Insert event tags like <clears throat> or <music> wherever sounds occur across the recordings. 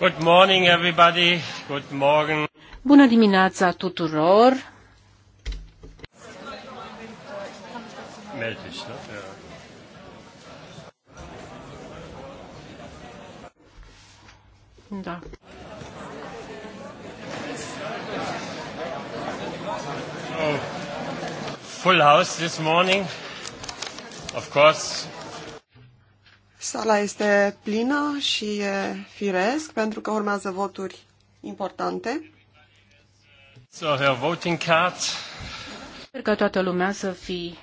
Good morning everybody. Good morning. Bună dimineața tuturor. Da. So, oh. full house this morning. Of course, Sala este plină și e firesc pentru că urmează voturi importante. So, her voting card. Sper că toată lumea să fi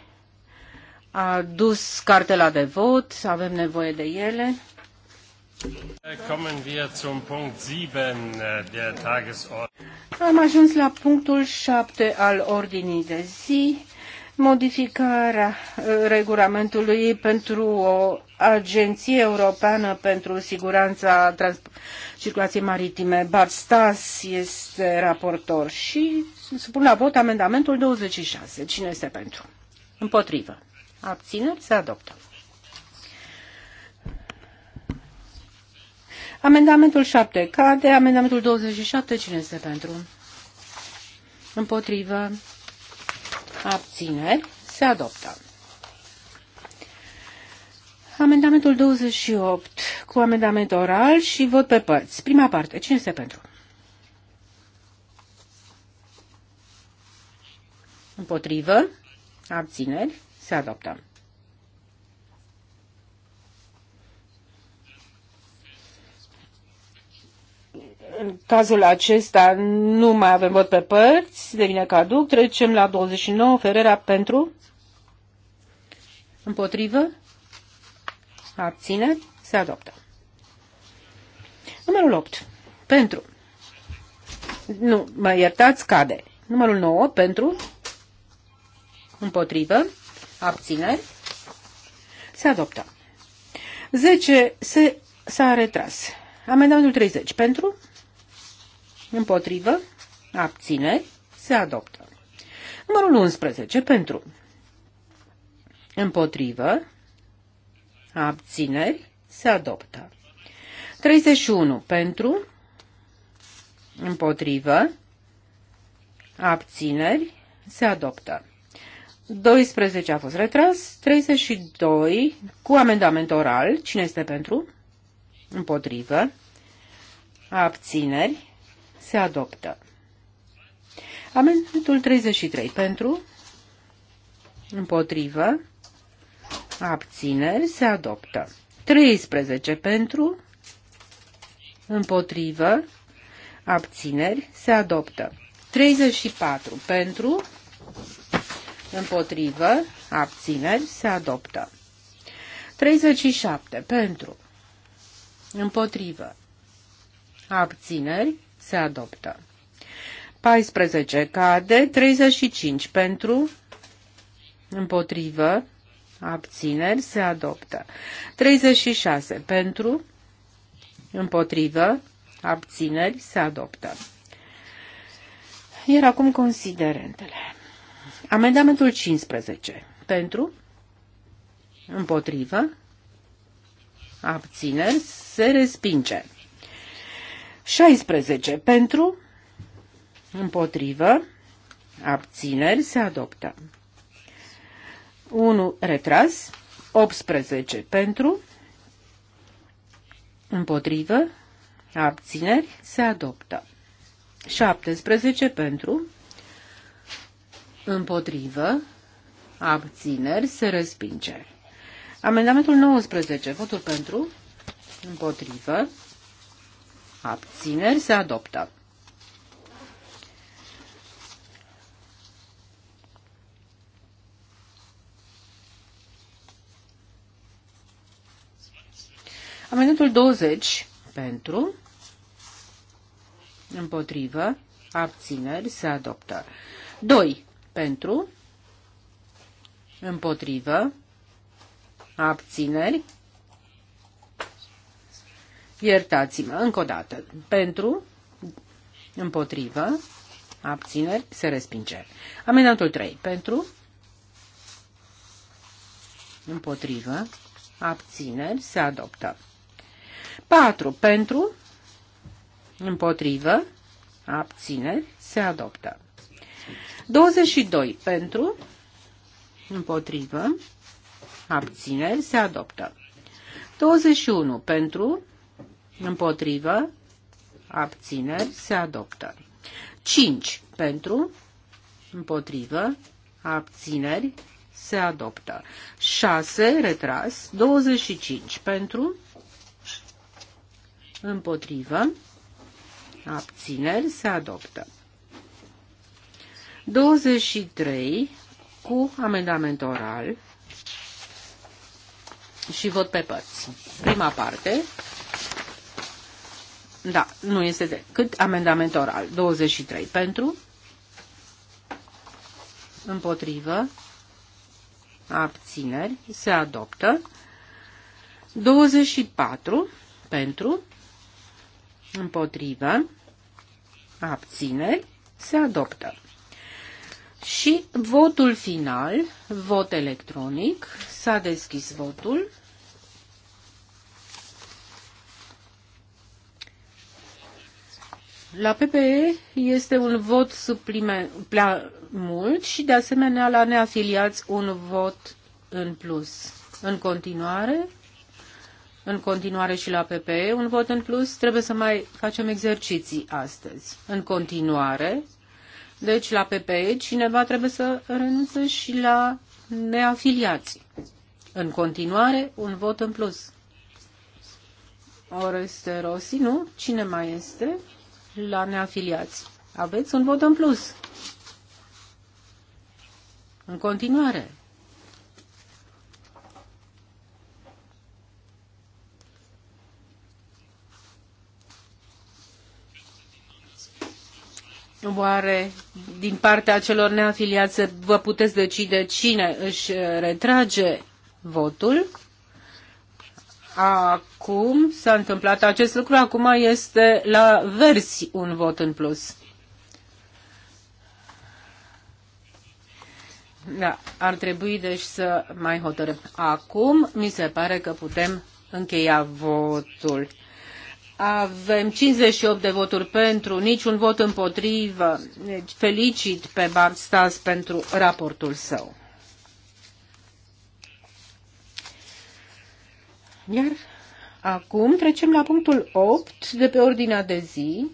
adus cartela de vot, avem nevoie de ele. Äh, kommen wir zum Punkt 7 äh, der Tagesordnung. Am ajuns la punctul 7 al ordinii de zi modificarea uh, regulamentului pentru o agenție europeană pentru siguranța trans- circulației maritime. Barstas este raportor și supun la vot amendamentul 26. Cine este pentru? Împotrivă. Abțineri se adoptă. Amendamentul 7 cade. Amendamentul 27. Cine este pentru? Împotrivă abțineri, se adoptă. Amendamentul 28 cu amendament oral și vot pe părți. Prima parte. Cine este pentru? Împotrivă. Abțineri. Se adoptă. În cazul acesta nu mai avem vot pe părți, devine caduc. Trecem la 29, Ferrera pentru. Împotrivă. Abține. Se adoptă. Numărul 8. Pentru. Nu, mă iertați, cade. Numărul 9. Pentru. Împotrivă. abține, Se adoptă. 10. Se, s-a retras. Amendamentul 30. Pentru. Împotrivă. Abțineri. Se adoptă. Numărul 11. Pentru. Împotrivă. Abțineri. Se adoptă. 31. Pentru. Împotrivă. Abțineri. Se adoptă. 12 a fost retras. 32 cu amendament oral. Cine este pentru? Împotrivă. Abțineri se adoptă. Amendamentul 33 pentru, împotrivă, abțineri, se adoptă. 13 pentru, împotrivă, abțineri, se adoptă. 34 pentru, împotrivă, abțineri, se adoptă. 37 pentru, împotrivă, abțineri, se adoptă. 14 cade, 35 pentru, împotrivă, abțineri, se adoptă. 36 pentru, împotrivă, abțineri, se adoptă. Iar acum considerentele. Amendamentul 15 pentru, împotrivă, abțineri, se respinge. 16 pentru, împotrivă, abțineri, se adoptă. 1 retras, 18 pentru, împotrivă, abțineri, se adoptă. 17 pentru, împotrivă, abțineri, se respinge. Amendamentul 19, votul pentru, împotrivă, abțineri, se adoptă. Amendamentul 20 pentru, împotrivă, abțineri, se adoptă. 2 pentru, împotrivă, abțineri, Iertați-mă, încă o dată. Pentru, împotrivă, abțineri, se respinge. Amendamentul 3. Pentru, împotrivă, abțineri, se adoptă. 4. Pentru, împotrivă, abțineri, se adoptă. 22. Pentru, împotrivă, abțineri, se adoptă. 21. Pentru, Împotrivă. Abțineri. Se adoptă. 5 pentru. Împotrivă. Abțineri. Se adoptă. 6. Retras. 25 pentru. Împotrivă. Abțineri. Se adoptă. 23 cu amendament oral și vot pe părți. Prima parte da, nu este Cât amendament oral. 23 pentru, împotrivă, abțineri, se adoptă. 24 pentru, împotrivă, abțineri, se adoptă. Și votul final, vot electronic, s-a deschis votul. La PPE este un vot suplime, prea mult și de asemenea la neafiliați un vot în plus. În continuare, în continuare și la PPE un vot în plus, trebuie să mai facem exerciții astăzi. În continuare, deci la PPE cineva trebuie să renunțe și la neafiliați. În continuare, un vot în plus. este Rossi, nu? Cine mai este? la neafiliați. Aveți un vot în plus. În continuare. Oare din partea celor neafiliați vă puteți decide cine își retrage votul? Acum s-a întâmplat acest lucru, acum este la versi un vot în plus. Da, ar trebui deci să mai hotărâm. Acum mi se pare că putem încheia votul. Avem 58 de voturi pentru, niciun vot împotrivă. Deci, felicit pe Bart Stas pentru raportul său. Iar acum trecem la punctul 8 de pe ordinea de zi.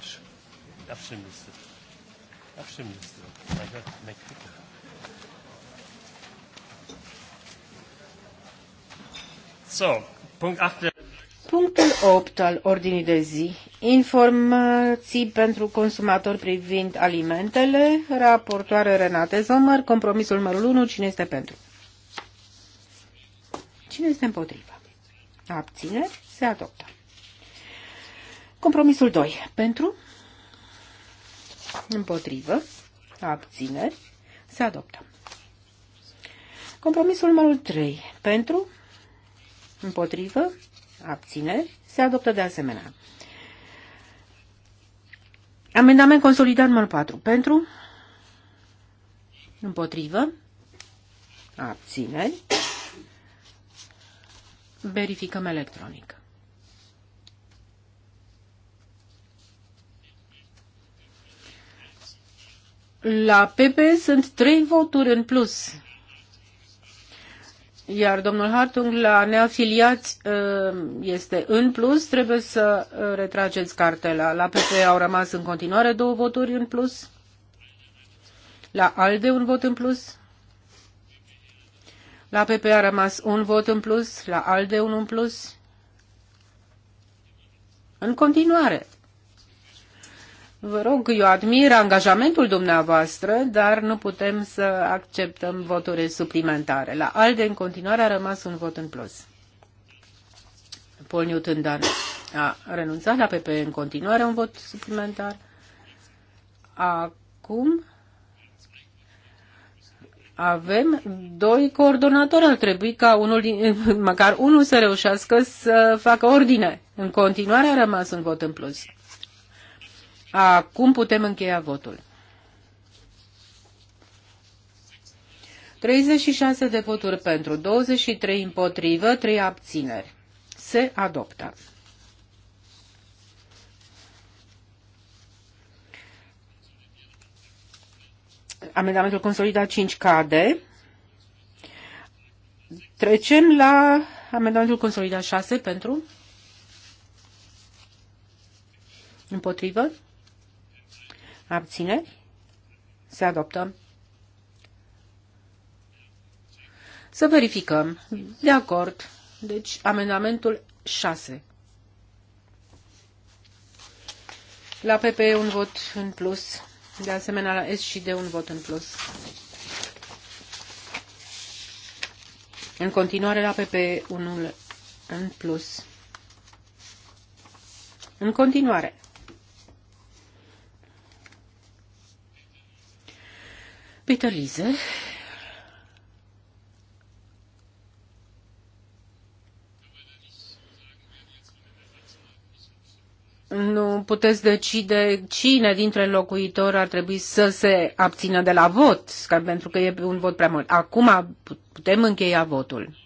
Mensch, So, Punkt 8. Punctul 8 al ordinii de zi. Informații pentru consumatori privind alimentele. Raportoare Renate Zomăr. Compromisul numărul 1. Cine este pentru? Cine este împotriva? Abțineri. Se adoptă. Compromisul 2. Pentru? Împotrivă. Abțineri. Se adoptă. Compromisul numărul 3. Pentru? Împotrivă abțineri, se adoptă de asemenea. Amendament consolidat numărul 4. Pentru, împotrivă, abțineri, verificăm electronic. La PP sunt trei voturi în plus. Iar domnul Hartung, la neafiliați ă, este în plus, trebuie să ă, retrageți cartela. La PP au rămas în continuare două voturi în plus. La ALDE un vot în plus. La PP a rămas un vot în plus, la ALDE unul în plus. În continuare, Vă rog, eu admir angajamentul dumneavoastră, dar nu putem să acceptăm voturi suplimentare. La ALDE, în continuare, a rămas un vot în plus. Paul Newton Dan a renunțat la PP în continuare un vot suplimentar. Acum avem doi coordonatori. Ar trebui ca unul din, măcar unul să reușească să facă ordine. În continuare a rămas un vot în plus. Acum putem încheia votul. 36 de voturi pentru, 23 împotrivă, 3 abțineri. Se adoptă. Amendamentul consolidat 5 cade. Trecem la amendamentul consolidat 6 pentru. Împotrivă. Abțineri? Se adoptă. Să verificăm. De acord. Deci, amendamentul 6. La PP un vot în plus. De asemenea, la S și D un vot în plus. În continuare, la PP unul în plus. În continuare. Peter Lise. Nu puteți decide cine dintre locuitori ar trebui să se abțină de la vot, ca pentru că e un vot prea mult. Acum putem încheia votul.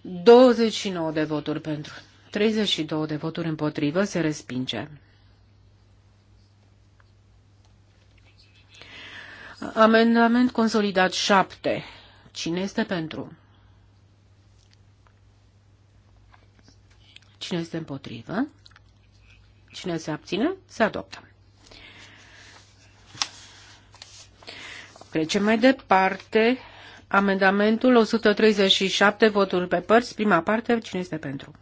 29 de voturi pentru, 32 de voturi împotrivă, se respinge. Amendament consolidat 7. Cine este pentru? Cine este împotrivă? Cine se abține? Se adoptă. Trecem mai departe. Amendamentul 137, votul pe părți, prima parte, cine este pentru?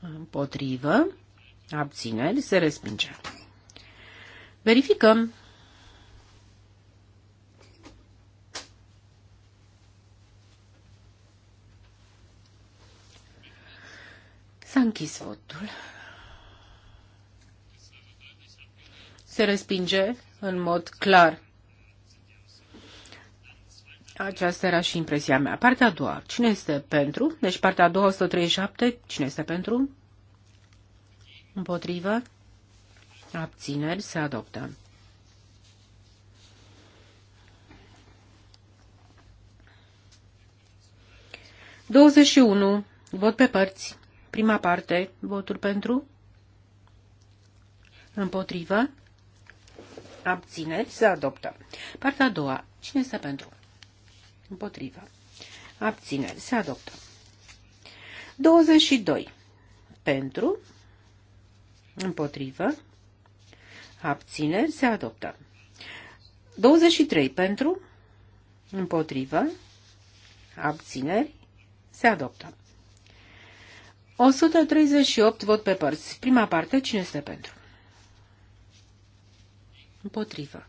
Împotrivă, abțineri, se respinge. Verificăm. S-a închis votul. Se respinge în mod clar. Aceasta era și impresia mea. Partea a doua. Cine este pentru? Deci partea a doua, 137. Cine este pentru? Împotrivă? abțineri, se adoptă. Douăzeci și unu. Vot pe părți. Prima parte. Votul pentru. Împotrivă. Abțineri. Se adoptă. Partea a doua. Cine este pentru? Împotrivă. Abțineri. Se adoptă. 22. Pentru. Împotrivă abțineri, se adoptă. 23 pentru, împotrivă, abțineri, se adoptă. 138 vot pe părți. Prima parte, cine este pentru? Împotrivă.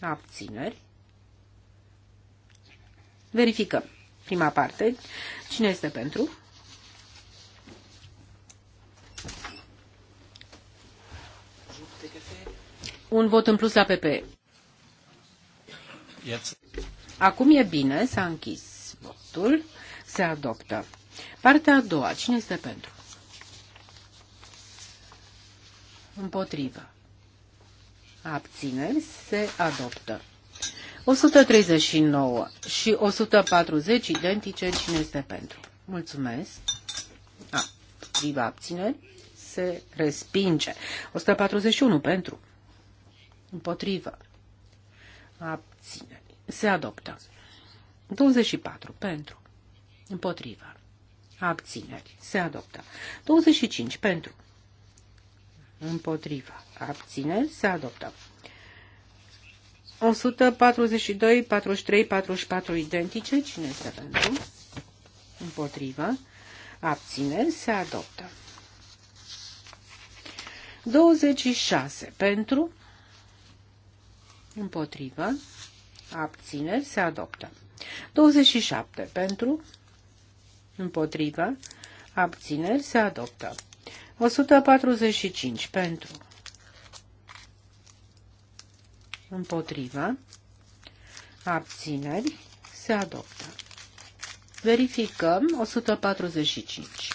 Abțineri. Verificăm. Prima parte, cine este pentru? un vot în plus la PP. Acum e bine, s-a închis votul, se adoptă. Partea a doua, cine este pentru? Împotrivă. Abțineri se adoptă. 139 și 140 identice, cine este pentru? Mulțumesc. A, priva abțineri se respinge. 141 pentru. Împotrivă. abține, Se adoptă. 24. Pentru. Împotrivă. Abțineri. Se adoptă. 25. Pentru. Împotrivă. Abțineri. Se adoptă. 142, 43, 44 identice. Cine este pentru? Împotrivă. Abțineri. Se adoptă. 26. Pentru. Împotrivă. Abțineri. Se adoptă. 27. Pentru. Împotrivă. Abțineri. Se adoptă. 145. Pentru. Împotrivă. Abțineri. Se adoptă. Verificăm 145.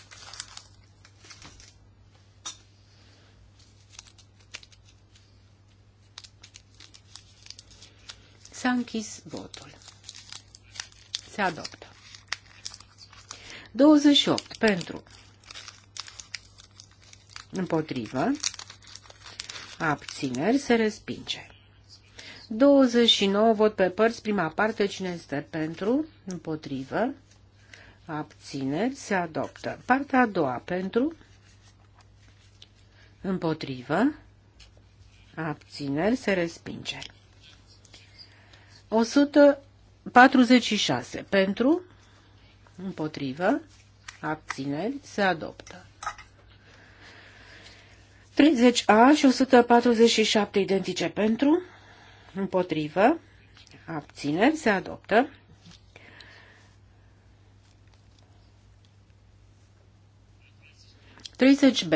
S-a închis votul. Se adoptă. 28 pentru. Împotrivă. Abțineri se respinge. 29 vot pe părți, prima parte, cine este pentru, împotrivă, abțineri, se adoptă. Partea a doua, pentru, împotrivă, abțineri, se respinge. 146 pentru, împotrivă, abțineri, se adoptă. 30A și 147 identice pentru, împotrivă, abțineri, se adoptă. 30 B.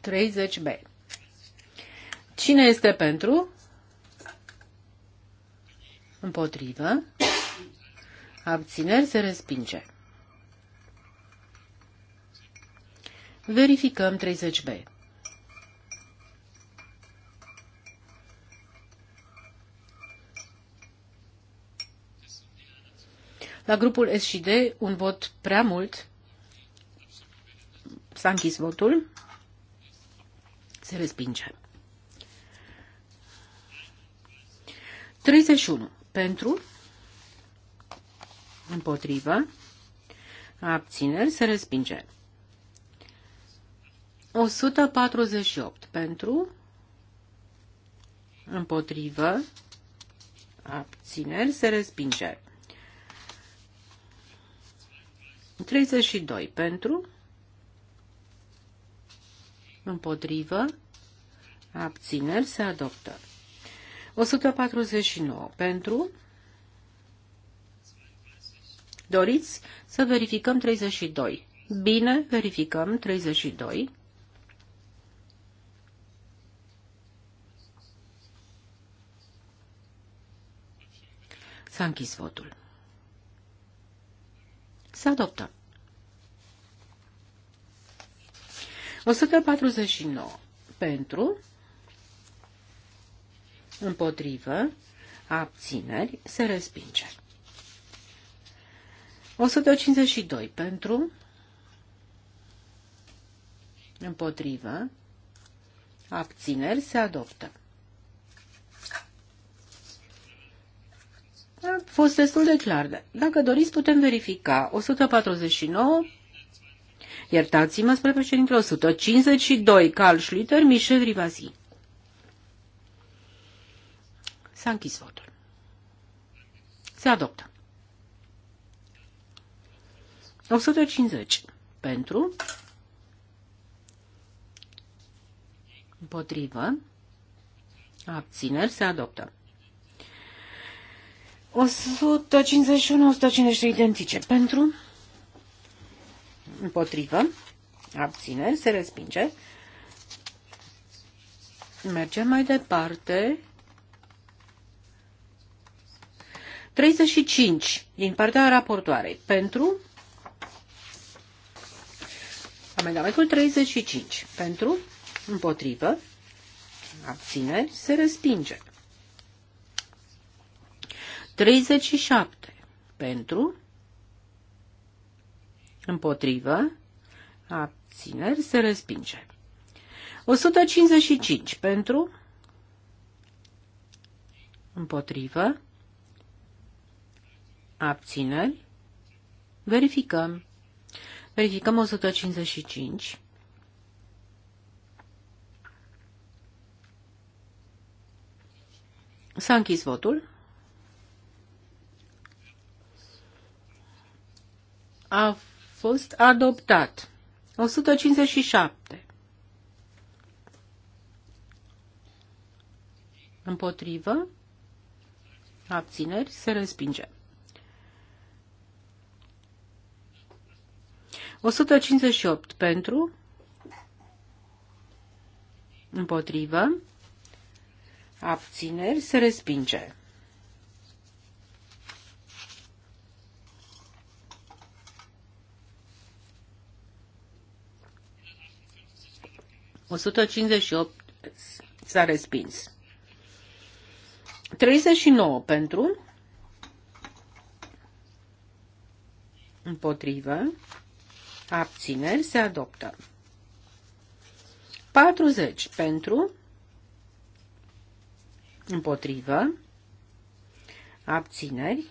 30 B. Cine este pentru? Împotrivă. Abțineri se respinge. Verificăm 30B. La grupul S și D, un vot prea mult. S-a închis votul. Se respinge. 31 pentru, împotrivă, abțineri, se respinge. 148 pentru, împotrivă, abțineri, se respinge. 32 pentru, împotrivă, abțineri, se adoptă. 149 pentru. Doriți să verificăm 32. Bine, verificăm 32. S-a închis votul. Se adoptă. 149 pentru, împotrivă, abțineri, se respinge. 152 pentru, împotrivă, abțineri, se adoptă. A fost destul de clar. Dacă doriți, putem verifica. 149 Iertați-mă spre președintele 152, Carl Schlitter, Michel Rivasi. S-a închis votul. Se adoptă. 150 pentru, împotrivă, abțineri, se adoptă. 151-153 identice pentru, împotrivă, abțineri, se respinge. Mergem mai departe 35 din partea raportoarei pentru amendamentul 35 pentru împotrivă abțineri se respinge 37 pentru împotrivă abțineri se respinge 155 pentru împotrivă abțineri, verificăm. Verificăm 155. S-a închis votul. A fost adoptat. 157. Împotrivă. Abțineri. Se respinge. 158 pentru, împotrivă, abțineri, se respinge. opt s-a respins. 39 pentru, împotrivă, abțineri se adoptă. 40 pentru, împotrivă, abțineri,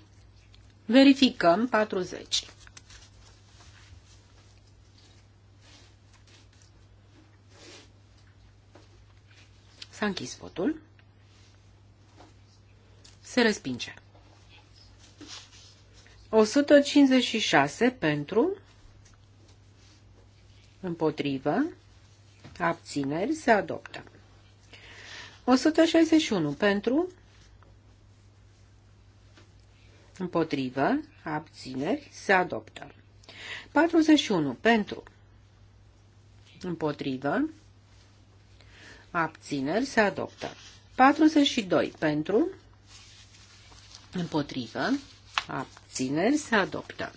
verificăm 40. S-a închis votul. Se respinge. 156 pentru, Împotrivă. Abțineri se adoptă. 161 pentru. Împotrivă. Abțineri se adoptă. 41 pentru. Împotrivă. Abțineri se adoptă. 42 pentru. Împotrivă. Abțineri se adoptă.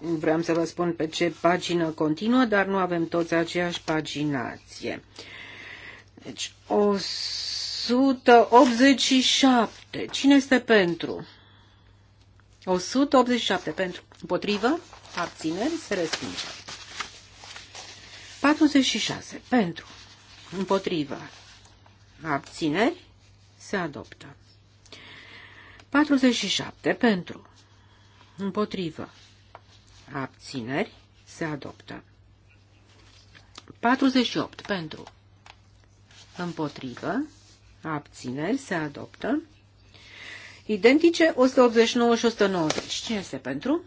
vreau să vă spun pe ce pagină continuă, dar nu avem toți aceeași paginație. Deci, 187. Cine este pentru? 187 pentru. Împotrivă? Abțineri? Se respinge. 46. Pentru. Împotrivă. Abțineri? Se adoptă. 47. Pentru. Împotrivă abțineri, se adoptă. 48 pentru, împotrivă, abțineri, se adoptă. Identice 189 și 190. Cine este pentru?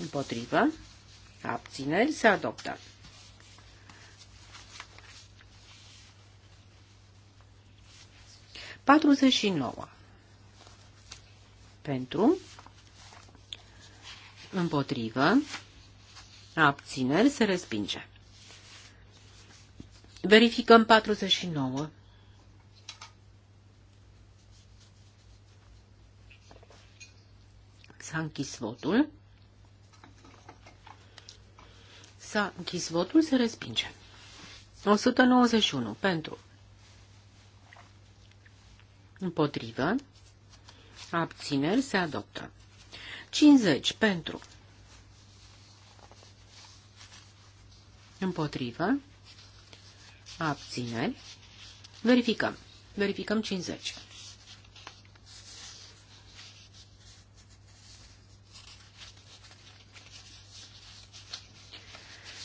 Împotrivă. Abțineri se adoptă. Patruzeci și nouă. Pentru împotrivă, abțineri, se respinge. Verificăm 49. S-a închis votul. S-a închis votul, se respinge. 191 pentru. Împotrivă. Abțineri se adoptă. 50 pentru. Împotrivă. Abțineri. Verificăm. Verificăm 50.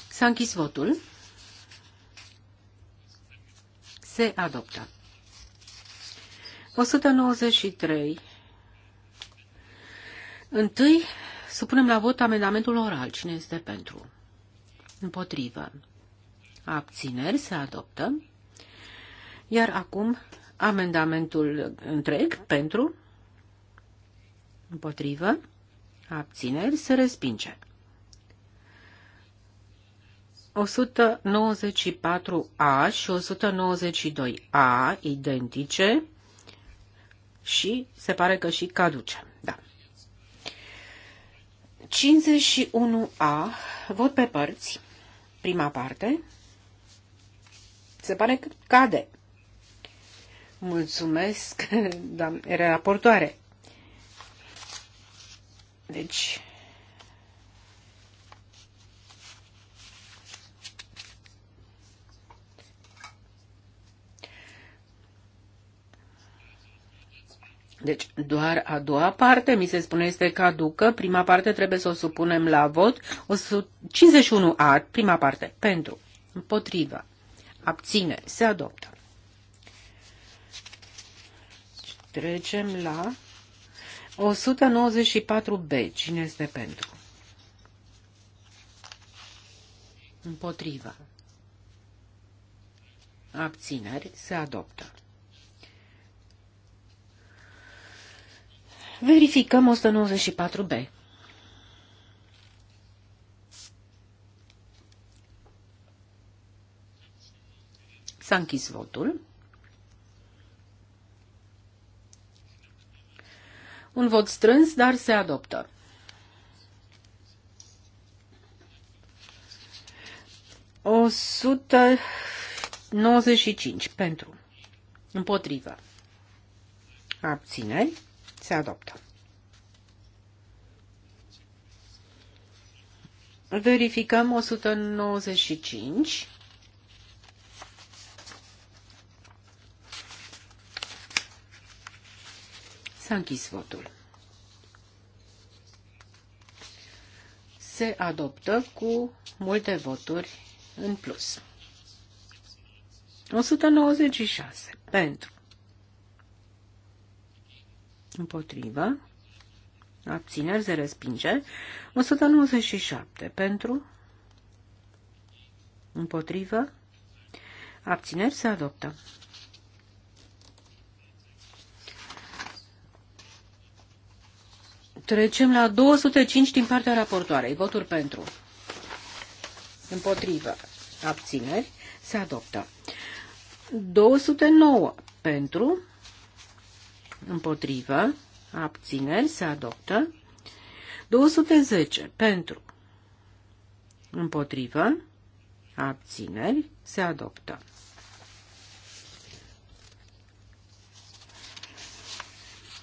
S-a închis votul. Se adoptă. 193 Întâi, supunem la vot amendamentul oral. Cine este pentru? Împotrivă. Abțineri se adoptă. Iar acum amendamentul întreg pentru, împotrivă, abțineri se respinge. 194A și 192A identice și se pare că și caduce. 51A, vot pe părți, prima parte, se pare că cade. Mulțumesc, <laughs> doamne raportoare. Deci, Deci doar a doua parte, mi se spune, este caducă. Prima parte trebuie să o supunem la vot. 51A, prima parte, pentru, împotrivă, abține, se adoptă. Deci, trecem la 194B. Cine este pentru? Împotriva. Abțineri se adoptă. Verificăm 194B. S-a închis votul. Un vot strâns, dar se adoptă. O 195 pentru. Împotrivă. Abțineri. Se adoptă. Verificăm 195. S-a închis votul. Se adoptă cu multe voturi în plus. 196 pentru împotrivă, abțineri se respinge, 197 pentru, împotrivă, abțineri se adoptă. Trecem la 205 din partea raportoarei. Voturi pentru. Împotrivă. Abțineri. Se adoptă. 209 pentru împotrivă, abțineri, se adoptă. 210 pentru, împotrivă, abțineri, se adoptă.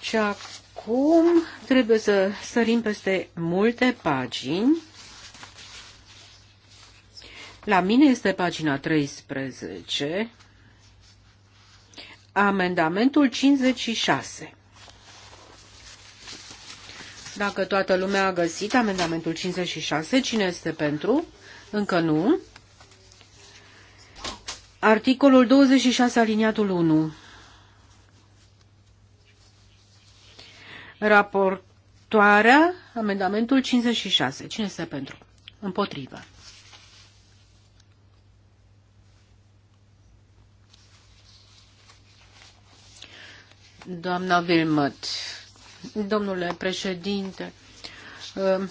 Și acum trebuie să sărim peste multe pagini. La mine este pagina 13, Amendamentul 56. Dacă toată lumea a găsit amendamentul 56, cine este pentru? Încă nu. Articolul 26, aliniatul 1. Raportoarea, amendamentul 56. Cine este pentru? Împotrivă. Doamna Vilmăt, domnule președinte, um,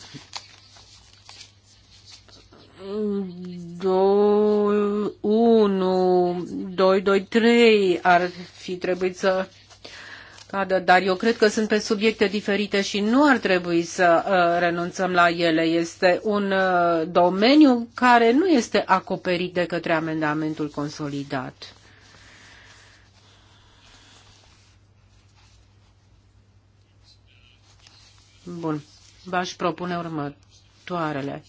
do, 1, 2, 2, 3 ar fi trebuit să cadă, dar eu cred că sunt pe subiecte diferite și nu ar trebui să uh, renunțăm la ele. Este un uh, domeniu care nu este acoperit de către amendamentul consolidat. Bun. V-aș propune următoarele.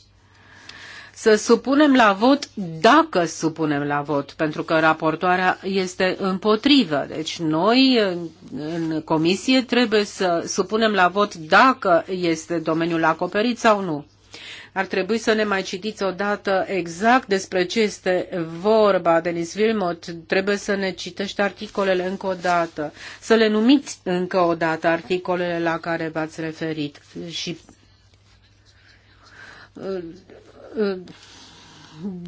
Să supunem la vot dacă supunem la vot, pentru că raportoarea este împotrivă. Deci noi în comisie trebuie să supunem la vot dacă este domeniul acoperit sau nu. Ar trebui să ne mai citiți odată exact despre ce este vorba, Denis Wilmot. Trebuie să ne citești articolele încă o dată, să le numiți încă o dată articolele la care v-ați referit. Și uh, uh,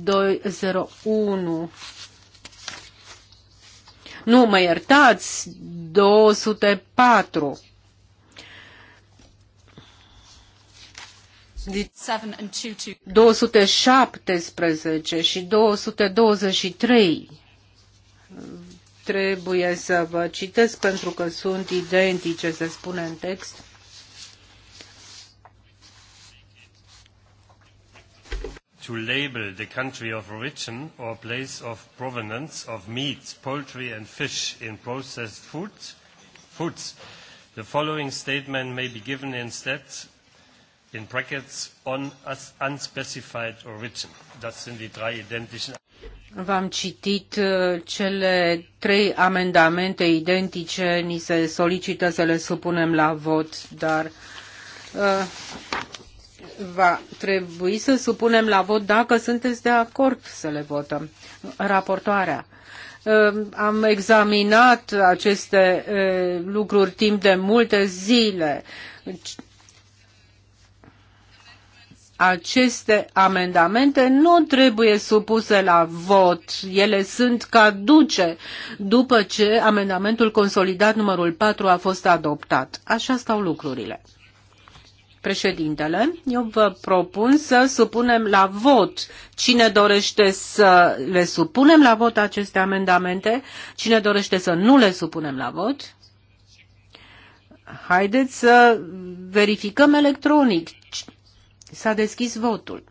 201 nu, mă iertați, 204. 217 deci și 223 trebuie să vă citesc pentru că sunt identice, se spune în text. to label the country of origin or place of provenance of meat, poultry and fish in processed foods. foods, the following statement may be given instead in brackets on unspecified origin. Das sind die drei identischen. V-am citit uh, cele trei amendamente identice, ni se solicită să le supunem la vot, dar uh, va trebui să supunem la vot dacă sunteți de acord să le votăm. Raportoarea. Uh, am examinat aceste uh, lucruri timp de multe zile aceste amendamente nu trebuie supuse la vot. Ele sunt caduce după ce amendamentul consolidat numărul 4 a fost adoptat. Așa stau lucrurile. Președintele, eu vă propun să supunem la vot. Cine dorește să le supunem la vot aceste amendamente, cine dorește să nu le supunem la vot, haideți să verificăm electronic S-a deschis votul.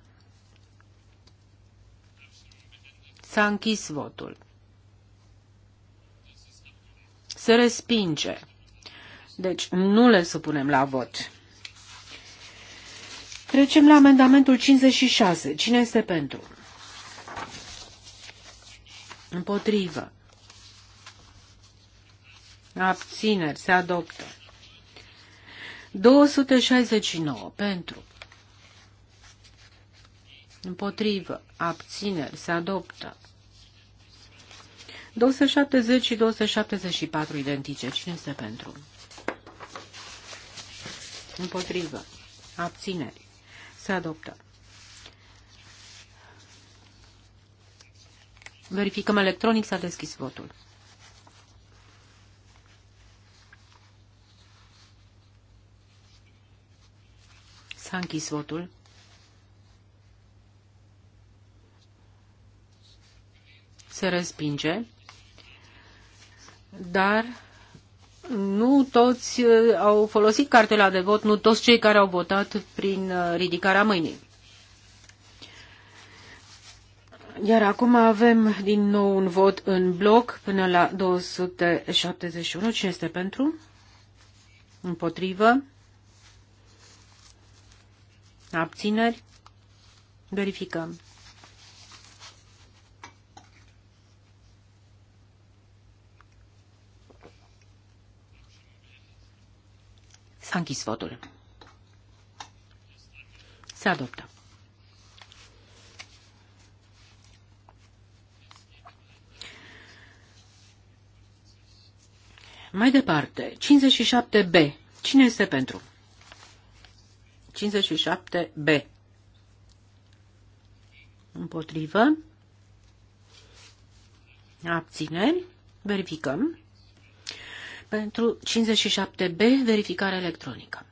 S-a închis votul. Se respinge. Deci nu le supunem la vot. Trecem la amendamentul 56. Cine este pentru? Împotrivă. Abțineri. Se adoptă. 269. Pentru. Împotrivă. Abțineri. Se adoptă. 270 și 274 identice. Cine este pentru? Împotrivă. Abțineri. Se adoptă. Verificăm electronic. S-a deschis votul. S-a închis votul. se respinge, dar nu toți uh, au folosit cartela de vot, nu toți cei care au votat prin uh, ridicarea mâinii. Iar acum avem din nou un vot în bloc până la 271. Cine este pentru? Împotrivă? Abțineri? Verificăm. S-a închis votul. Se adoptă. Mai departe, 57B. Cine este pentru? 57B. Împotrivă. Abțineri. Verificăm. Pentru 57B, verificare electronică.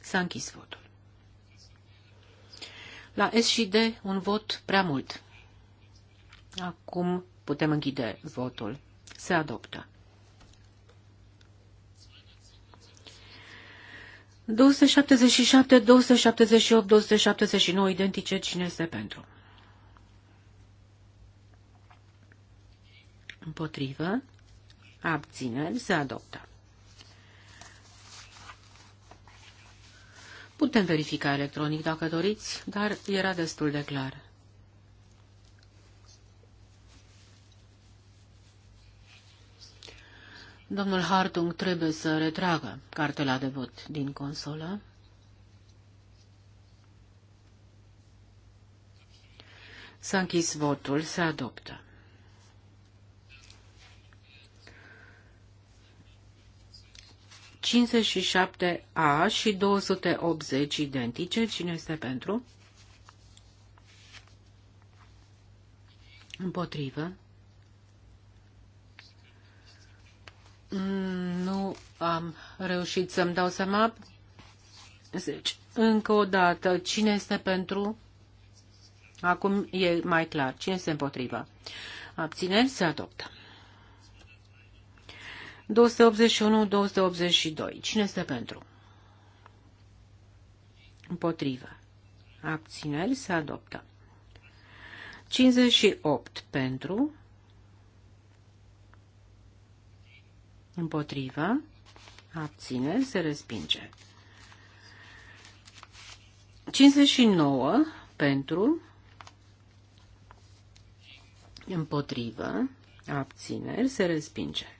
S-a închis votul. La S și D, un vot prea mult. Acum putem închide votul. Se adoptă. 277, 278, 279 identice. Cine este pentru? Împotrivă. Abțineri. Se adoptă. Putem verifica electronic dacă doriți, dar era destul de clar. Domnul Hartung trebuie să retragă cartela de vot din consolă. S-a închis votul, se adoptă. 57A și 280 identice. Cine este pentru? Împotrivă. Nu am reușit să-mi dau seama. Deci, încă o dată, cine este pentru? Acum e mai clar. Cine este împotrivă? Abțineri se adoptă. 281-282. Cine este pentru? Împotrivă. Abțineri se adoptă. 58 pentru. Împotrivă. Abțineri se respinge. 59 pentru. Împotrivă. Abțineri se respinge.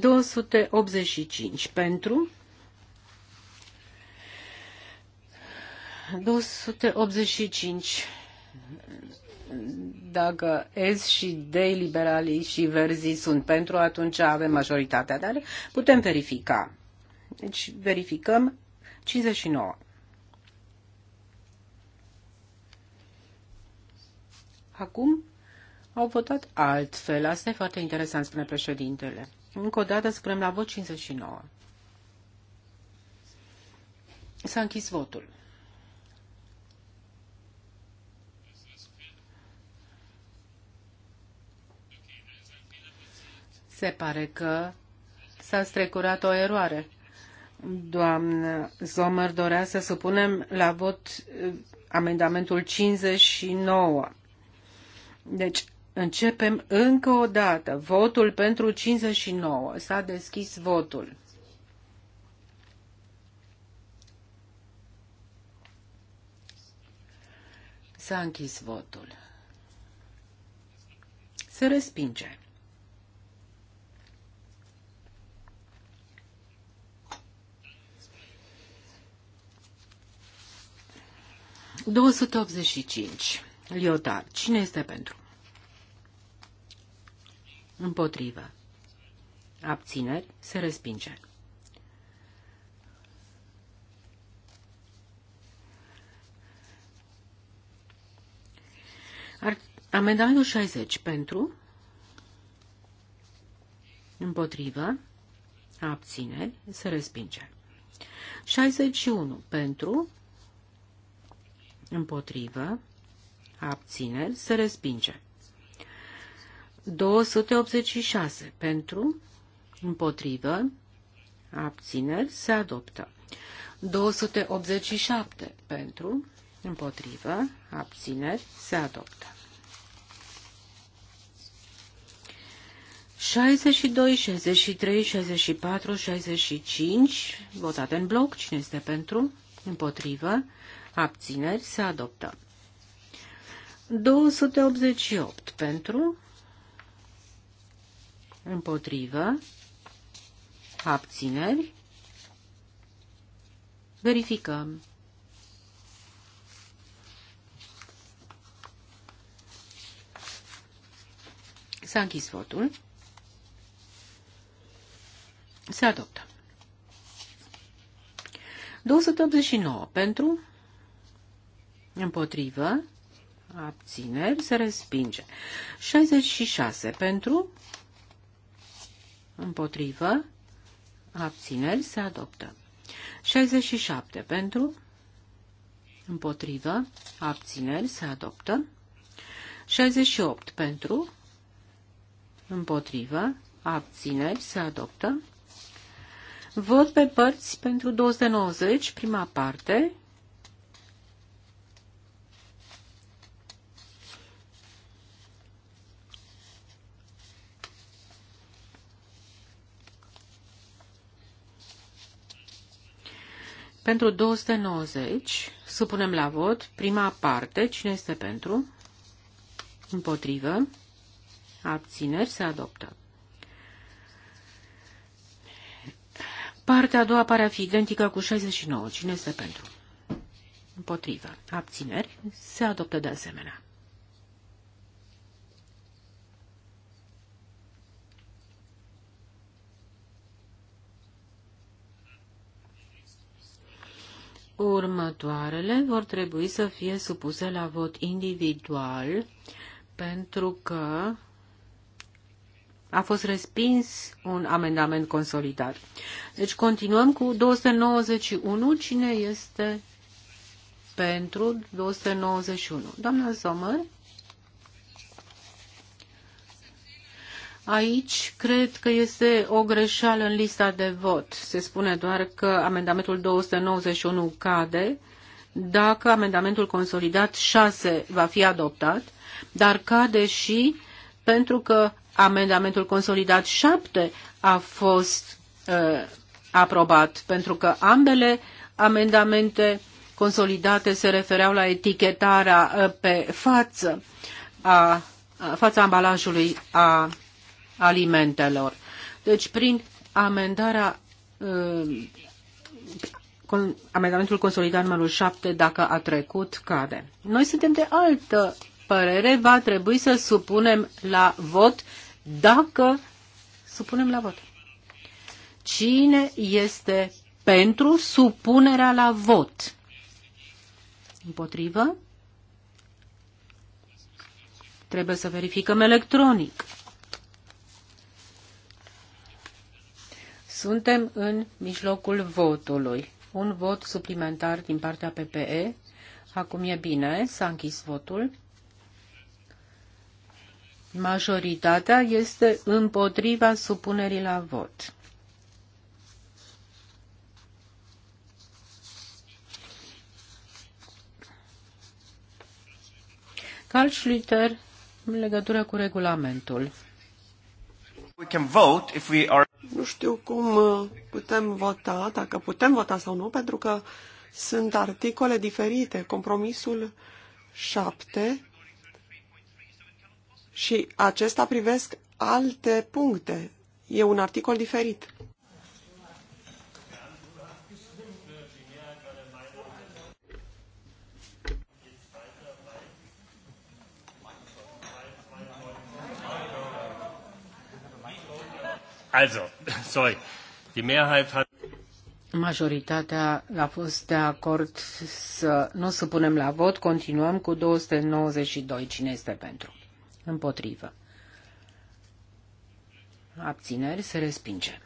285 pentru, 285 dacă S și D, liberalii și verzii sunt pentru, atunci avem majoritatea, dar putem verifica. Deci verificăm 59. Acum au votat altfel. Asta e foarte interesant, spune președintele. Încă o dată spunem la vot 59. S-a închis votul. Se pare că s-a strecurat o eroare. Doamnă Zomer dorea să supunem la vot eh, amendamentul 59. Deci, Începem încă o dată. Votul pentru 59. S-a deschis votul. S-a închis votul. Se respinge. Două sute optzeci și cinci. Liotar. Cine este pentru? Împotrivă. Abțineri. Se respinge. Ar, amendamentul 60 pentru, împotrivă, abțineri, se respinge. 61 pentru, împotrivă, abțineri, se respinge. 286 pentru, împotrivă, abțineri, se adoptă. 287 pentru, împotrivă, abțineri, se adoptă. 62, 63, 64, 65, votate în bloc, cine este pentru, împotrivă, abțineri, se adoptă. 288 pentru, împotrivă, abțineri, verificăm. S-a închis votul. Se adoptă. 289 pentru, împotrivă, abțineri, se respinge. 66 pentru, împotrivă, abțineri, se adoptă. 67 pentru, împotrivă, abțineri, se adoptă. 68 pentru, împotrivă, abțineri, se adoptă. Vot pe părți pentru 290, prima parte, Pentru 290, supunem la vot prima parte. Cine este pentru? Împotrivă. Abțineri se adoptă. Partea a doua pare a fi identică cu 69. Cine este pentru? Împotrivă. Abțineri se adoptă de asemenea. Următoarele vor trebui să fie supuse la vot individual pentru că a fost respins un amendament consolidat. Deci continuăm cu 291. Cine este pentru 291? Doamna Sommer? Aici cred că este o greșeală în lista de vot. Se spune doar că amendamentul 291 cade dacă amendamentul consolidat 6 va fi adoptat, dar cade și pentru că amendamentul consolidat 7 a fost uh, aprobat, pentru că ambele amendamente consolidate se refereau la etichetarea uh, pe față a, a fața ambalajului a alimentelor. Deci, prin amendarea uh, amendamentul consolidat numărul 7, dacă a trecut, cade. Noi suntem de altă părere, va trebui să supunem la vot dacă supunem la vot. Cine este pentru supunerea la vot? Împotrivă? Trebuie să verificăm electronic. Suntem în mijlocul votului. Un vot suplimentar din partea PPE. Acum e bine, s-a închis votul. Majoritatea este împotriva supunerii la vot. Carl Schlüter, în legătură cu regulamentul știu cum uh, putem vota, dacă putem vota sau nu, pentru că sunt articole diferite. Compromisul 7 și acesta privesc alte puncte. E un articol diferit. Also, <laughs> sorry. Die Mehrheit hat Majoritatea a fost de acord să nu supunem la vot. Continuăm cu 292. Cine este pentru? Împotrivă. Abțineri se respinge.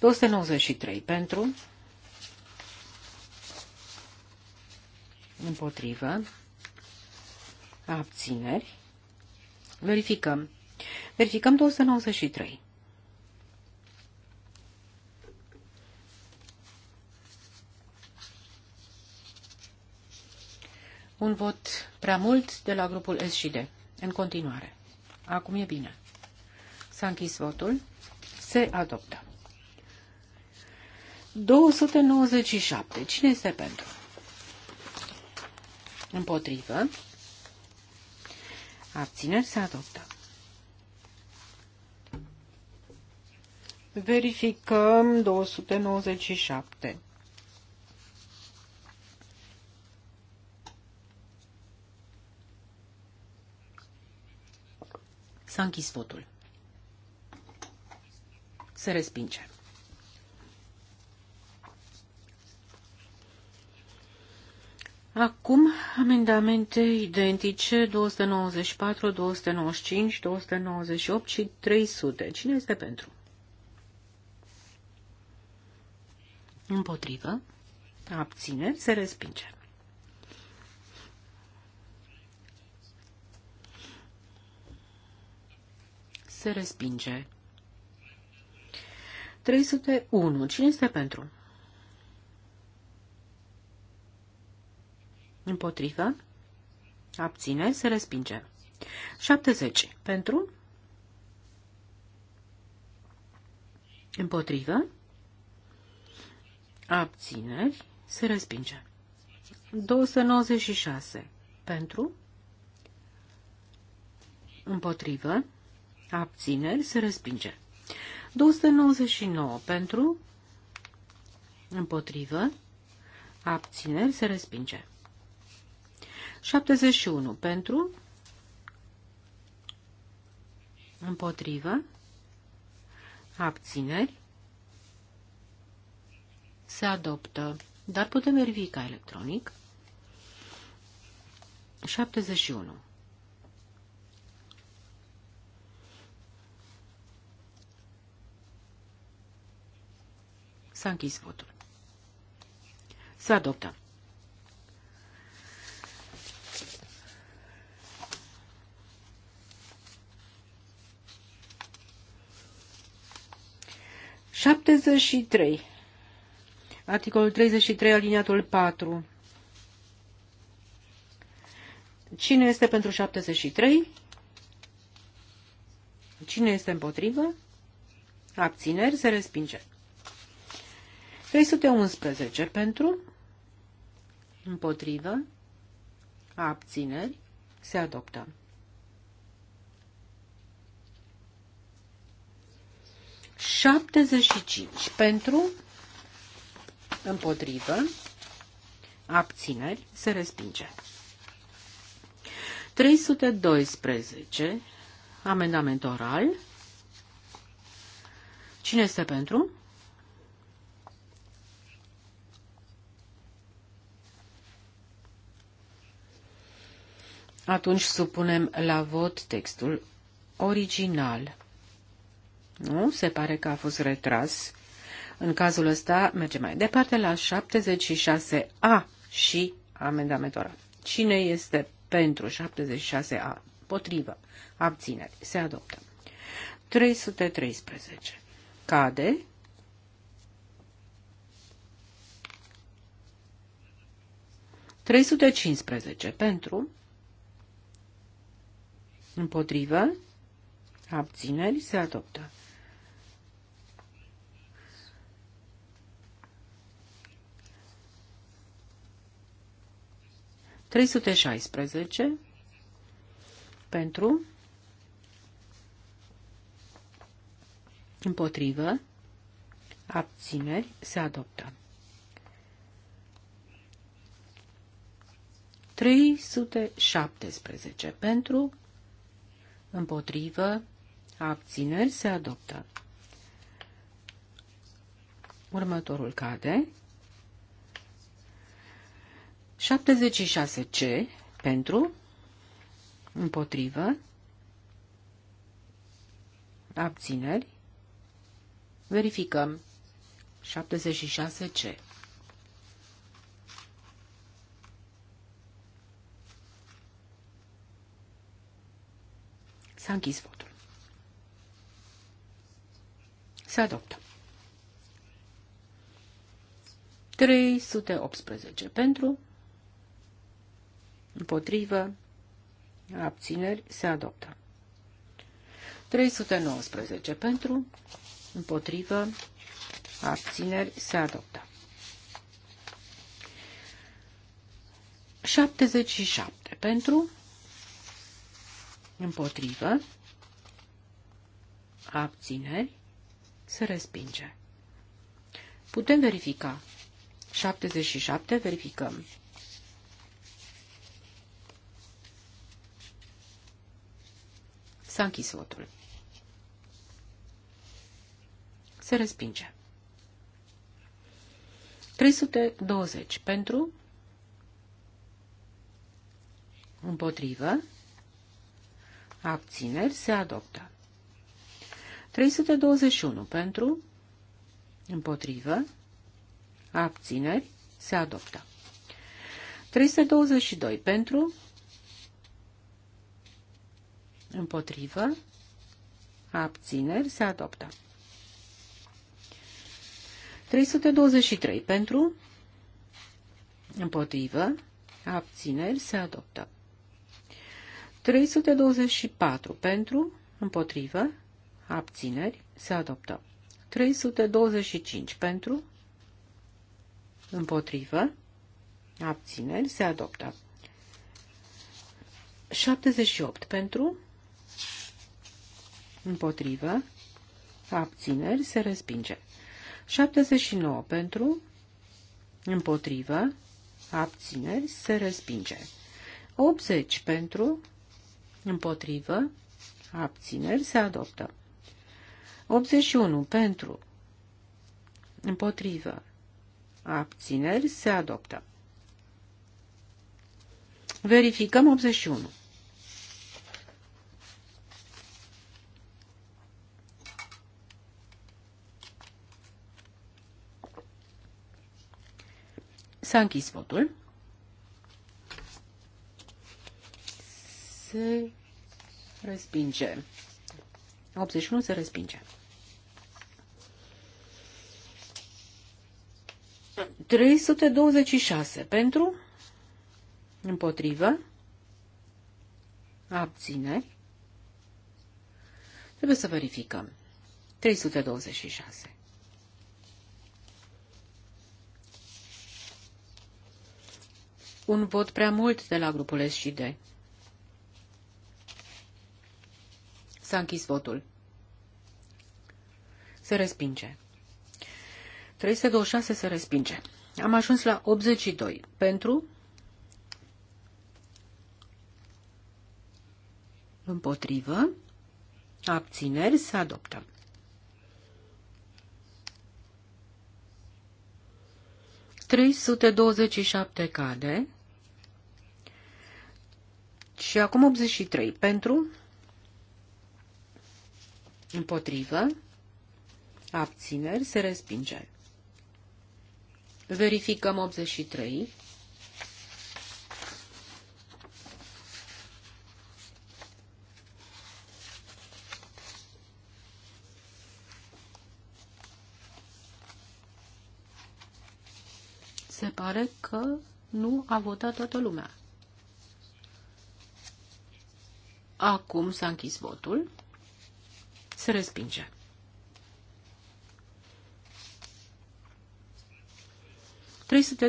293 pentru. Împotrivă. Abțineri. Verificăm. Verificăm 293. un vot prea mult de la grupul S și D. În continuare. Acum e bine. S-a închis votul. Se adoptă. 297. Cine este pentru? Împotrivă. Abțineri se adoptă. Verificăm 297. S-a închis votul. Se respinge. Acum, amendamente identice 294, 295, 298 și 300. Cine este pentru? Împotrivă. Abține. Se respinge. se respinge. 301. Cine este pentru? Împotrivă. Abține. Se respinge. 70. Pentru. Împotrivă. Abțineri. Se respinge. 296. Pentru. Împotrivă abțineri, se respinge. 299 pentru, împotrivă, abțineri, se respinge. 71 pentru, împotrivă, abțineri, se adoptă, dar putem verifica electronic. 71. S-a închis votul. Să adoptă. Șaptezeci Articolul 33, aliniatul 4. Cine este pentru 73? Cine este împotrivă? Abțineri se respinge. 311 pentru, împotrivă, abțineri, se adoptă. Șaptezeci cinci pentru, împotrivă, abțineri, se respinge. 312, amendament oral. Cine este pentru? Atunci supunem la vot textul original. Nu? Se pare că a fost retras. În cazul ăsta mergem mai departe la 76A și amendamentul Cine este pentru 76A? Potrivă. Abțineri. Se adoptă. 313. Cade. Trei pentru Împotrivă. Abțineri se adoptă. Trei sute șaisprezece pentru împotrivă abțineri se adoptă. 317 pentru împotrivă, abțineri, se adoptă. Următorul cade. 76C pentru, împotrivă, abțineri, verificăm 76C. S-a închis votul. Se adoptă. 318 pentru, împotrivă, abțineri, se adoptă. 319 pentru, împotrivă, abțineri, se adoptă. 77 pentru, împotrivă, abțineri, se respinge. Putem verifica. 77 verificăm. S-a închis votul. Se respinge. 320 pentru, împotrivă, abțineri, se adoptă. 321 pentru, împotrivă, abțineri, se adoptă. 322 pentru, împotrivă, abțineri, se adoptă. 323 pentru, împotrivă, abțineri, se adoptă. 324 pentru, împotrivă, abțineri, se adoptă. 325 pentru, împotrivă, abțineri, se adoptă. 78 pentru, împotrivă, abțineri, se respinge. 79 pentru, împotrivă, abțineri, se respinge. 80 pentru, Împotrivă. Abțineri se adoptă. 81. Pentru. Împotrivă. Abțineri se adoptă. Verificăm 81. S-a închis votul. se respinge. 81 se respinge. 326 pentru, împotrivă, abțineri. Trebuie să verificăm. 326. Un vot prea mult de la grupul S și D. S-a închis votul. Se respinge. 326 se respinge. Am ajuns la 82. Pentru? Împotrivă? Abțineri se adoptă. Trei sute douăzeci și șapte cade. Și acum 83. Pentru? Împotrivă. Abțineri se respinge. Verificăm 83. Se pare că nu a votat toată lumea. Acum s-a închis votul. Se respinge.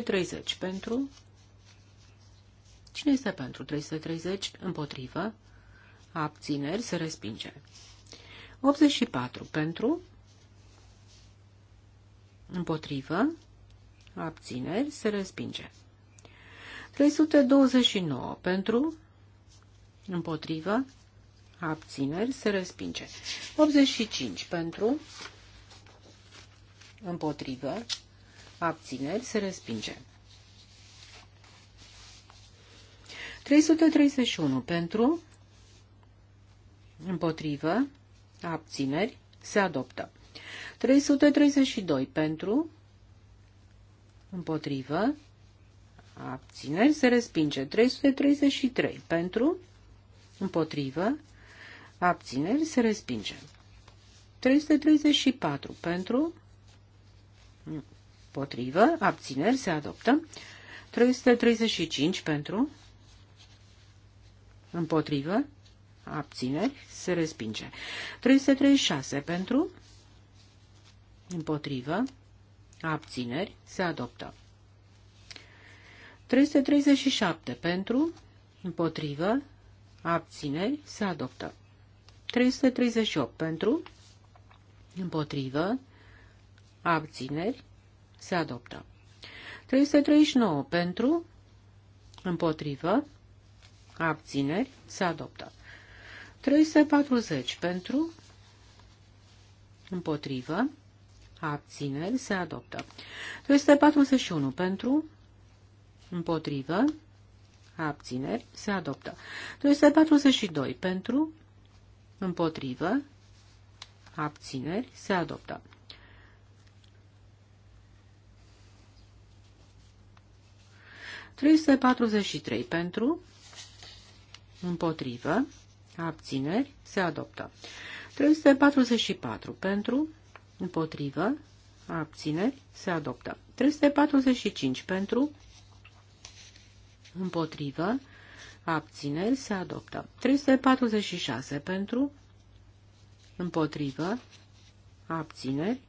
treizeci pentru. Cine este pentru 330? Împotrivă. Abțineri. Se respinge. 84 pentru. Împotrivă. Abțineri. Se respinge. 329 pentru. Împotrivă abțineri, se respinge. 85 pentru, împotrivă, abțineri, se respinge. 331 pentru, împotrivă, abțineri, se adoptă. 332 pentru, împotrivă, abțineri, se respinge. 333 pentru, împotrivă, abțineri, se respinge. 334 pentru, potrivă, abțineri, se adoptă. 335 pentru, împotrivă, abțineri, se respinge. 336 pentru, împotrivă, abțineri, se adoptă. 337 pentru, împotrivă, abțineri, se adoptă. 338 pentru, împotrivă, abțineri, se adoptă. 339 pentru, împotrivă, abțineri, se adoptă. 340 pentru, împotrivă, abțineri, se adoptă. 341 pentru, împotrivă, abțineri, se adoptă. 342 pentru, Împotrivă. Abțineri. Se adoptă. Trei patruzeci și trei pentru. Împotrivă. Abțineri. Se adoptă. 344 pentru. Împotrivă. Abțineri. Se adoptă. 345 pentru. Împotrivă abțineri, se adoptă. 346 pentru, împotrivă, abțineri,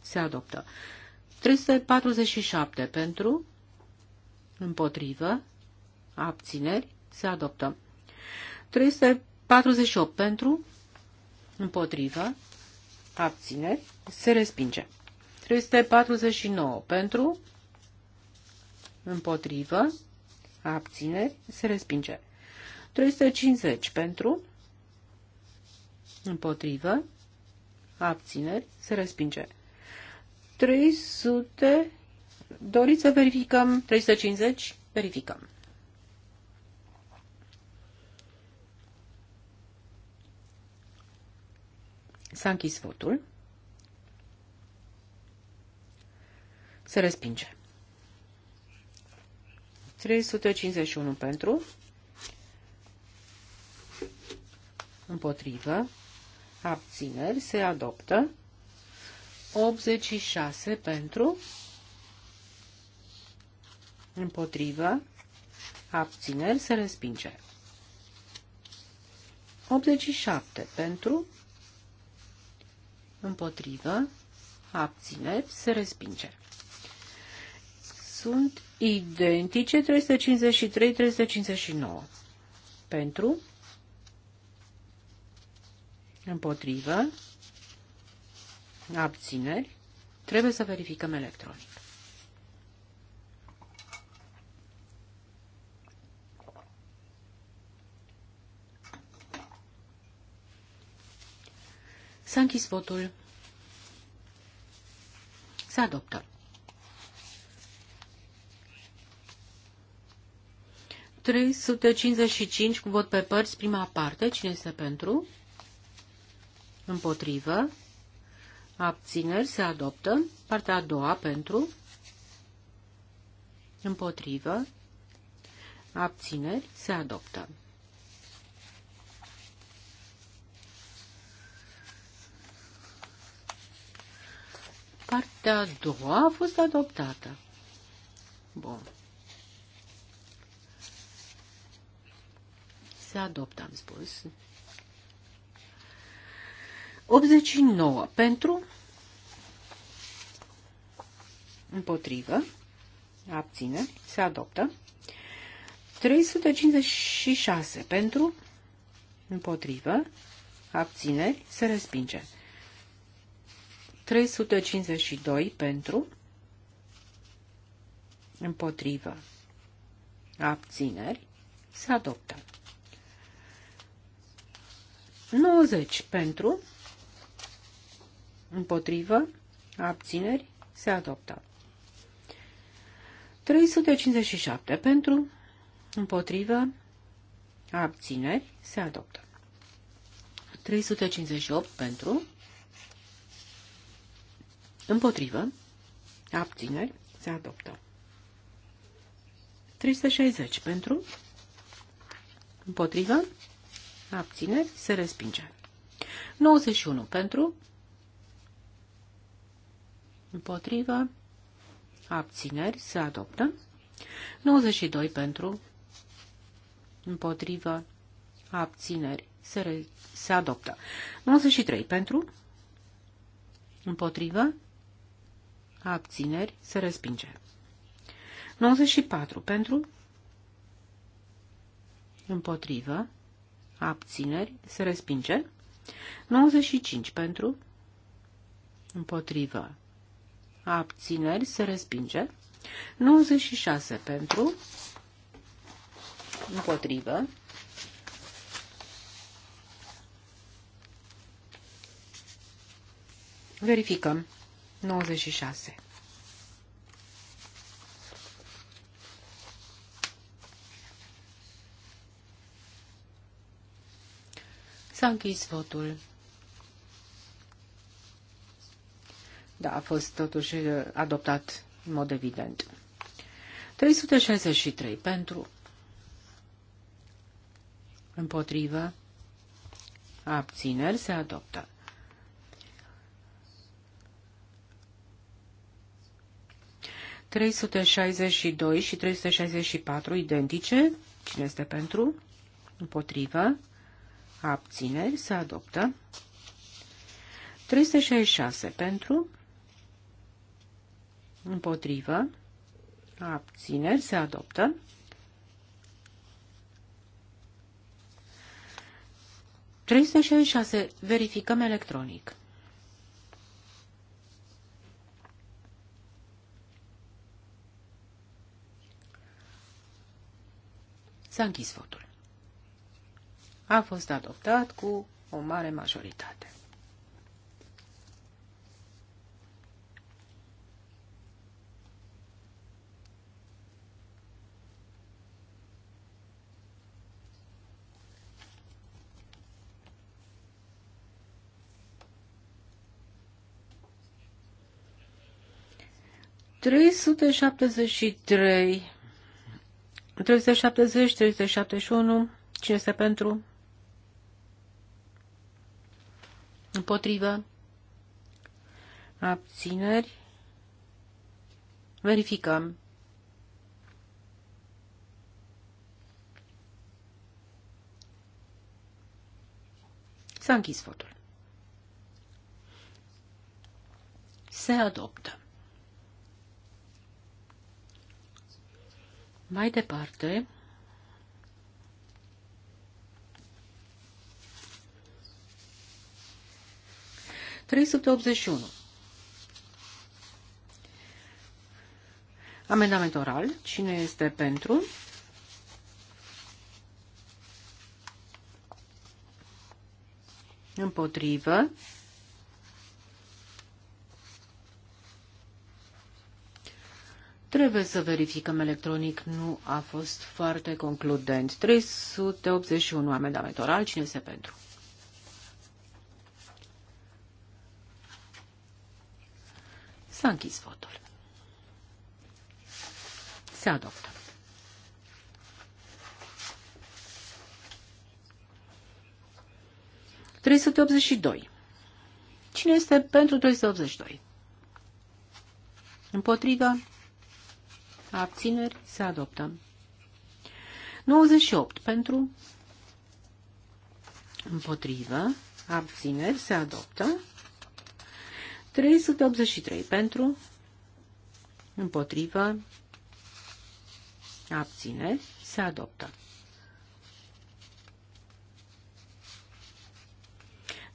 se adoptă. 347 pentru, împotrivă, abțineri, se adoptă. 348 pentru, împotrivă, abțineri, se respinge. 349 pentru, împotrivă, abțineri, se respinge. 350 pentru, împotrivă, abțineri, se respinge. 300, doriți să verificăm 350? Verificăm. S-a închis votul. Se respinge. 351 pentru, împotrivă, abțineri, se adoptă, 86 pentru, împotrivă, abțineri, se respinge. 87 pentru, împotrivă, abțineri, se respinge. Sunt identice 353-359. Pentru, împotrivă, abțineri, trebuie să verificăm electronic. S-a închis votul. Să adoptăm. 355 cu vot pe părți, prima parte. Cine este pentru? Împotrivă. Abțineri se adoptă. Partea a doua pentru. Împotrivă. Abțineri se adoptă. Partea a doua a fost adoptată. Bun. se adoptă, am spus. 89 pentru, împotrivă, abține, se adoptă. 356 pentru, împotrivă, abține, se respinge. 352 pentru, împotrivă, abțineri, se adoptă. 90 pentru, împotrivă, abțineri, se adoptă. 357 pentru, împotrivă, abțineri, se adoptă. 358 pentru, împotrivă, abțineri, se adoptă. 360 pentru, împotrivă, Abțineri se respinge. 91 pentru. Împotrivă. Abțineri se adoptă. 92 pentru. Împotrivă. Abțineri se, re, se adoptă. 93 pentru. Împotrivă. Abțineri se respinge. 94 pentru. Împotrivă abțineri, se respinge. 95 pentru, împotrivă, abțineri, se respinge. 96 pentru, împotrivă, verificăm, 96. S-a închis votul. Da, a fost totuși uh, adoptat în mod evident. 363 pentru împotrivă abțineri se adoptă. Trei sute șaizeci și doi și trei sute șaizeci și patru identice. Cine este pentru? Împotrivă abțineri, se adoptă. 366 pentru, împotrivă, abțineri, se adoptă. 366. Verificăm electronic. S-a închis votul a fost adoptat cu o mare majoritate. Trei sute șaptezeci și trei, trei sute șaptezeci, trei sute șaptezeci și unu, cine este pentru? Împotrivă. Abțineri. Verificăm. S-a închis votul. Se adoptă. Mai departe, 381. Amendament oral. Cine este pentru? Împotrivă. Trebuie să verificăm electronic. Nu a fost foarte concludent. 381 amendament oral. Cine este pentru? S-a închis votul. Se adoptă. 382. Cine este pentru 382? Împotrivă? Abțineri? Se adoptă. 98 pentru? Împotrivă? Abțineri? Se adoptă. 383 pentru, împotrivă, abține, se adoptă.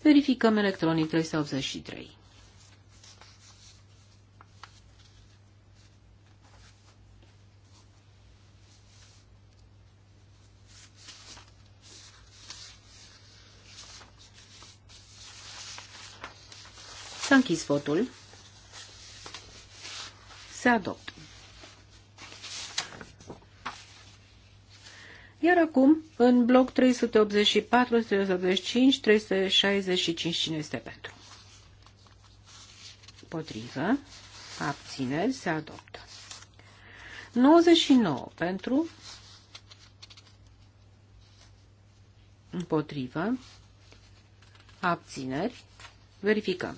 Verificăm electronic 383. S-a închis votul. Se adoptă. Iar acum, în bloc 384, 385, 365, cine este pentru? Potrivă. Abțineri. Se adoptă. 99 pentru. Împotrivă. Abțineri. Verificăm.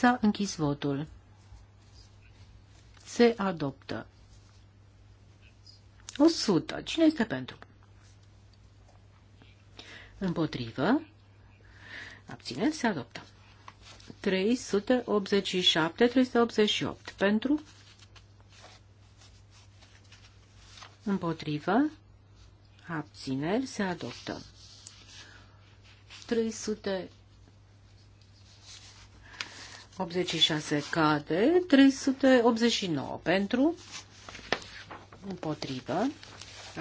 S-a închis votul. Se adoptă. 100. Cine este pentru? Împotrivă. Abțineți, Se adoptă. 387, 388. Pentru? Împotrivă. Abțineri. Se adoptă. 300 86 cade, 389 pentru, împotrivă,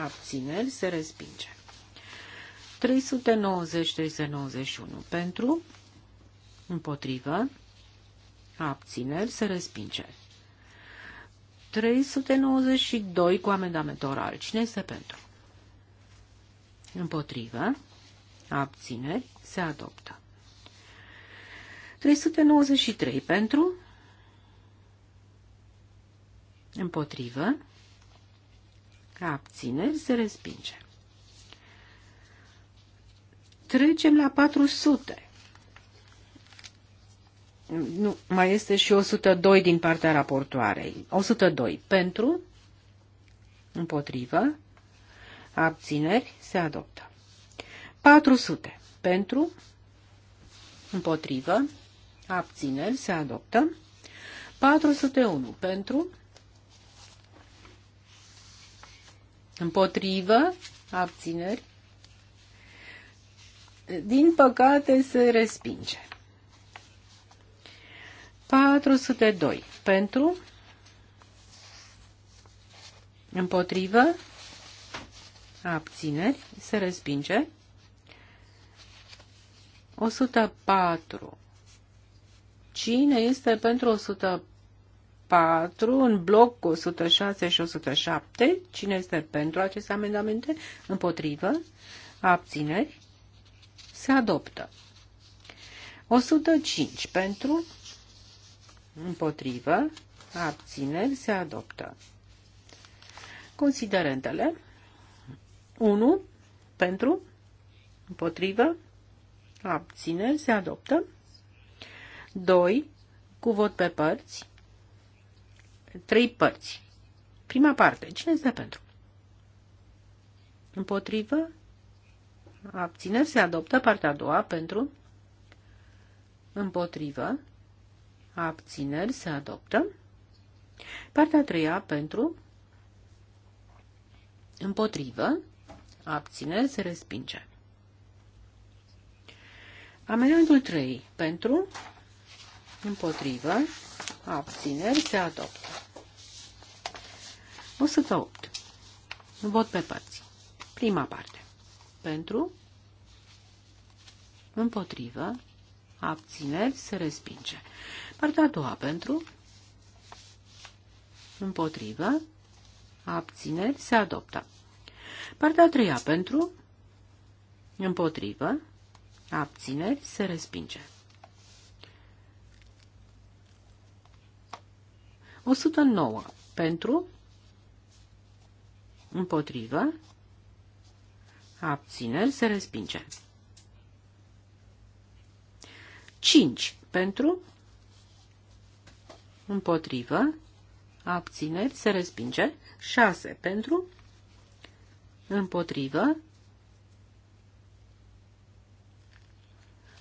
abțineri, se respinge. 390-391 pentru, împotrivă, abțineri, se respinge. 392 cu amendament oral. Cine este pentru? Împotrivă, abțineri, se adoptă. 393 pentru, împotrivă, abțineri, se respinge. Trecem la 400. Nu, mai este și 102 din partea raportoarei. 102 pentru, împotrivă, abțineri, se adoptă. 400 pentru, împotrivă, abțineri, se adoptă. 401 pentru, împotrivă, abțineri, din păcate se respinge. 402 pentru, împotrivă, abțineri, se respinge. 104 Cine este pentru 104 în bloc 106 și 107? Cine este pentru aceste amendamente? Împotrivă? Abțineri? Se adoptă. 105 pentru? Împotrivă? Abțineri? Se adoptă. Considerentele. 1 pentru? Împotrivă? Abțineri? Se adoptă. 2, cu vot pe părți, 3 părți. Prima parte, cine este pentru? Împotrivă, Abține? se adoptă partea a doua pentru, împotrivă, abțineri, se adoptă. Partea a treia pentru, împotrivă, abțineri, se respinge. Amendamentul 3 pentru, împotrivă, abțineri, se adoptă. 108. Vot pe părți. Prima parte. Pentru, împotrivă, abțineri, se respinge. Partea a doua pentru, împotrivă, abțineri, se adoptă. Partea a treia pentru, împotrivă, abțineri, se respinge. 109 pentru, împotrivă, abțineri, se respinge. 5 pentru, împotrivă, abțineri, se respinge. 6 pentru, împotrivă,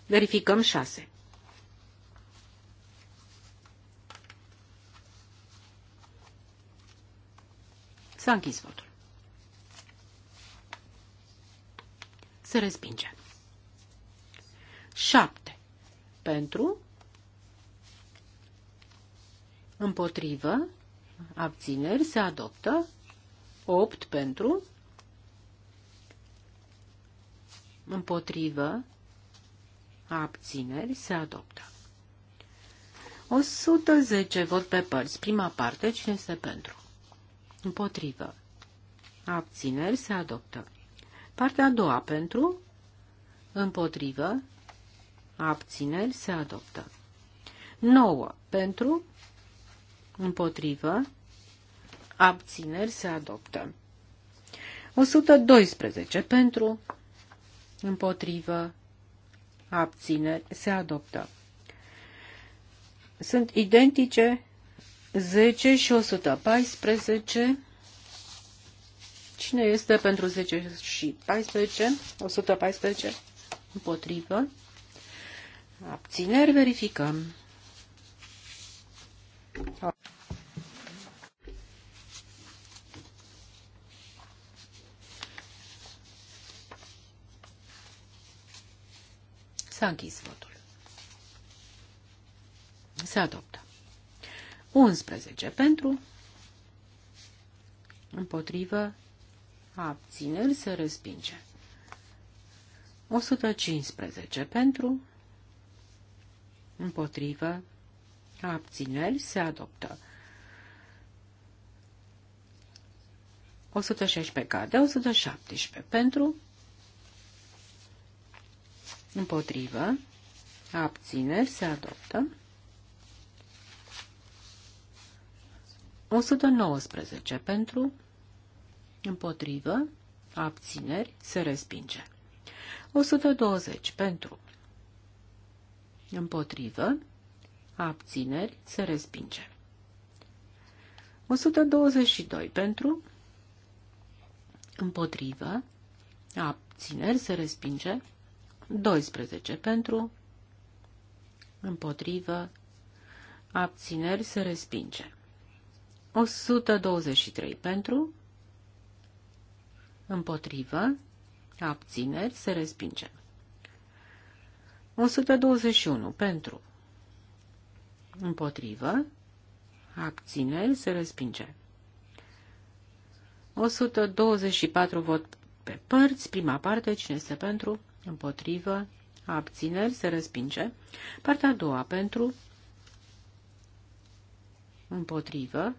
verificăm 6. S-a închis votul. Se respinge. 7. Pentru, împotrivă, abțineri, se adoptă. 8 pentru, împotrivă, abțineri, se adoptă. 110 vot pe părți. Prima parte, cine este pentru? Împotrivă. Abțineri se adoptă. Partea a doua pentru. Împotrivă. Abțineri se adoptă. 9 pentru. Împotrivă. Abțineri se adoptă. 112 pentru. Împotrivă. Abțineri se adoptă. Sunt identice 10 și 114. Cine este pentru 10 și 14? 114. Împotrivă. Abțineri verificăm. S-a închis votul. Se adoptă. 11 pentru, împotrivă, abțineri se respinge. 115 pentru, împotrivă, abțineri se adoptă. 116 cade, 117 pentru, împotrivă, abțineri se adoptă. 119 pentru, împotrivă, abțineri, se respinge. 120 pentru, împotrivă, abțineri, se respinge. 122 pentru, împotrivă, abțineri, se respinge. 12 pentru, împotrivă, abțineri, se respinge. 123 pentru, împotrivă, abțineri, se respinge. 121 pentru, împotrivă, abțineri, se respinge. 124 vot pe părți, prima parte, cine este pentru, împotrivă, abțineri, se respinge. Partea a doua pentru, împotrivă,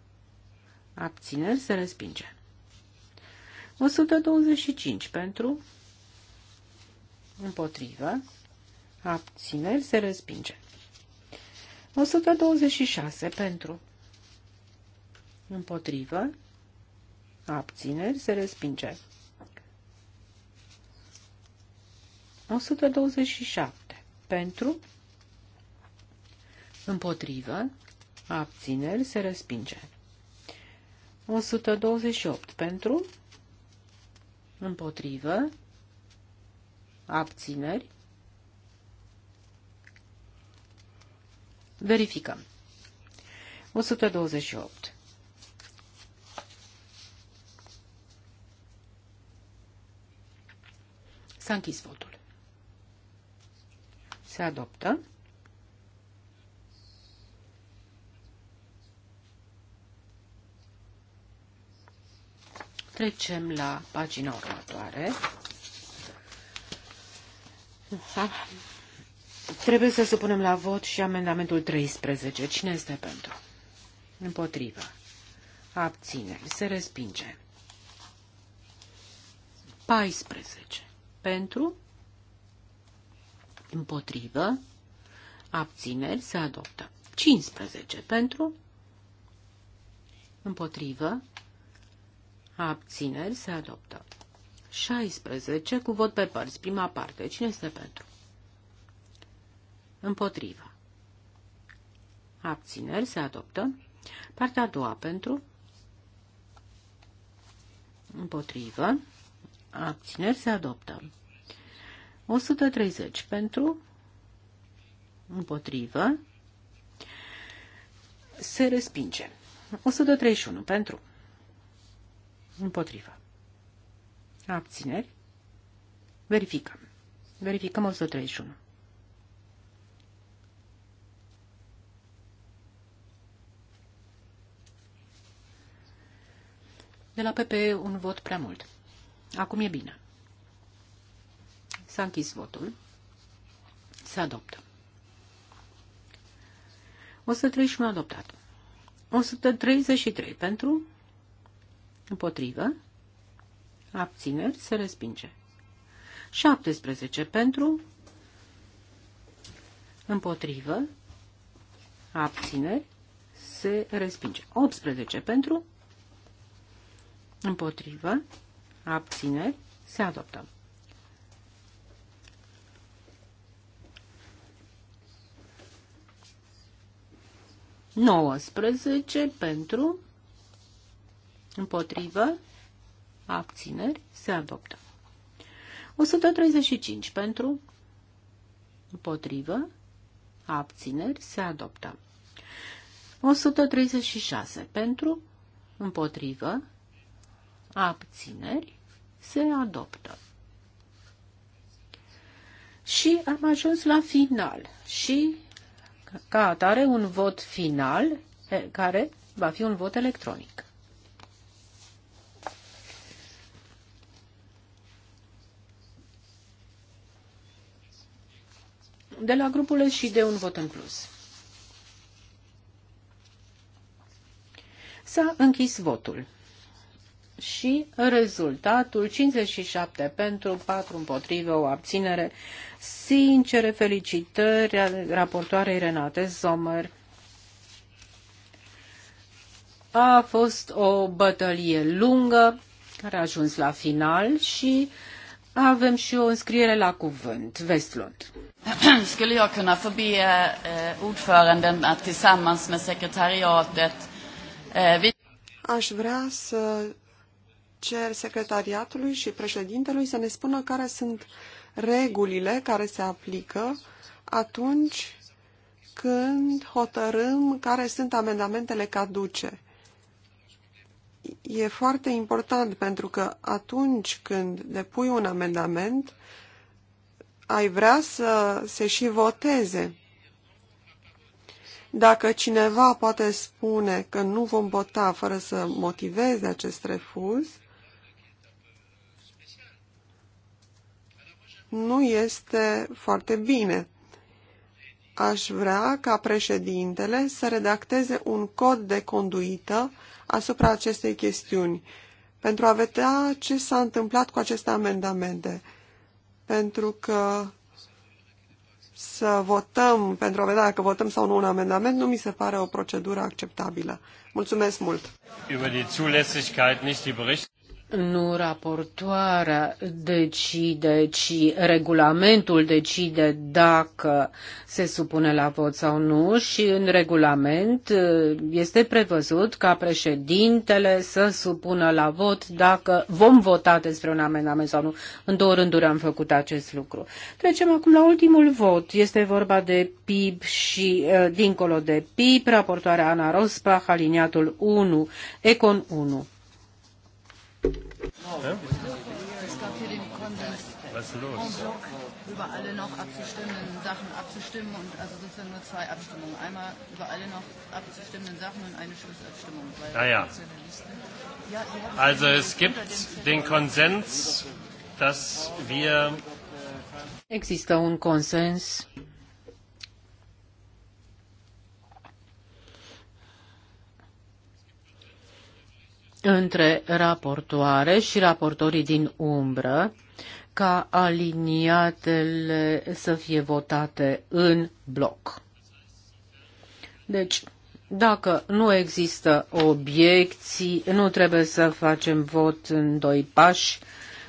abțineri, se respinge. 125 pentru, împotrivă, abțineri, se respinge. 126 pentru, împotrivă, abțineri, se respinge. 127 pentru, împotrivă, abțineri, se respinge. 128 pentru, împotrivă, abțineri. Verificăm. 128. S-a închis votul. Se adoptă. Trecem la pagina următoare. Da. Trebuie să supunem la vot și amendamentul 13. Cine este pentru? Împotrivă. Abține. Se respinge. 14. Pentru? Împotrivă. Abțineri. Se adoptă. 15. Pentru? Împotrivă abțineri, se adoptă. 16. Cu vot pe părți, prima parte. Cine este pentru? Împotriva. Abțineri, se adoptă. Partea a doua pentru. Împotrivă. Abțineri, se adoptă. 130 pentru. Împotrivă. Se respinge. 131 pentru. Împotrivă. Abțineri. Verificăm. Verificăm 131. De la PP un vot prea mult. Acum e bine. S-a închis votul. Se adoptă. 131 adoptat. 133 pentru, Împotrivă. Abțineri se respinge. 17 pentru. Împotrivă. Abțineri se respinge. 18 pentru. Împotrivă. Abțineri se adoptă. Nouăsprezece pentru Împotrivă. Abțineri. Se adoptă. 135 pentru. Împotrivă. Abțineri. Se adoptă. 136 pentru. Împotrivă. Abțineri. Se adoptă. Și am ajuns la final. Și ca atare un vot final care va fi un vot electronic. de la grupul și de un vot în plus. S-a închis votul și rezultatul 57 pentru 4 împotrivă o abținere. Sincere felicitări raportoarei Renate Zomer. A fost o bătălie lungă care a ajuns la final și avem și o înscriere la cuvânt. Vestlund. <clears throat> Skulle jag kunna få be eh, ordföranden att tillsammans med sekretariatet eh, Aș vrea să cer secretariatului și președintelui să ne spună care sunt regulile care se aplică atunci când hotărâm care sunt amendamentele caduce e foarte important pentru că atunci când depui un amendament, ai vrea să se și voteze. Dacă cineva poate spune că nu vom vota fără să motiveze acest refuz, nu este foarte bine. Aș vrea ca președintele să redacteze un cod de conduită asupra acestei chestiuni pentru a vedea ce s-a întâmplat cu aceste amendamente. Pentru că să votăm, pentru a vedea dacă votăm sau nu un amendament, nu mi se pare o procedură acceptabilă. Mulțumesc mult! Nu raportoarea decide, ci regulamentul decide dacă se supune la vot sau nu și în regulament uh, este prevăzut ca președintele să supună la vot dacă vom vota despre un amendament sau nu. În două rânduri am făcut acest lucru. Trecem acum la ultimul vot. Este vorba de PIB și uh, dincolo de PIB, raportoarea Ana Rosbach, aliniatul 1, Econ 1. Ja? Es gab hier den Konsens, Was los? en bloc über alle noch abzustimmenden Sachen abzustimmen und also nur zwei Abstimmungen. Einmal über alle noch abzustimmenden Sachen und eine Schlussabstimmung. Weil ah ja. ja also es gibt den Konsens, dass wir. Există un consens între raportoare și raportorii din umbră ca aliniatele să fie votate în bloc. Deci, dacă nu există obiecții, nu trebuie să facem vot în doi pași,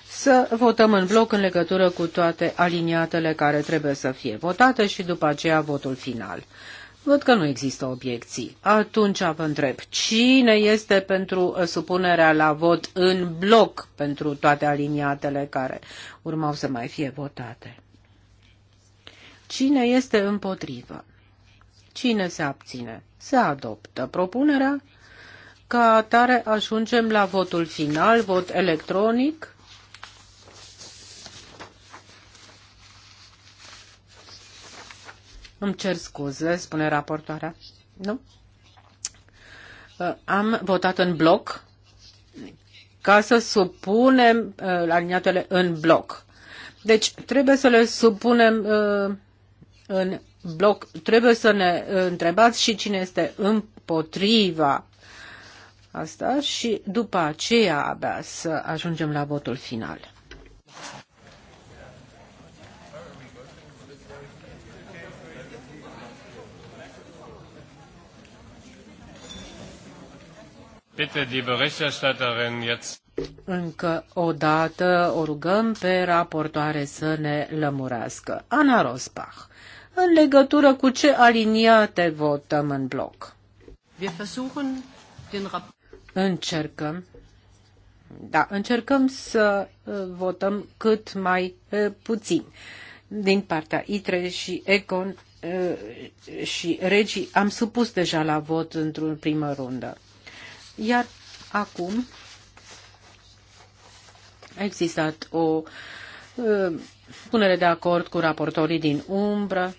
să votăm în bloc în legătură cu toate aliniatele care trebuie să fie votate și după aceea votul final. Văd că nu există obiecții. Atunci vă întreb, cine este pentru uh, supunerea la vot în bloc pentru toate aliniatele care urmau să mai fie votate? Cine este împotrivă? Cine se abține? Se adoptă propunerea. Ca atare ajungem la votul final, vot electronic. Îmi cer scuze, spune raportoarea. Nu? Uh, am votat în bloc ca să supunem uh, aliniatele în bloc. Deci trebuie să le supunem uh, în bloc. Trebuie să ne uh, întrebați și cine este împotriva asta și după aceea abia să ajungem la votul final. bitte die Berichterstatterin jetzt. Încă o dată o rugăm pe raportoare să ne lămurească. Ana Rosbach, în legătură cu ce aliniate votăm în bloc? Wir versuchen den încercăm da, încercăm să uh, votăm cât mai uh, puțin din partea ITRE și ECON uh, și regii am supus deja la vot într-o primă rundă. Iar acum a existat o uh, punere de acord cu raportorii din umbră.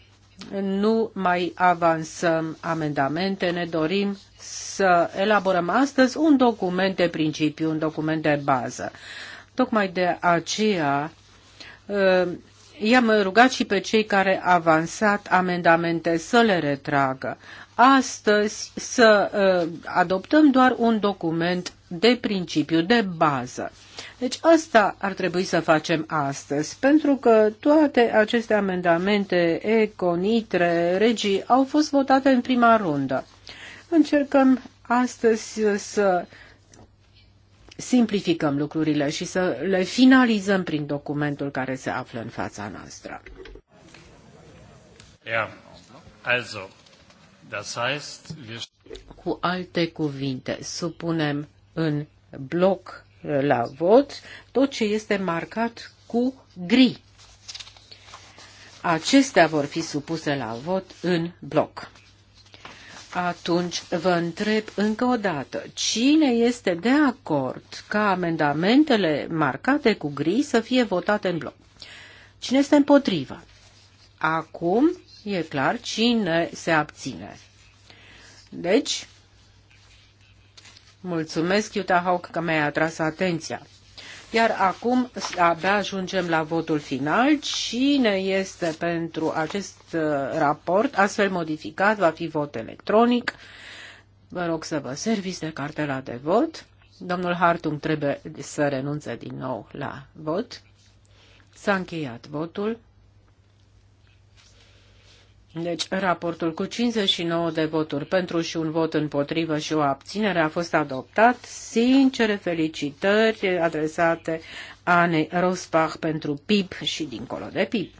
Nu mai avansăm amendamente, ne dorim să elaborăm astăzi un document de principiu, un document de bază. Tocmai de aceea uh, i-am rugat și pe cei care avansat amendamente să le retragă astăzi să uh, adoptăm doar un document de principiu, de bază. Deci asta ar trebui să facem astăzi, pentru că toate aceste amendamente econitre, regii, au fost votate în prima rundă. Încercăm astăzi să simplificăm lucrurile și să le finalizăm prin documentul care se află în fața noastră. Yeah. Also, cu alte cuvinte, supunem în bloc uh, la vot tot ce este marcat cu gri. Acestea vor fi supuse la vot în bloc. Atunci vă întreb încă o dată, cine este de acord ca amendamentele marcate cu gri să fie votate în bloc? Cine este împotrivă? Acum E clar cine se abține. Deci, mulțumesc, Iuta Hauk, că mi-ai atras atenția. Iar acum abia ajungem la votul final. Cine este pentru acest uh, raport astfel modificat? Va fi vot electronic. Vă rog să vă serviți de cartela de vot. Domnul Hartung trebuie să renunțe din nou la vot. S-a încheiat votul. Deci, raportul cu 59 de voturi pentru și un vot împotrivă și o abținere a fost adoptat. Sincere felicitări adresate Anei Rosbach pentru PIP și dincolo de PIP.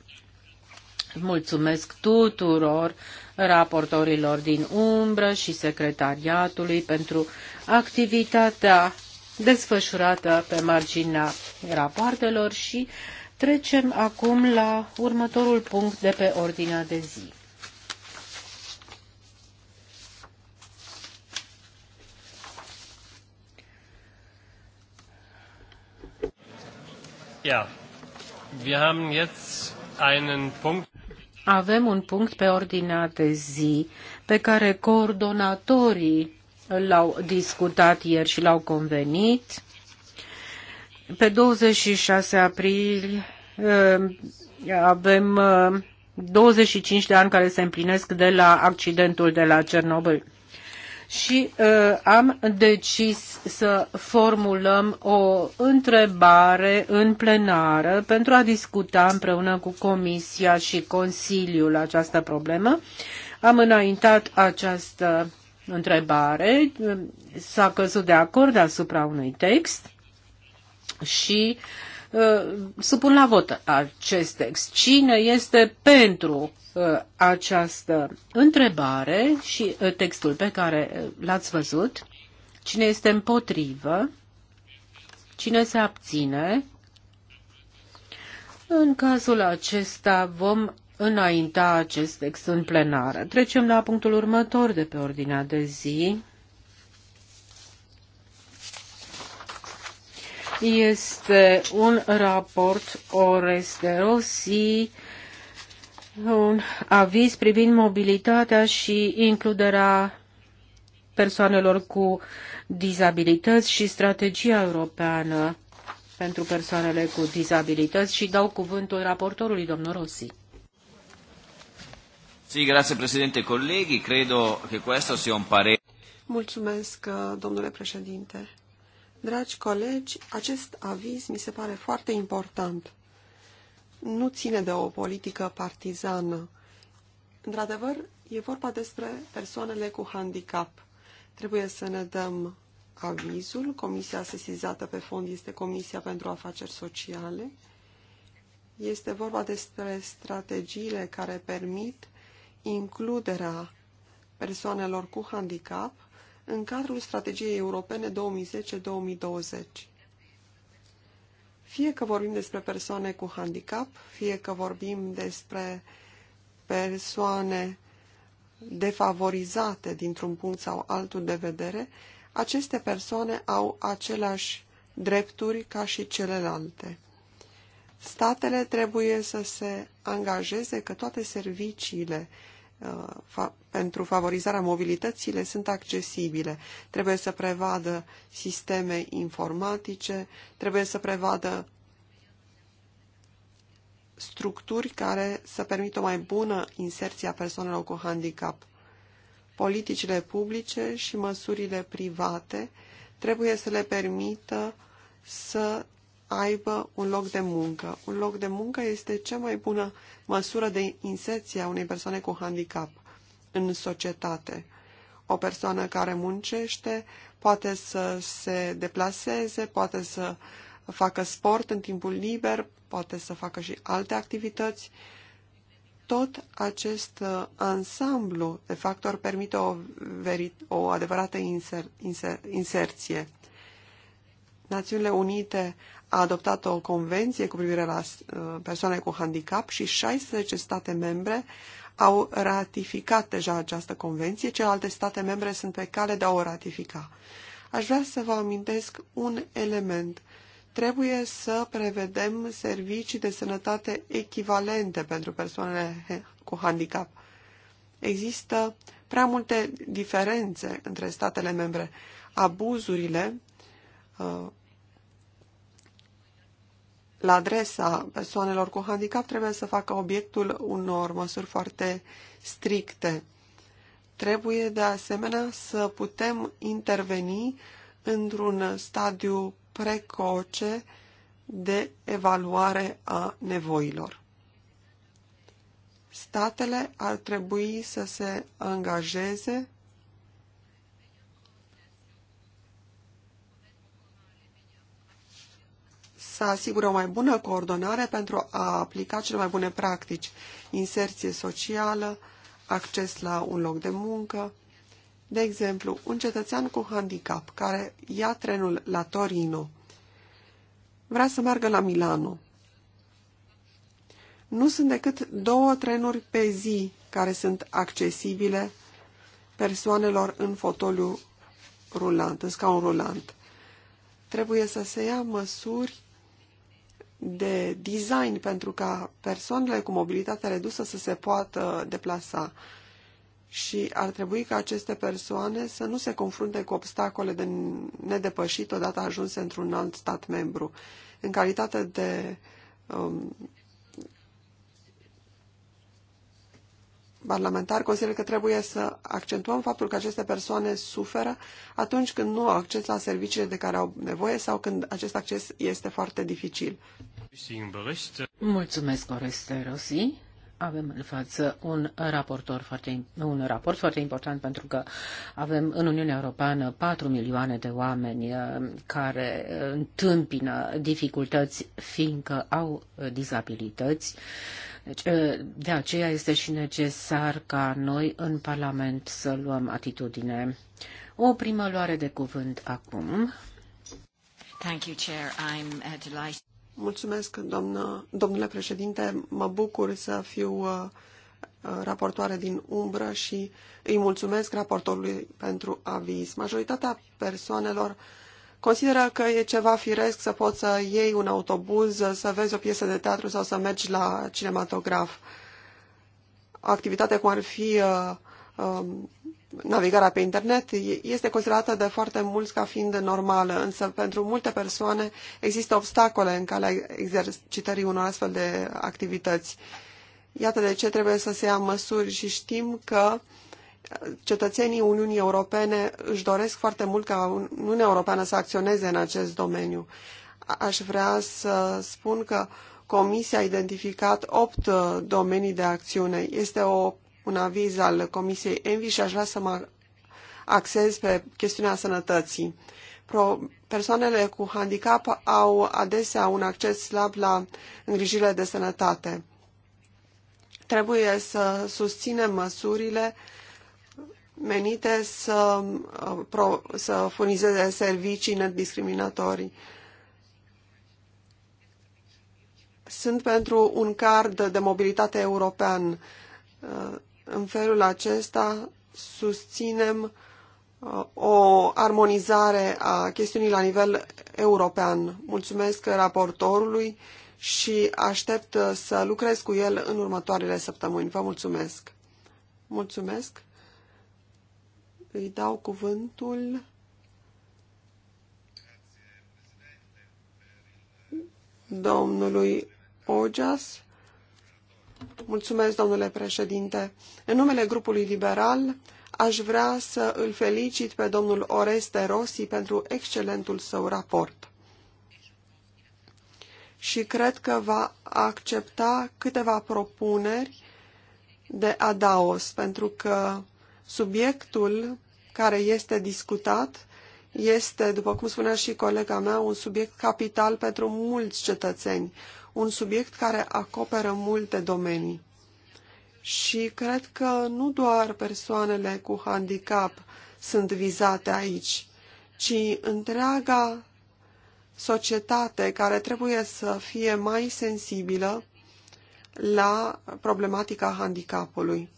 Mulțumesc tuturor raportorilor din umbră și secretariatului pentru activitatea desfășurată pe marginea rapoartelor și trecem acum la următorul punct de pe ordinea de zi. Ja, wir haben jetzt einen Punkt. Avem un punct pe ordinea de zi pe care coordonatorii l-au discutat ieri și l-au convenit. Pe 26 aprilie eh, avem 25 eh, de ani care se împlinesc de la accidentul de la Cernobâl și uh, am decis să formulăm o întrebare în plenară pentru a discuta împreună cu Comisia și Consiliul această problemă. Am înaintat această întrebare, s-a căzut de acord asupra unui text și uh, supun la vot acest text. Cine este pentru Uh, această întrebare și uh, textul pe care uh, l-ați văzut. Cine este împotrivă? Cine se abține? În cazul acesta vom înainta acest text în plenară. Trecem la punctul următor de pe ordinea de zi. Este un raport Oreste Rossi un aviz privind mobilitatea și includerea persoanelor cu dizabilități și strategia europeană pentru persoanele cu dizabilități și dau cuvântul raportorului, domnul Rossi. Sì, grazie Presidente, colleghi, credo che questo sia un parere. Mulțumesc, uh, domnule președinte. Dragi colegi, acest aviz mi se pare foarte important nu ține de o politică partizană. Într-adevăr, e vorba despre persoanele cu handicap. Trebuie să ne dăm avizul. Comisia sesizată pe fond este Comisia pentru Afaceri Sociale. Este vorba despre strategiile care permit includerea persoanelor cu handicap în cadrul strategiei europene 2010-2020. Fie că vorbim despre persoane cu handicap, fie că vorbim despre persoane defavorizate dintr-un punct sau altul de vedere, aceste persoane au aceleași drepturi ca și celelalte. Statele trebuie să se angajeze că toate serviciile Uh, fa pentru favorizarea mobilității le sunt accesibile. Trebuie să prevadă sisteme informatice, trebuie să prevadă structuri care să permită o mai bună inserție a persoanelor cu handicap. Politicile publice și măsurile private trebuie să le permită să aibă un loc de muncă. Un loc de muncă este cea mai bună măsură de inserție a unei persoane cu handicap în societate. O persoană care muncește poate să se deplaseze, poate să facă sport în timpul liber, poate să facă și alte activități. Tot acest uh, ansamblu de factori permite o, verit, o adevărată inser, inser, inserție. Națiunile Unite a adoptat o convenție cu privire la uh, persoane cu handicap și 16 state membre au ratificat deja această convenție, celelalte state membre sunt pe cale de a o ratifica. Aș vrea să vă amintesc un element. Trebuie să prevedem servicii de sănătate echivalente pentru persoanele cu handicap. Există prea multe diferențe între statele membre. Abuzurile uh, la adresa persoanelor cu handicap trebuie să facă obiectul unor măsuri foarte stricte. Trebuie de asemenea să putem interveni într-un stadiu precoce de evaluare a nevoilor. Statele ar trebui să se angajeze să asigure o mai bună coordonare pentru a aplica cele mai bune practici, inserție socială, acces la un loc de muncă. De exemplu, un cetățean cu handicap care ia trenul la Torino vrea să meargă la Milano. Nu sunt decât două trenuri pe zi care sunt accesibile persoanelor în fotoliu rulant, în scaun rulant. Trebuie să se ia măsuri de design pentru ca persoanele cu mobilitate redusă să se poată deplasa. Și ar trebui ca aceste persoane să nu se confrunte cu obstacole de nedepășit odată ajunse într-un alt stat membru. În calitate de um, parlamentar consider că trebuie să accentuăm faptul că aceste persoane suferă atunci când nu au acces la serviciile de care au nevoie sau când acest acces este foarte dificil. Mulțumesc, Oreste Rossi. Avem în față un, raportor foarte, un raport foarte important pentru că avem în Uniunea Europeană 4 milioane de oameni uh, care uh, întâmpină dificultăți fiindcă au uh, dizabilități deci, ă, de aceea este și necesar ca noi în Parlament să luăm atitudine. O primă luare de cuvânt acum. Thank you, Chair. I'm uh, delighted. Mulțumesc, doamnă, domnule președinte. Mă bucur să fiu ă, ă, raportoare din umbră și îi mulțumesc raportorului pentru aviz. Majoritatea persoanelor consideră că e ceva firesc să poți să iei un autobuz, să vezi o piesă de teatru sau să mergi la cinematograf. Activitatea cum ar fi uh, uh, navigarea pe internet este considerată de foarte mulți ca fiind normală, însă pentru multe persoane există obstacole în calea exercitării unor astfel de activități. Iată de ce trebuie să se ia măsuri și știm că uh, cetățenii Uniunii Europene își doresc foarte mult ca Uniunea Europeană să acționeze în acest domeniu. Aș vrea să spun că Comisia a identificat opt uh, domenii de acțiune. Este o, un aviz al Comisiei Envi și aș vrea să mă axez pe chestiunea sănătății. Pro, persoanele cu handicap au adesea un acces slab la îngrijirile de sănătate. Trebuie să susținem măsurile uh, menite să, să furnizeze servicii nediscriminatorii. Sunt pentru un card de mobilitate european. În felul acesta susținem uh, o armonizare a chestiunii la nivel european. Mulțumesc raportorului și aștept să lucrez cu el în următoarele săptămâni. Vă mulțumesc! Mulțumesc! Îi dau cuvântul domnului Ogeas. Mulțumesc, domnule președinte. În numele grupului liberal, aș vrea să îl felicit pe domnul Oreste Rossi pentru excelentul său raport. Și cred că va accepta câteva propuneri de adaos, pentru că Subiectul care este discutat este, după cum spunea și colega mea, un subiect capital pentru mulți cetățeni, un subiect care acoperă multe domenii. Și cred că nu doar persoanele cu handicap sunt vizate aici, ci întreaga societate care trebuie să fie mai sensibilă la problematica handicapului.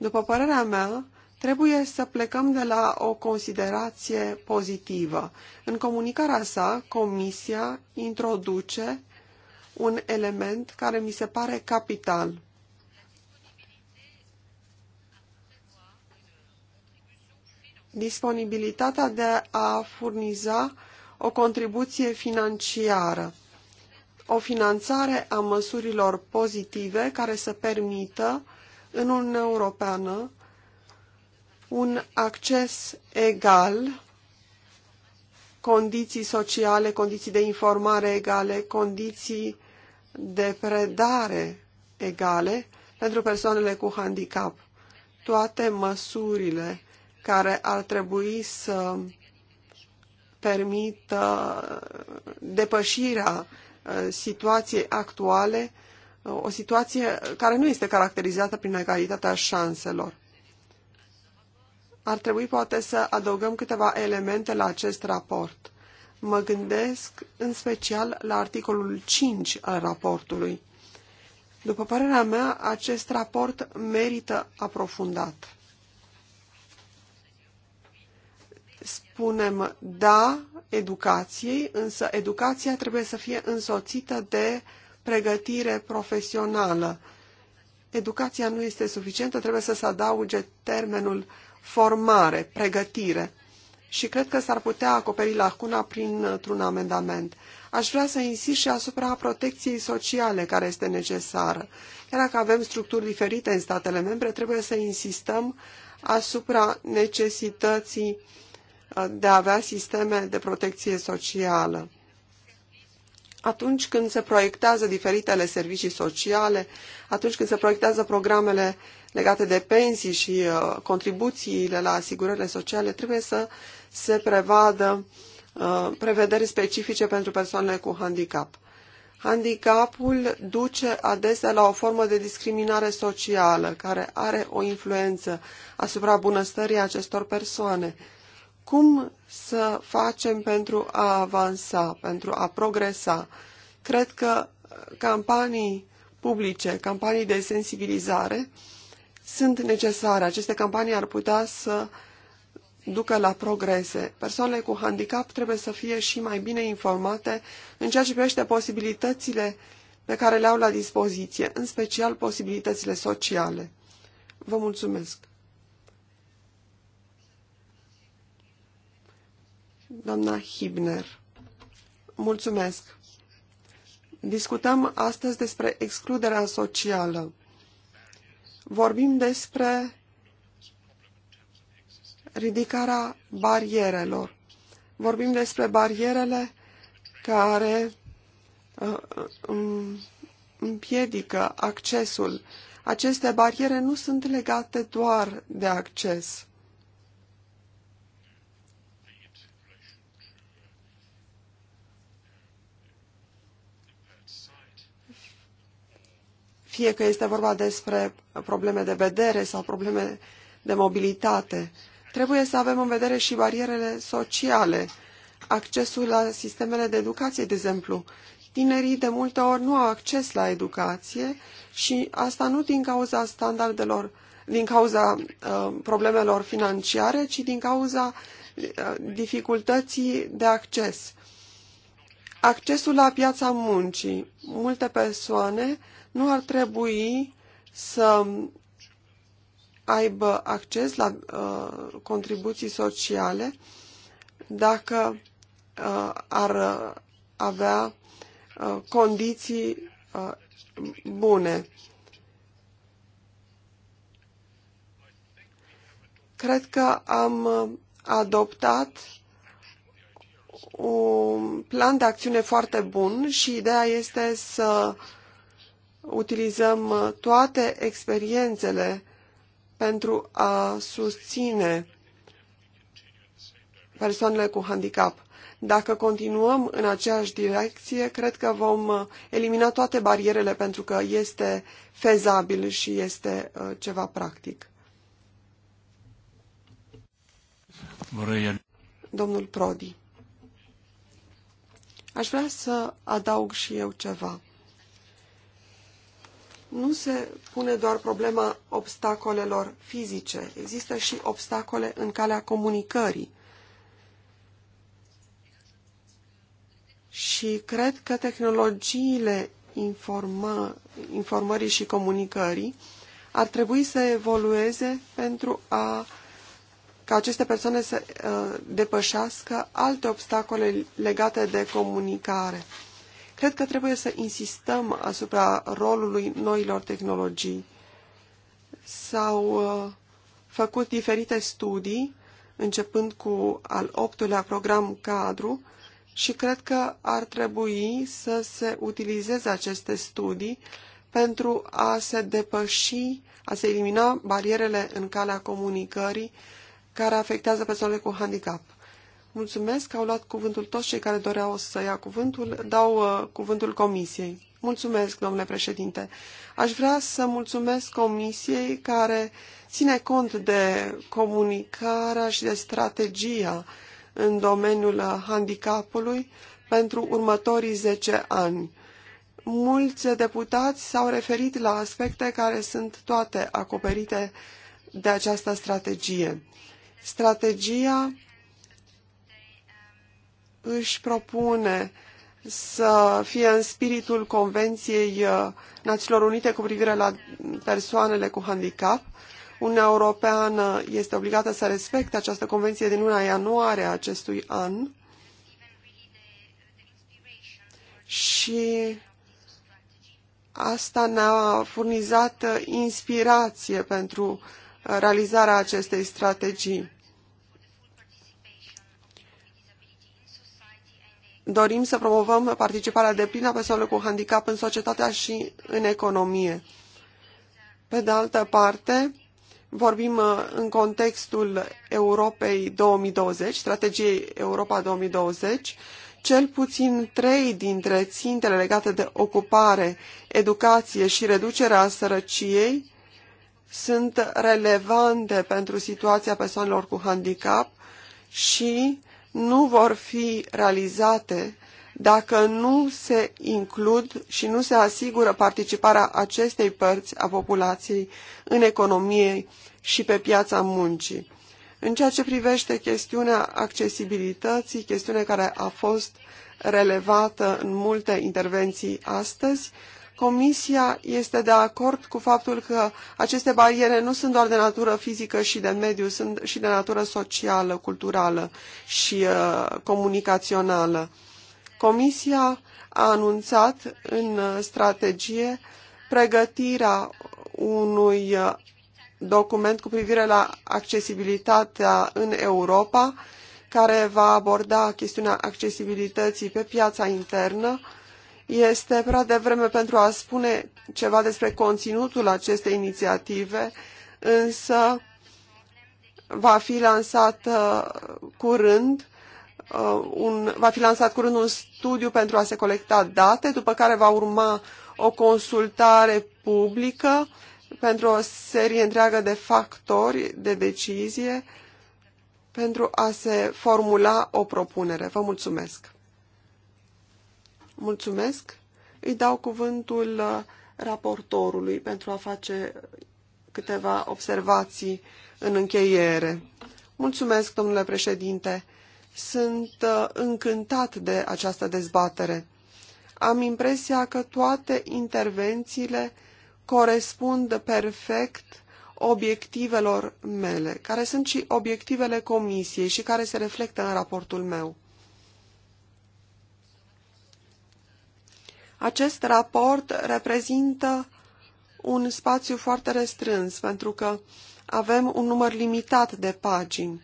După părerea mea, trebuie să plecăm de la o considerație pozitivă. În comunicarea sa, Comisia introduce un element care mi se pare capital. Disponibilitatea de a furniza o contribuție financiară, o finanțare a măsurilor pozitive care să permită în Uniunea Europeană un acces egal, condiții sociale, condiții de informare egale, condiții de predare egale pentru persoanele cu handicap. Toate măsurile care ar trebui să permită depășirea uh, situației actuale o situație care nu este caracterizată prin egalitatea șanselor. Ar trebui poate să adăugăm câteva elemente la acest raport. Mă gândesc în special la articolul 5 al raportului. După părerea mea, acest raport merită aprofundat. Spunem da educației, însă educația trebuie să fie însoțită de uh, pregătire profesională. Educația nu este suficientă, trebuie să se adauge termenul formare, pregătire. Și cred că s-ar putea acoperi lacuna printr-un amendament. Aș vrea să insist și asupra protecției sociale care este necesară. Chiar dacă avem structuri diferite în statele membre, trebuie să insistăm asupra necesității uh, de a avea sisteme de protecție socială atunci când se proiectează diferitele servicii sociale, atunci când se proiectează programele legate de pensii și uh, contribuțiile la asigurările sociale, trebuie să se prevadă uh, prevederi specifice pentru persoanele cu handicap. Handicapul duce adesea la o formă de discriminare socială care are o influență asupra bunăstării acestor persoane cum să facem pentru a avansa, pentru a progresa. Cred că campanii publice, campanii de sensibilizare sunt necesare. Aceste campanii ar putea să ducă la progrese. Persoanele cu handicap trebuie să fie și mai bine informate în ceea ce privește posibilitățile pe care le au la dispoziție, în special posibilitățile sociale. Vă mulțumesc! Doamna Hibner. Mulțumesc. Discutăm astăzi despre excluderea socială. Vorbim despre ridicarea barierelor. Vorbim despre barierele care uh, uh, um, împiedică accesul. Aceste bariere nu sunt legate doar de acces. fie că este vorba despre probleme de vedere sau probleme de mobilitate. Trebuie să avem în vedere și barierele sociale, accesul la sistemele de educație, de exemplu. Tinerii de multe ori nu au acces la educație și asta nu din cauza standardelor, din cauza uh, problemelor financiare, ci din cauza uh, dificultății de acces. Accesul la piața muncii. Multe persoane uh, nu ar trebui să aibă acces la uh, contribuții sociale dacă uh, ar avea uh, condiții uh, bune. Cred că am adoptat un plan de acțiune foarte bun și ideea este să uh, utilizăm uh, toate experiențele pentru a susține persoanele cu handicap. Dacă continuăm în aceeași direcție, cred că vom uh, elimina toate barierele pentru că este fezabil și este uh, ceva practic. Domnul Prodi. Aș vrea să adaug și eu ceva nu se pune doar problema obstacolelor fizice, există și obstacole în calea comunicării. Și cred că tehnologiile informa, informării și comunicării ar trebui să evolueze pentru a, ca aceste persoane să uh, depășească alte obstacole legate de comunicare. Cred că trebuie să insistăm asupra rolului noilor tehnologii. S-au uh, făcut diferite studii, începând cu al optulea program cadru, și cred că ar trebui să se utilizeze aceste studii pentru a se depăși, a se elimina barierele în calea comunicării care afectează persoanele cu handicap. Mulțumesc, au luat cuvântul toți cei care doreau să ia cuvântul. Dau uh, cuvântul comisiei. Mulțumesc, domnule președinte. Aș vrea să mulțumesc comisiei care ține cont de comunicarea și de strategia în domeniul handicapului pentru următorii 10 ani. Mulți deputați s-au referit la aspecte care sunt toate acoperite de această strategie. Strategia își propune să fie în spiritul Convenției uh, Națiunilor Unite cu privire la persoanele cu handicap. Uniunea Europeană este obligată să respecte această convenție din luna ianuarie acestui an și asta ne-a furnizat uh, inspirație pentru uh, realizarea acestei strategii. dorim să promovăm participarea de plină a persoanelor cu handicap în societatea și în economie. Pe de altă parte, vorbim uh, în contextul Europei 2020, strategiei Europa 2020, cel puțin trei dintre țintele legate de ocupare, educație și reducerea sărăciei sunt relevante pentru situația persoanelor cu handicap și nu vor fi realizate dacă nu se includ și nu se asigură participarea acestei părți a populației în economie și pe piața muncii. În ceea ce privește chestiunea accesibilității, chestiune care a fost relevată în multe intervenții astăzi, Comisia este de acord cu faptul că aceste bariere nu sunt doar de natură fizică și de mediu, sunt și de natură socială, culturală și uh, comunicațională. Comisia a anunțat în strategie pregătirea unui uh, document cu privire la accesibilitatea în Europa, care va aborda chestiunea accesibilității pe piața internă, este prea devreme pentru a spune ceva despre conținutul acestei inițiative, însă va fi lansat uh, curând uh, un, va fi lansat curând un studiu pentru a se colecta date, după care va urma o consultare publică pentru o serie întreagă de factori de decizie pentru a se formula o propunere. Vă mulțumesc! Mulțumesc. Îi dau cuvântul uh, raportorului pentru a face câteva observații în încheiere. Mulțumesc, domnule președinte. Sunt uh, încântat de această dezbatere. Am impresia că toate intervențiile corespund perfect obiectivelor mele, care sunt și obiectivele comisiei și care se reflectă în raportul meu. Acest raport reprezintă un spațiu foarte restrâns, pentru că avem un număr limitat de pagini,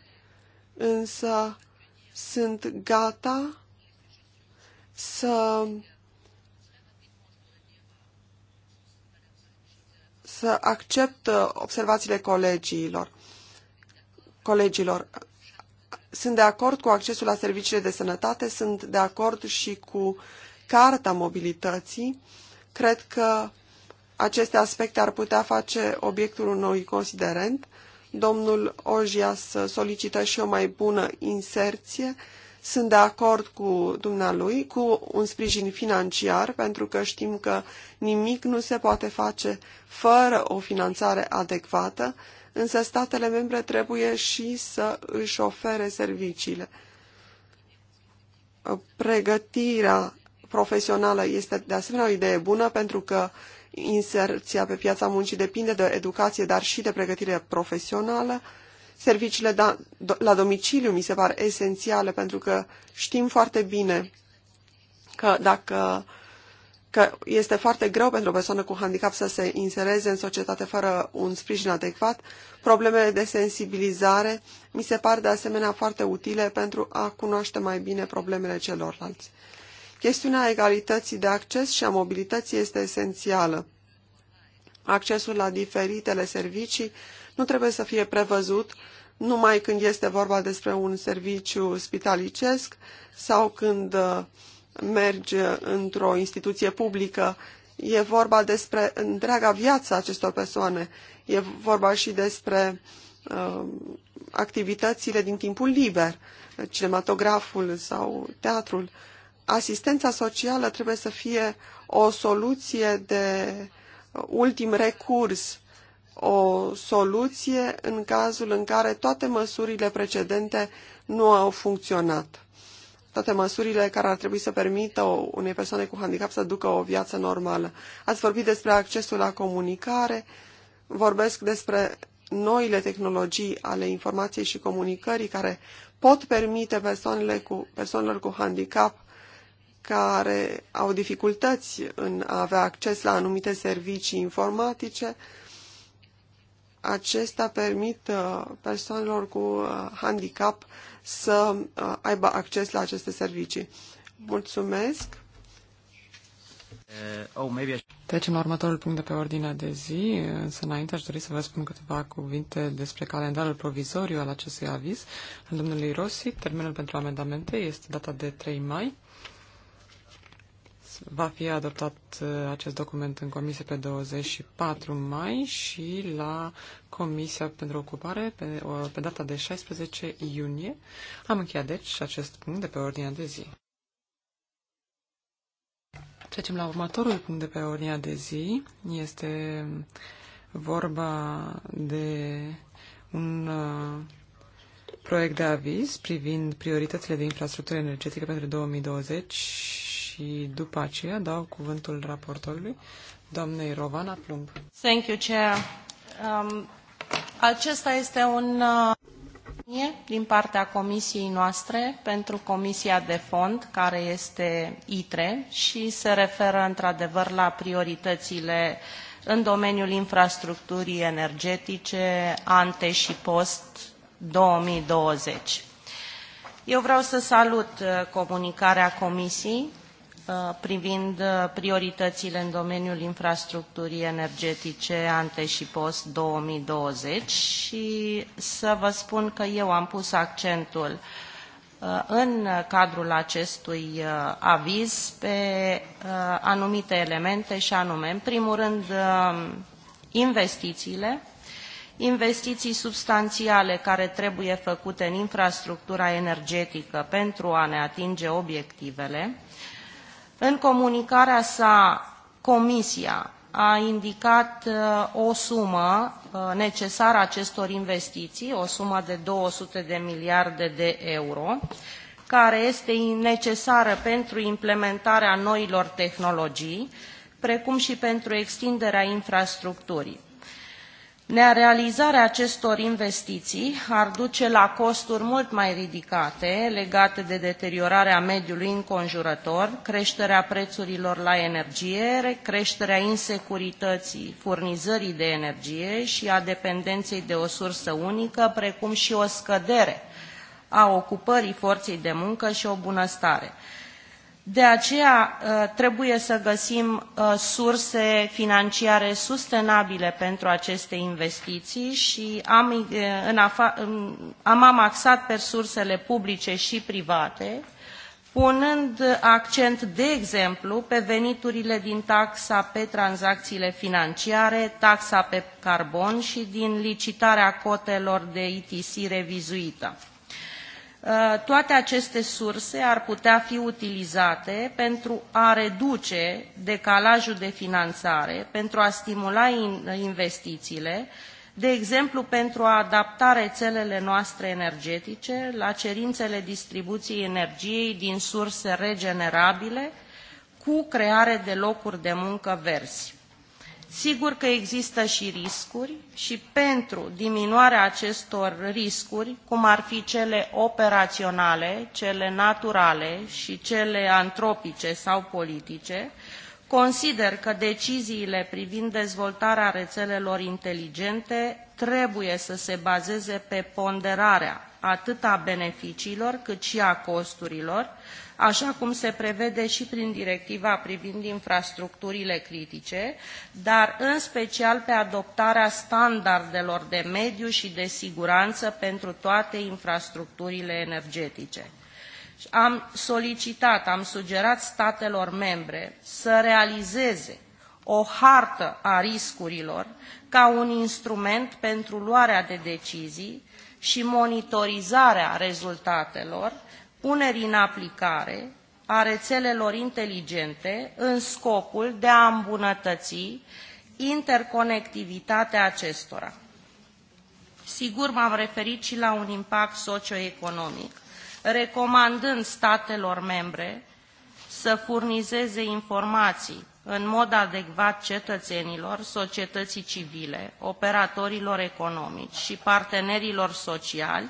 însă sunt gata să, să accept uh, observațiile colegiilor. colegilor. Sunt de acord cu accesul la serviciile de sănătate, sunt de acord și cu uh, Carta Mobilității. Cred că aceste aspecte ar putea face obiectul unui considerent. Domnul Ojias solicită și o mai bună inserție. Sunt de acord cu dumnealui, cu un sprijin financiar, pentru că știm că nimic nu se poate face fără o finanțare adecvată, însă statele membre trebuie și să își ofere serviciile. Pregătirea profesională este de asemenea o idee bună pentru că inserția pe piața muncii depinde de educație, dar și de pregătire profesională. Serviciile da, do, la domiciliu mi se par esențiale pentru că știm foarte bine că dacă că este foarte greu pentru o persoană cu handicap să se insereze în societate fără un sprijin adecvat, problemele de sensibilizare mi se par de asemenea foarte utile pentru a cunoaște mai bine problemele celorlalți. Chestiunea egalității de acces și a mobilității este esențială. Accesul la diferitele servicii nu trebuie să fie prevăzut numai când este vorba despre un serviciu spitalicesc sau când uh, merge într-o instituție publică. E vorba despre întreaga viață acestor persoane. E vorba și despre uh, activitățile din timpul liber, cinematograful sau teatrul. Uh, asistența socială trebuie să fie o soluție de ultim recurs, o soluție în cazul în care toate măsurile precedente nu au funcționat. Toate măsurile care ar trebui să permită unei persoane cu handicap să ducă o viață normală. Ați vorbit despre accesul la comunicare, vorbesc despre noile tehnologii ale informației și comunicării care pot permite persoanelor cu, persoanelor cu handicap care au dificultăți în a avea acces la anumite servicii informatice, acesta permit uh, persoanelor cu uh, handicap să uh, aibă acces la aceste servicii. Mulțumesc! Oh, Trecem la următorul punct de pe ordinea de zi, însă înainte aș dori să vă spun câteva cuvinte despre calendarul provizoriu al acestui aviz. domnului Rossi, termenul pentru amendamente este data de 3 mai Va fi adoptat uh, acest document în comisie pe 24 mai și la Comisia pentru Ocupare pe, uh, pe data de 16 iunie. Am încheiat deci acest punct de pe ordinea de zi. Trecem la următorul punct de pe ordinea de zi. Este vorba de un uh, proiect de aviz privind prioritățile de infrastructură energetică pentru 2020 și după aceea dau cuvântul raportorului, doamnei Rovana Plumb. Thank you, Chair. Um, acesta este un uh, din partea comisiei noastre pentru Comisia de Fond, care este ITRE și se referă într-adevăr la prioritățile în domeniul infrastructurii energetice ante și post 2020. Eu vreau să salut uh, comunicarea Comisiei Uh, privind uh, prioritățile în domeniul infrastructurii energetice ante și post 2020 și să vă spun că eu am pus accentul uh, în cadrul acestui aviz pe anumite elemente și anume, în primul rând, investițiile, investiții substanțiale care trebuie făcute în infrastructura energetică pentru a ne atinge obiectivele, în comunicarea sa, Comisia a indicat uh, o sumă uh, necesară acestor investiții, o sumă de 200 de miliarde de euro, care este necesară pentru implementarea noilor tehnologii, precum și pentru extinderea infrastructurii. Nerealizarea acestor investiții ar duce la costuri mult mai ridicate legate de deteriorarea mediului înconjurător, creșterea prețurilor la energie, creșterea insecurității furnizării de energie și a dependenței de o sursă unică, precum și o scădere a ocupării forței de muncă și o bunăstare. De aceea uh, trebuie să găsim uh, surse financiare sustenabile pentru aceste investiții și am, uh, am axat pe sursele publice și private, punând accent, de exemplu, pe veniturile din taxa pe tranzacțiile financiare, taxa pe carbon și din licitarea cotelor de ITC revizuită. Uh, toate aceste surse ar putea fi utilizate pentru a reduce decalajul de finanțare, pentru a stimula investițiile, de exemplu pentru a adapta rețelele noastre energetice la cerințele distribuției energiei din surse regenerabile cu creare de locuri de muncă verzi. Sigur că există și riscuri și pentru diminuarea acestor riscuri, cum ar fi cele operaționale, cele naturale și cele antropice sau politice, consider că deciziile privind dezvoltarea rețelelor inteligente trebuie să se bazeze pe ponderarea atât a beneficiilor cât și a costurilor, așa cum se prevede și prin directiva privind infrastructurile critice, dar în special pe adoptarea standardelor de mediu și de siguranță pentru toate infrastructurile energetice am solicitat, am sugerat statelor membre să realizeze o hartă a riscurilor ca un instrument pentru luarea de decizii și monitorizarea rezultatelor punerii în aplicare a rețelelor inteligente în scopul de a îmbunătăți interconectivitatea acestora. Sigur, m-am referit și la un impact socioeconomic, recomandând statelor membre să furnizeze informații în mod adecvat cetățenilor, societății civile, operatorilor economici și partenerilor sociali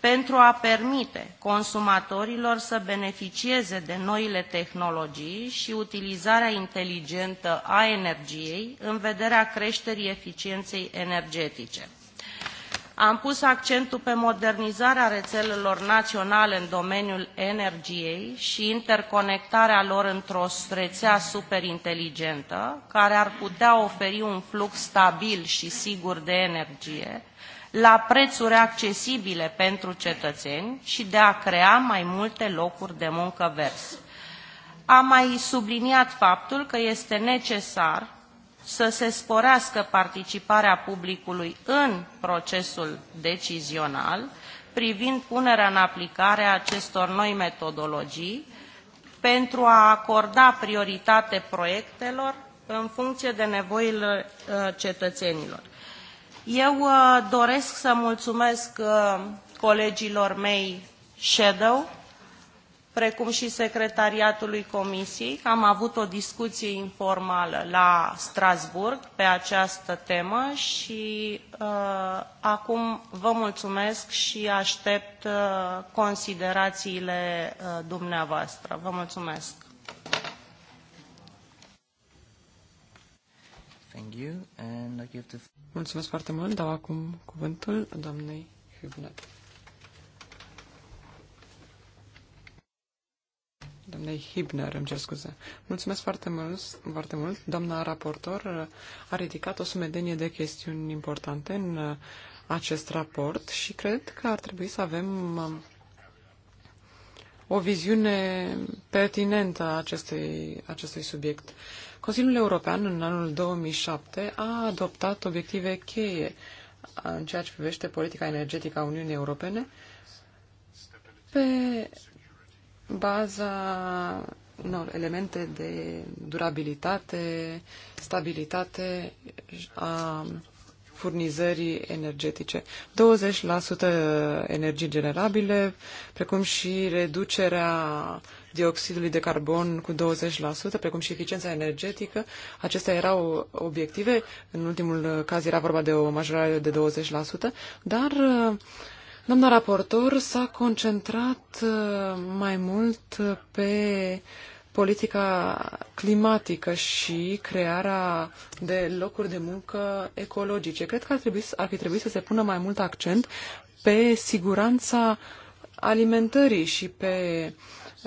pentru a permite consumatorilor să beneficieze de noile tehnologii și utilizarea inteligentă a energiei în vederea creșterii eficienței energetice. Am pus accentul pe modernizarea rețelelor naționale în domeniul energiei și interconectarea lor într-o rețea superinteligentă, care ar putea oferi un flux stabil și sigur de energie, la prețuri accesibile pentru cetățeni și de a crea mai multe locuri de muncă verzi. Am mai subliniat faptul că este necesar să se sporească participarea publicului în procesul decizional privind punerea în aplicare a acestor noi metodologii pentru a acorda prioritate proiectelor în funcție de nevoile uh, cetățenilor. Eu uh, doresc să mulțumesc uh, colegilor mei shadow, precum și secretariatului comisiei. Am avut o discuție informală la Strasbourg pe această temă și uh, acum vă mulțumesc și aștept uh, considerațiile uh, dumneavoastră. Vă mulțumesc. Thank you. And I give the... Mulțumesc foarte mult. Dau acum cuvântul doamnei Hübner. Doamnei Hibner, îmi cer scuze. Mulțumesc foarte mult, foarte mult. Doamna raportor a ridicat o sumedenie de chestiuni importante în acest raport și cred că ar trebui să avem um, o viziune pertinentă a acestui, acestui subiect. Consiliul European în anul 2007 a adoptat obiective cheie în ceea ce privește politica energetică a Uniunii Europene pe baza unor elemente de durabilitate, stabilitate a furnizării energetice. 20% energii generabile, precum și reducerea dioxidului de carbon cu 20%, precum și eficiența energetică. Acestea erau obiective. În ultimul caz era vorba de o majorare de 20%, dar doamna raportor s-a concentrat uh, mai mult pe uh, politica climatică și crearea de locuri de muncă ecologice. Cred că ar, trebui, ar fi trebuit să se pună mai mult accent pe siguranța alimentării și pe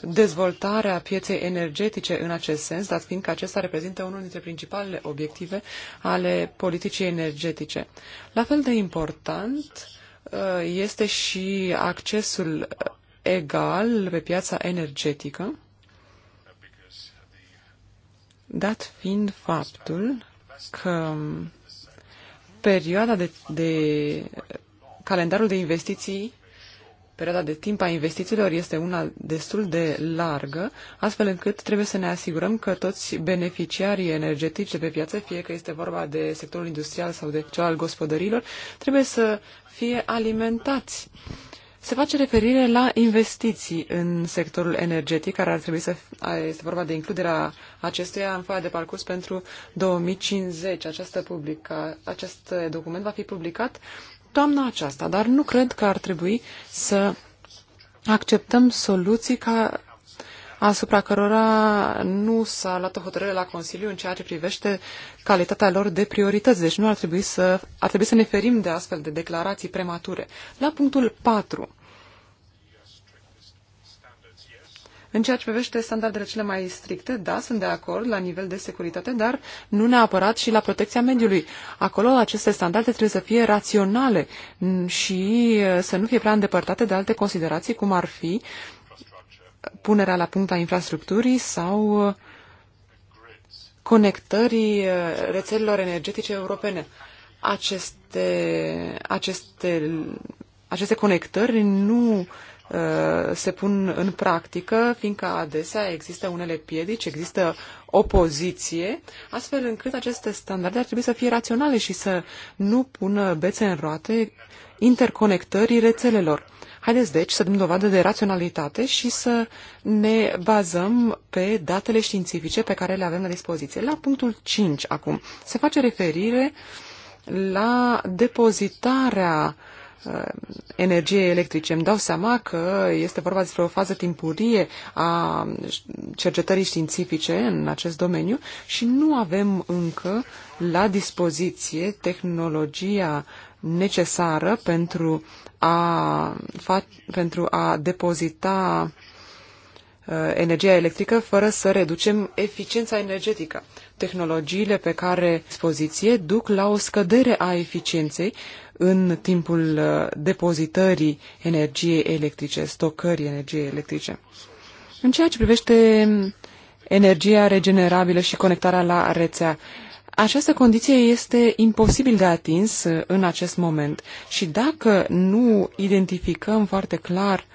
dezvoltarea pieței energetice în acest sens, dat fiind că acesta reprezintă unul dintre principalele obiective ale politicii energetice. La fel de important uh, este și accesul egal pe piața energetică dat fiind faptul că perioada de, de calendarul de investiții, perioada de timp a investițiilor este una destul de largă, astfel încât trebuie să ne asigurăm că toți beneficiarii energetici de pe piață, fie că este vorba de sectorul industrial sau de cel al gospodărilor, trebuie să fie alimentați. Uh, se face referire la investiții în sectorul energetic, care ar trebui să este vorba de includerea acestuia în foaia de parcurs pentru 2050. Această publica, acest document va fi publicat toamna aceasta, dar nu cred că ar trebui să acceptăm soluții ca, asupra cărora nu s-a luat o hotărâre la Consiliu în ceea ce privește calitatea lor de priorități. Deci nu ar trebui să, ar trebui să ne ferim de astfel de declarații premature. La punctul 4. În ceea ce privește standardele cele mai stricte, da, sunt de acord la nivel de securitate, dar nu neapărat și la protecția mediului. Acolo aceste standarde trebuie să fie raționale și să nu fie prea îndepărtate de alte considerații, cum ar fi punerea la punct a infrastructurii sau uh, conectării uh, rețelelor energetice europene. Aceste, aceste, aceste conectări nu uh, se pun în practică, fiindcă adesea există unele piedici, există opoziție, astfel încât aceste standarde ar trebui să fie raționale și să nu pună bețe în roate interconectării rețelelor. Haideți, deci, să dăm dovadă de raționalitate și să ne bazăm pe datele științifice pe care le avem la dispoziție. La punctul 5, acum, se face referire la depozitarea uh, energiei electrice. Îmi dau seama că este vorba despre o fază timpurie a cercetării științifice în acest domeniu și nu avem încă la dispoziție tehnologia necesară pentru a, pentru a depozita uh, energia electrică fără să reducem eficiența energetică. Tehnologiile pe care dispoziție duc la o scădere a eficienței în timpul uh, depozitării energiei electrice, stocării energiei electrice. În ceea ce privește energia regenerabilă și conectarea la rețea, această condiție este imposibil de atins uh, în acest moment și dacă nu identificăm foarte clar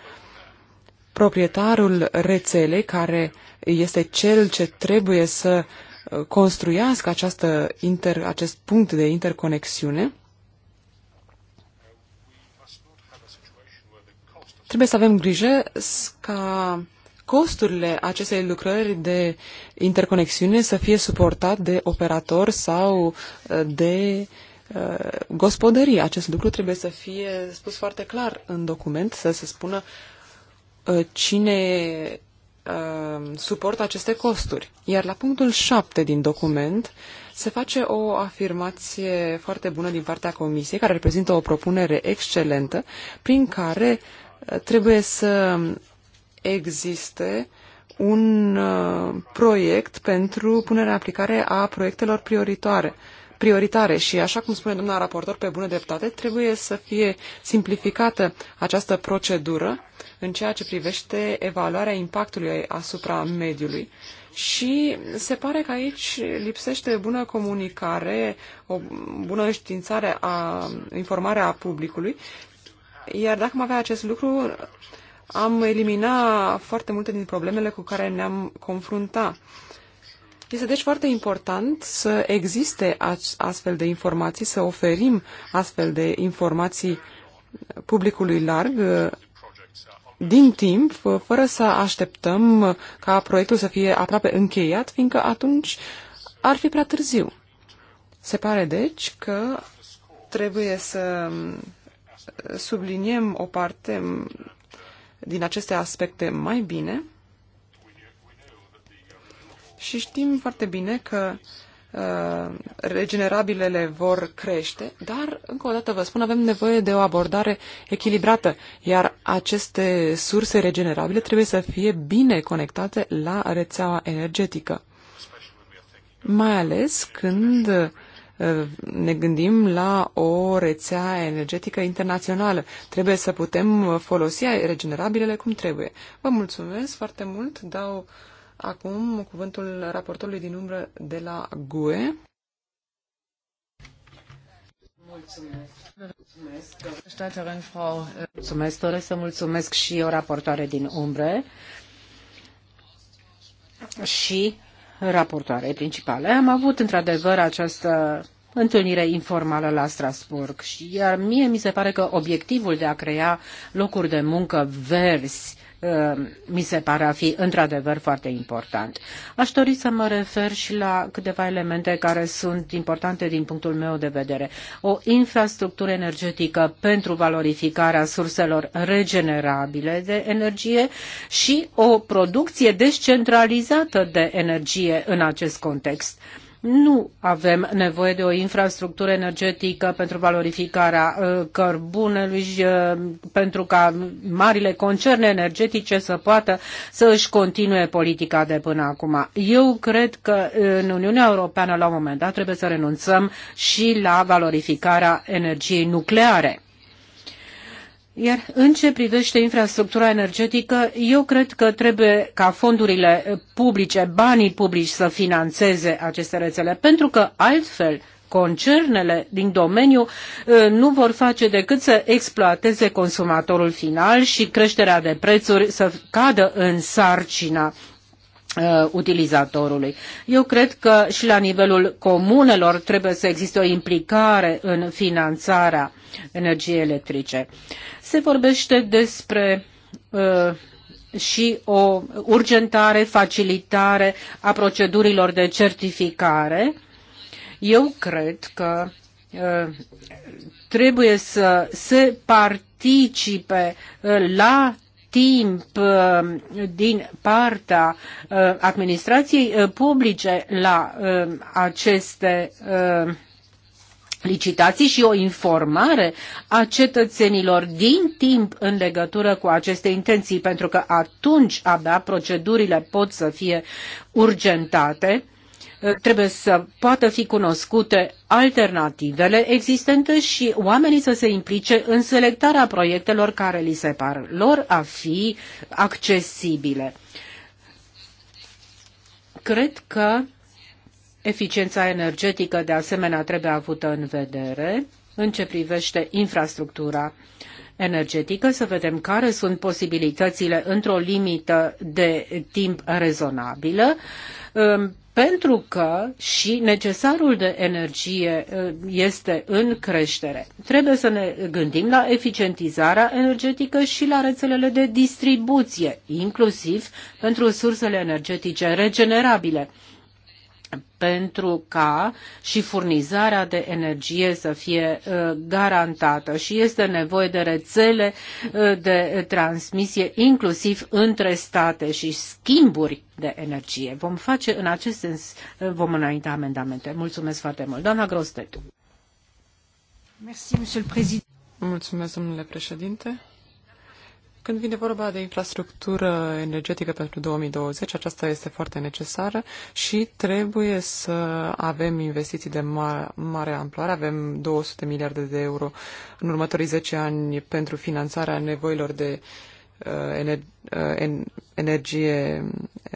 proprietarul rețelei care este cel ce trebuie să uh, construiască această inter, acest punct de interconexiune, trebuie să avem grijă ca costurile acestei lucrări de interconexiune să fie suportat de operator sau uh, de uh, Acest lucru trebuie să fie spus foarte clar în document, să se spună uh, cine uh, suportă aceste costuri. Iar la punctul 7 din document se face o afirmație foarte bună din partea Comisiei, care reprezintă o propunere excelentă, prin care uh, trebuie să existe un uh, proiect pentru punerea în aplicare a proiectelor prioritoare, prioritare și, așa cum spune doamna raportor pe bună dreptate, trebuie să fie simplificată această procedură în ceea ce privește evaluarea impactului asupra mediului. Și se pare că aici lipsește bună comunicare, o bună științare a informarea publicului, iar dacă am avea acest lucru, am elimina foarte multe din problemele cu care ne-am confrunta. Este deci foarte important să existe astfel de informații, să oferim astfel de informații publicului larg din timp, fără să așteptăm ca proiectul să fie aproape încheiat, fiindcă atunci ar fi prea târziu. Se pare deci că trebuie să subliniem o parte din aceste aspecte mai bine și știm foarte bine că uh, regenerabilele vor crește, dar, încă o dată vă spun, avem nevoie de o abordare echilibrată, iar aceste surse regenerabile trebuie să fie bine conectate la rețeaua energetică. Mai ales când ne gândim la o rețea energetică internațională. Trebuie să putem folosi regenerabilele cum trebuie. Vă mulțumesc foarte mult. Dau acum cuvântul raportorului din umbră de la GUE. Mulțumesc. Mulțumesc. mulțumesc. Doresc să mulțumesc și eu raportoare din umbre și raportoare principale. Am avut într-adevăr această întâlnire informală la Strasburg și iar mie mi se pare că obiectivul de a crea locuri de muncă verzi Uh, mi se pare a fi într-adevăr foarte important. Aș dori să mă refer și la câteva elemente care sunt importante din punctul meu de vedere. O infrastructură energetică pentru valorificarea surselor regenerabile de energie și o producție descentralizată de energie în acest context. Uh, nu avem nevoie de o infrastructură energetică pentru valorificarea uh, cărbunelui și uh, pentru ca marile concerne energetice să poată să își continue politica de până acum. Eu cred că în Uniunea Europeană la un moment dat trebuie să renunțăm și la valorificarea energiei nucleare. Iar în ce privește infrastructura energetică, eu cred că trebuie ca fondurile publice, banii publici să financeze aceste rețele, pentru că altfel concernele din domeniu uh, nu vor face decât să exploateze consumatorul final și creșterea de prețuri să cadă în sarcina Uh, utilizatorului. Eu cred că și la nivelul comunelor trebuie să existe o implicare în finanțarea energiei electrice. Se vorbește despre uh, și o urgentare, facilitare a procedurilor de certificare. Eu cred că uh, trebuie să se participe uh, la timp uh, din partea uh, administrației uh, publice la aceste licitații și o informare a cetățenilor din timp în legătură cu aceste intenții, pentru că atunci abia procedurile pot să fie urgentate Eh, trebuie să poată fi cunoscute alternativele existente și oamenii să se implice în selectarea proiectelor care li se par lor a fi accesibile. Cred că eficiența energetică de asemenea trebuie avută în vedere în ce privește infrastructura energetică, să vedem care sunt posibilitățile într-o limită de timp rezonabilă ehm, pentru că și necesarul de energie uh, este în creștere. Trebuie să ne gândim la eficientizarea energetică și la rețelele de distribuție, inclusiv pentru sursele energetice regenerabile pentru ca și furnizarea de energie să fie uh, garantată și este nevoie de rețele uh, de transmisie inclusiv între state și schimburi de energie. Vom face în acest sens, uh, vom înainta amendamente. Mulțumesc foarte mult. Doamna Grostetu. Mulțumesc, domnule președinte. Când vine vorba de infrastructură energetică pentru 2020, aceasta este foarte necesară și trebuie să avem investiții de mare, mare amploare. Avem 200 miliarde de euro în următorii 10 ani pentru finanțarea nevoilor de uh, uh energie,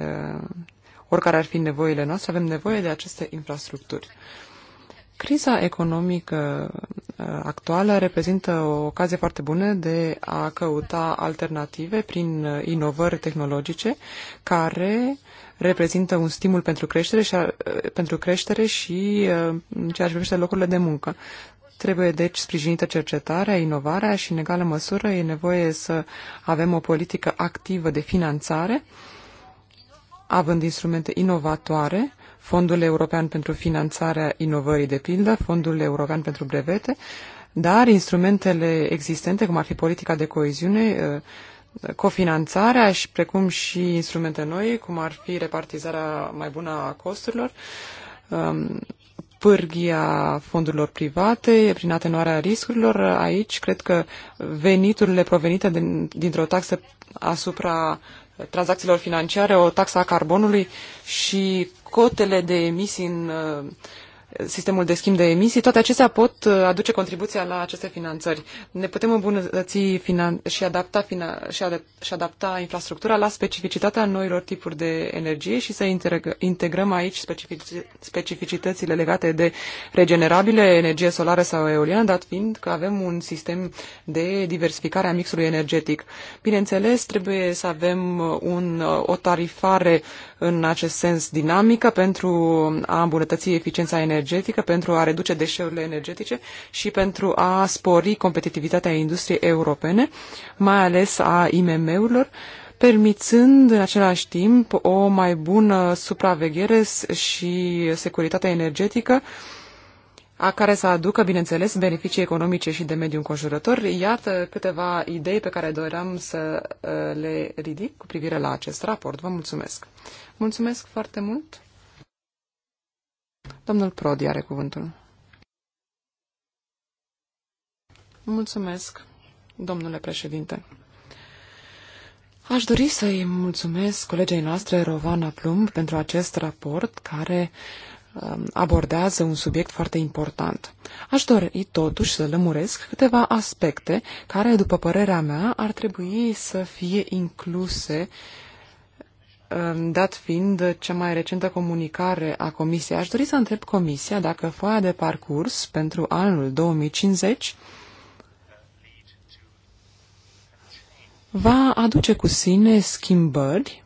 uh, oricare ar fi nevoile noastre, avem nevoie de aceste infrastructuri. Uh, Criza economică uh, actuală reprezintă o ocazie foarte bună de a căuta alternative prin uh, inovări tehnologice care reprezintă un stimul pentru creștere și, a, uh, pentru creștere și în ceea ce privește locurile de muncă. Trebuie deci sprijinită cercetarea, inovarea și în egală măsură e nevoie să avem o politică activă de finanțare având instrumente inovatoare Fondul European pentru Finanțarea Inovării, de pildă, Fondul European pentru Brevete, dar instrumentele existente, cum ar fi politica de coeziune, uh, cofinanțarea și precum și instrumente noi, cum ar fi repartizarea mai bună a costurilor, um, pârghia fondurilor private, prin atenuarea riscurilor. Aici cred că veniturile provenite din, dintr-o taxă asupra tranzacțiilor financiare, o taxă a carbonului și cotele de emisii în sistemul de schimb de emisii, toate acestea pot uh, aduce contribuția la aceste finanțări. Ne putem îmbunătăți finan- și, adapta fina- și, ad- și adapta infrastructura la specificitatea noilor tipuri de energie și să integrăm aici specific- specificitățile legate de regenerabile, energie solară sau eoliană, dat fiind că avem un sistem de diversificare a mixului energetic. Bineînțeles, trebuie să avem uh, un, uh, o tarifare în acest sens dinamică pentru a îmbunătăți eficiența energetică energetică, pentru a reduce deșeurile energetice și pentru a spori competitivitatea industriei europene, mai ales a IMM-urilor, permițând în același timp o mai bună supraveghere și securitatea energetică a care să aducă, bineînțeles, beneficii economice și de mediu înconjurător. Iată câteva idei pe care doream să uh, le ridic cu privire la acest raport. Vă mulțumesc! Mulțumesc foarte mult! Domnul Prodi are cuvântul. Mulțumesc, domnule președinte. Aș dori să-i mulțumesc colegei noastre, Rovana Plumb, pentru acest raport care um, abordează un subiect foarte important. Aș dori totuși să lămuresc câteva aspecte care, după părerea mea, ar trebui să fie incluse uh, Ehm, dat fiind cea mai recentă comunicare a Comisiei, aș dori să întreb Comisia dacă foaia de parcurs pentru anul 2050 va aduce cu sine schimbări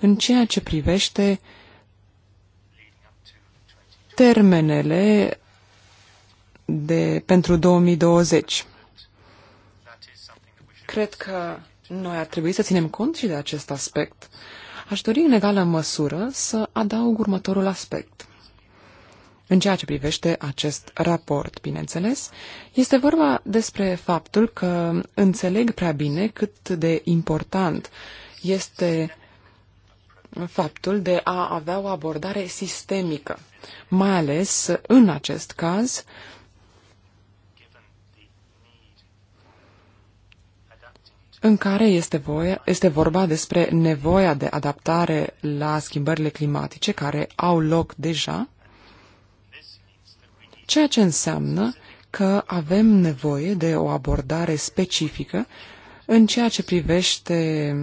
în ceea ce privește termenele de, pentru 2020. Cred că noi ar trebui să ținem cont și de acest aspect Aș dori în egală măsură să adaug următorul aspect. În ceea ce privește acest raport, bineînțeles, este vorba despre faptul că înțeleg prea bine cât de important este faptul de a avea o abordare sistemică, mai ales în acest caz în care este, voia, este vorba despre nevoia de adaptare la schimbările climatice care au loc deja, ceea ce înseamnă că avem nevoie de o abordare specifică în ceea ce privește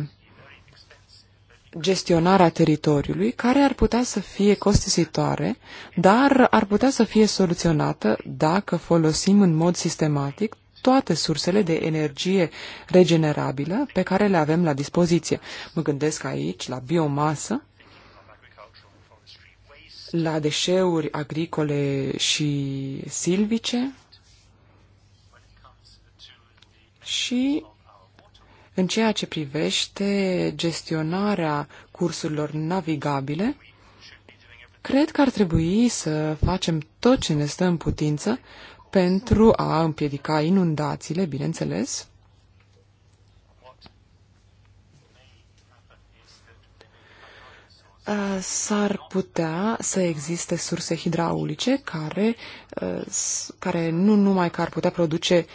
gestionarea teritoriului, care ar putea să fie costisitoare, dar ar putea să fie soluționată dacă folosim în mod sistematic toate sursele de energie regenerabilă pe care le avem la dispoziție. Mă gândesc aici la biomasă, la deșeuri agricole și silvice și în ceea ce privește gestionarea cursurilor navigabile, cred că ar trebui să facem tot ce ne stă în putință pentru a împiedica inundațiile, bineînțeles. Uh, s-ar putea să existe surse hidraulice care, uh, care nu numai că ar putea produce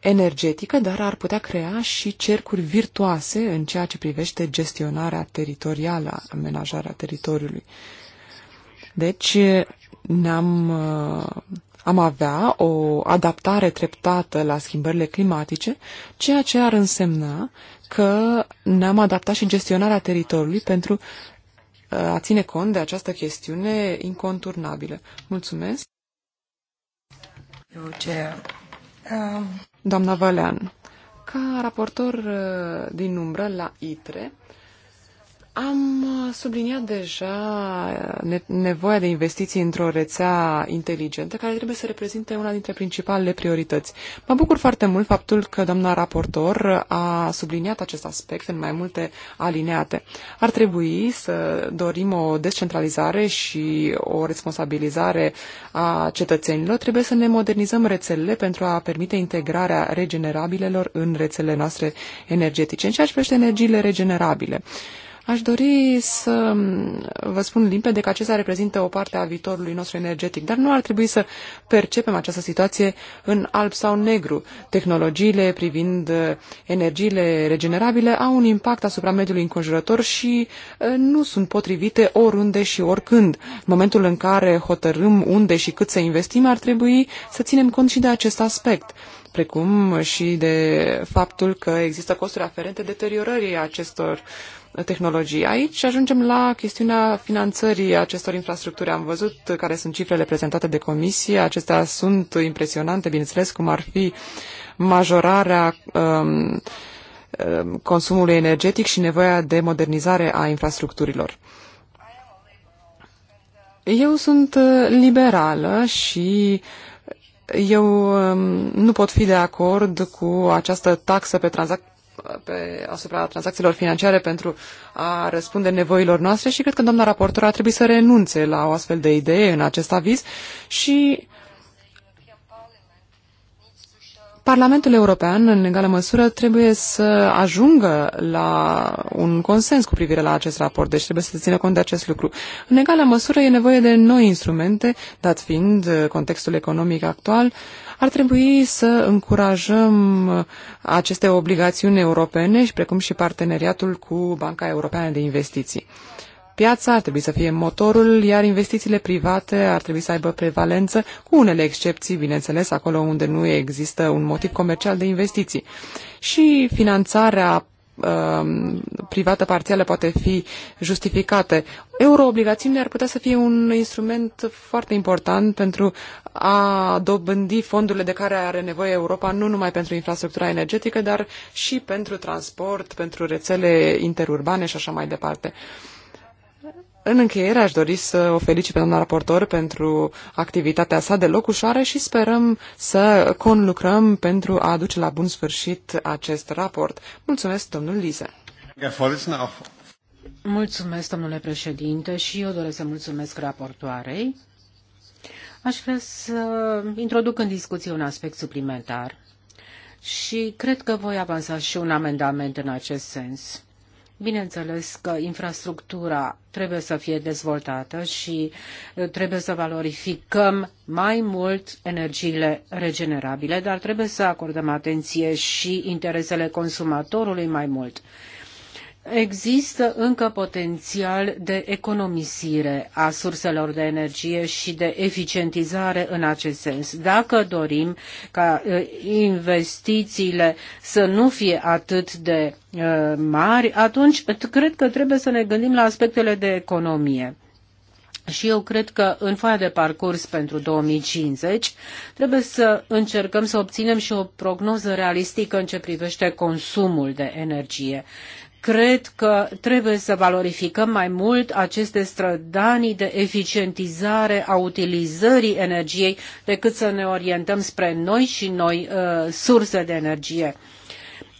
energetică, dar ar putea crea și cercuri virtuoase în ceea ce privește gestionarea teritorială, amenajarea teritoriului. Deci ne-am uh, am avea o adaptare treptată la schimbările climatice, ceea ce ar însemna că ne-am adaptat și gestionarea teritoriului pentru uh, a ține cont de această chestiune inconturnabilă. Mulțumesc! Um, Doamna Valean, ca raportor uh, din umbră la ITRE, am uh, subliniat deja uh, nevoia de investiții într-o rețea inteligentă care trebuie să reprezinte una dintre principalele priorități. Mă bucur foarte mult faptul că doamna raportor a subliniat acest aspect în mai multe alineate. Ar trebui să dorim o descentralizare și o responsabilizare a cetățenilor. Trebuie să ne modernizăm rețelele pentru a permite integrarea regenerabilelor în rețelele noastre energetice, în ceea ce privește energiile regenerabile. Aș dori să vă spun limpede că acesta reprezintă o parte a viitorului nostru energetic, dar nu ar trebui să percepem această situație în alb sau negru. Tehnologiile privind uh, energiile regenerabile au un impact asupra mediului înconjurător și uh, nu sunt potrivite oriunde și oricând. În momentul în care hotărâm unde și cât să investim, ar trebui să ținem cont și de acest aspect precum și de faptul că există costuri aferente deteriorării acestor uh, tehnologii. Aici ajungem la chestiunea finanțării acestor infrastructuri. Am văzut care sunt cifrele prezentate de comisie. Acestea sunt impresionante, bineînțeles, cum ar fi majorarea um, um consumului energetic și nevoia de modernizare a infrastructurilor. Eu sunt uh, liberală și eu um, nu pot fi de acord cu această taxă pe tranzac- pe, asupra tranzacțiilor financiare pentru a răspunde nevoilor noastre și cred că doamna raportor ar trebui să renunțe la o astfel de idee în acest aviz și Parlamentul European, în egală măsură, trebuie să ajungă la un consens cu privire la acest raport, deci trebuie să se țină cont de acest lucru. În egală măsură e nevoie de noi instrumente, dat fiind contextul economic actual, ar trebui să încurajăm aceste obligațiuni europene și precum și parteneriatul cu Banca Europeană de Investiții. Piața ar trebui să fie motorul, iar investițiile private ar trebui să aibă prevalență, cu unele excepții, bineînțeles, acolo unde nu există un motiv comercial de investiții. Și finanțarea Um, privată parțială poate fi justificate. Euroobligațiunile ar putea să fie un instrument foarte important pentru a dobândi fondurile de care are nevoie Europa, nu numai pentru infrastructura energetică, dar și pentru transport, pentru rețele interurbane și așa mai departe. Uh, în încheiere aș dori să o felicit pe doamna raportor pentru activitatea sa de ușoară și sperăm să conlucrăm pentru a aduce la bun sfârșit acest raport. Mulțumesc, domnul Lise. Mulțumesc, domnule președinte, și eu doresc să mulțumesc raportoarei. Aș vrea să introduc în discuție un aspect suplimentar și cred că voi avansa și un amendament în acest sens. Bineînțeles că infrastructura trebuie să fie dezvoltată și uh, trebuie să valorificăm mai mult energiile regenerabile, dar trebuie să acordăm atenție și interesele consumatorului mai mult. Există încă potențial de economisire a surselor de energie și de eficientizare în acest sens. Dacă dorim ca uh, investițiile să nu fie atât de uh, mari, atunci cred că trebuie să ne gândim la aspectele de economie. Și eu cred că în foaia de parcurs pentru 2050 trebuie să încercăm să obținem și o prognoză realistică în ce privește consumul de energie. Cred că trebuie să valorificăm mai mult aceste strădanii de eficientizare a utilizării energiei decât să ne orientăm spre noi și noi uh, surse de energie.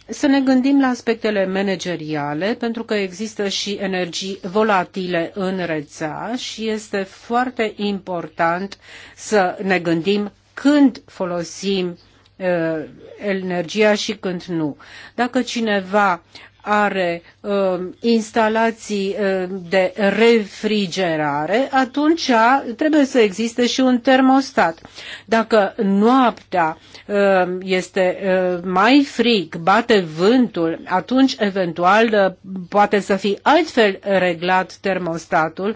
Să ne gândim la aspectele manageriale, pentru că există și energii volatile în rețea și este foarte important să ne gândim când folosim uh, energia și când nu. Dacă cineva are uh, instalații uh, de refrigerare, atunci trebuie să existe și un termostat. Dacă noaptea uh, este uh, mai frig, bate vântul, atunci eventual uh, poate să fie altfel reglat termostatul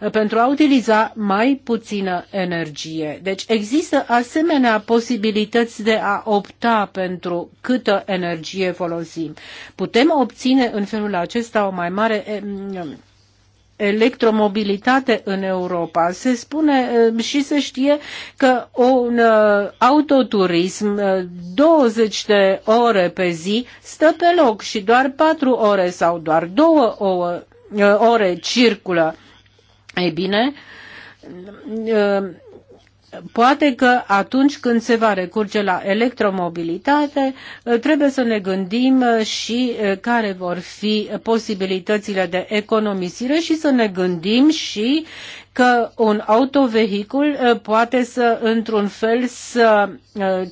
uh, pentru a utiliza mai puțină energie. Deci există asemenea posibilități de a opta pentru câtă energie folosim. Putem obține în felul acesta o mai mare eh, electromobilitate în Europa. Se spune eh, și se știe că un eh, autoturism 20 de ore pe zi stă pe loc și doar 4 ore sau doar 2 ore circulă. Ei bine, Poate că atunci când se va recurge la electromobilitate, trebuie să ne gândim uh, și uh, care vor fi posibilitățile de economisire și să ne gândim și că un autovehicul uh, poate să, într-un fel, să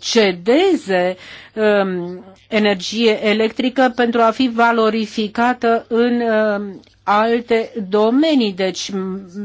cedeze Um, energie electrică pentru a fi valorificată în um, alte domenii. Deci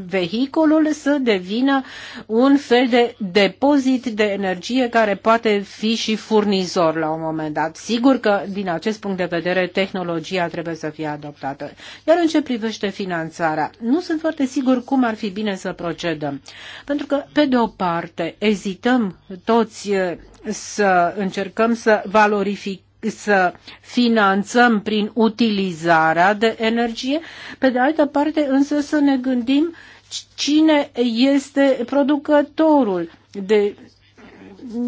vehiculul să devină un fel de depozit de energie care poate fi și furnizor la un moment dat. Sigur că din acest punct de vedere tehnologia trebuie să fie adoptată. Iar în ce privește finanțarea, nu sunt foarte sigur cum ar fi bine să procedăm. Pentru că, pe de o parte, ezităm toți uh, să încercăm să valorific, să finanțăm prin utilizarea de energie, pe de altă parte însă să ne gândim cine este producătorul. De,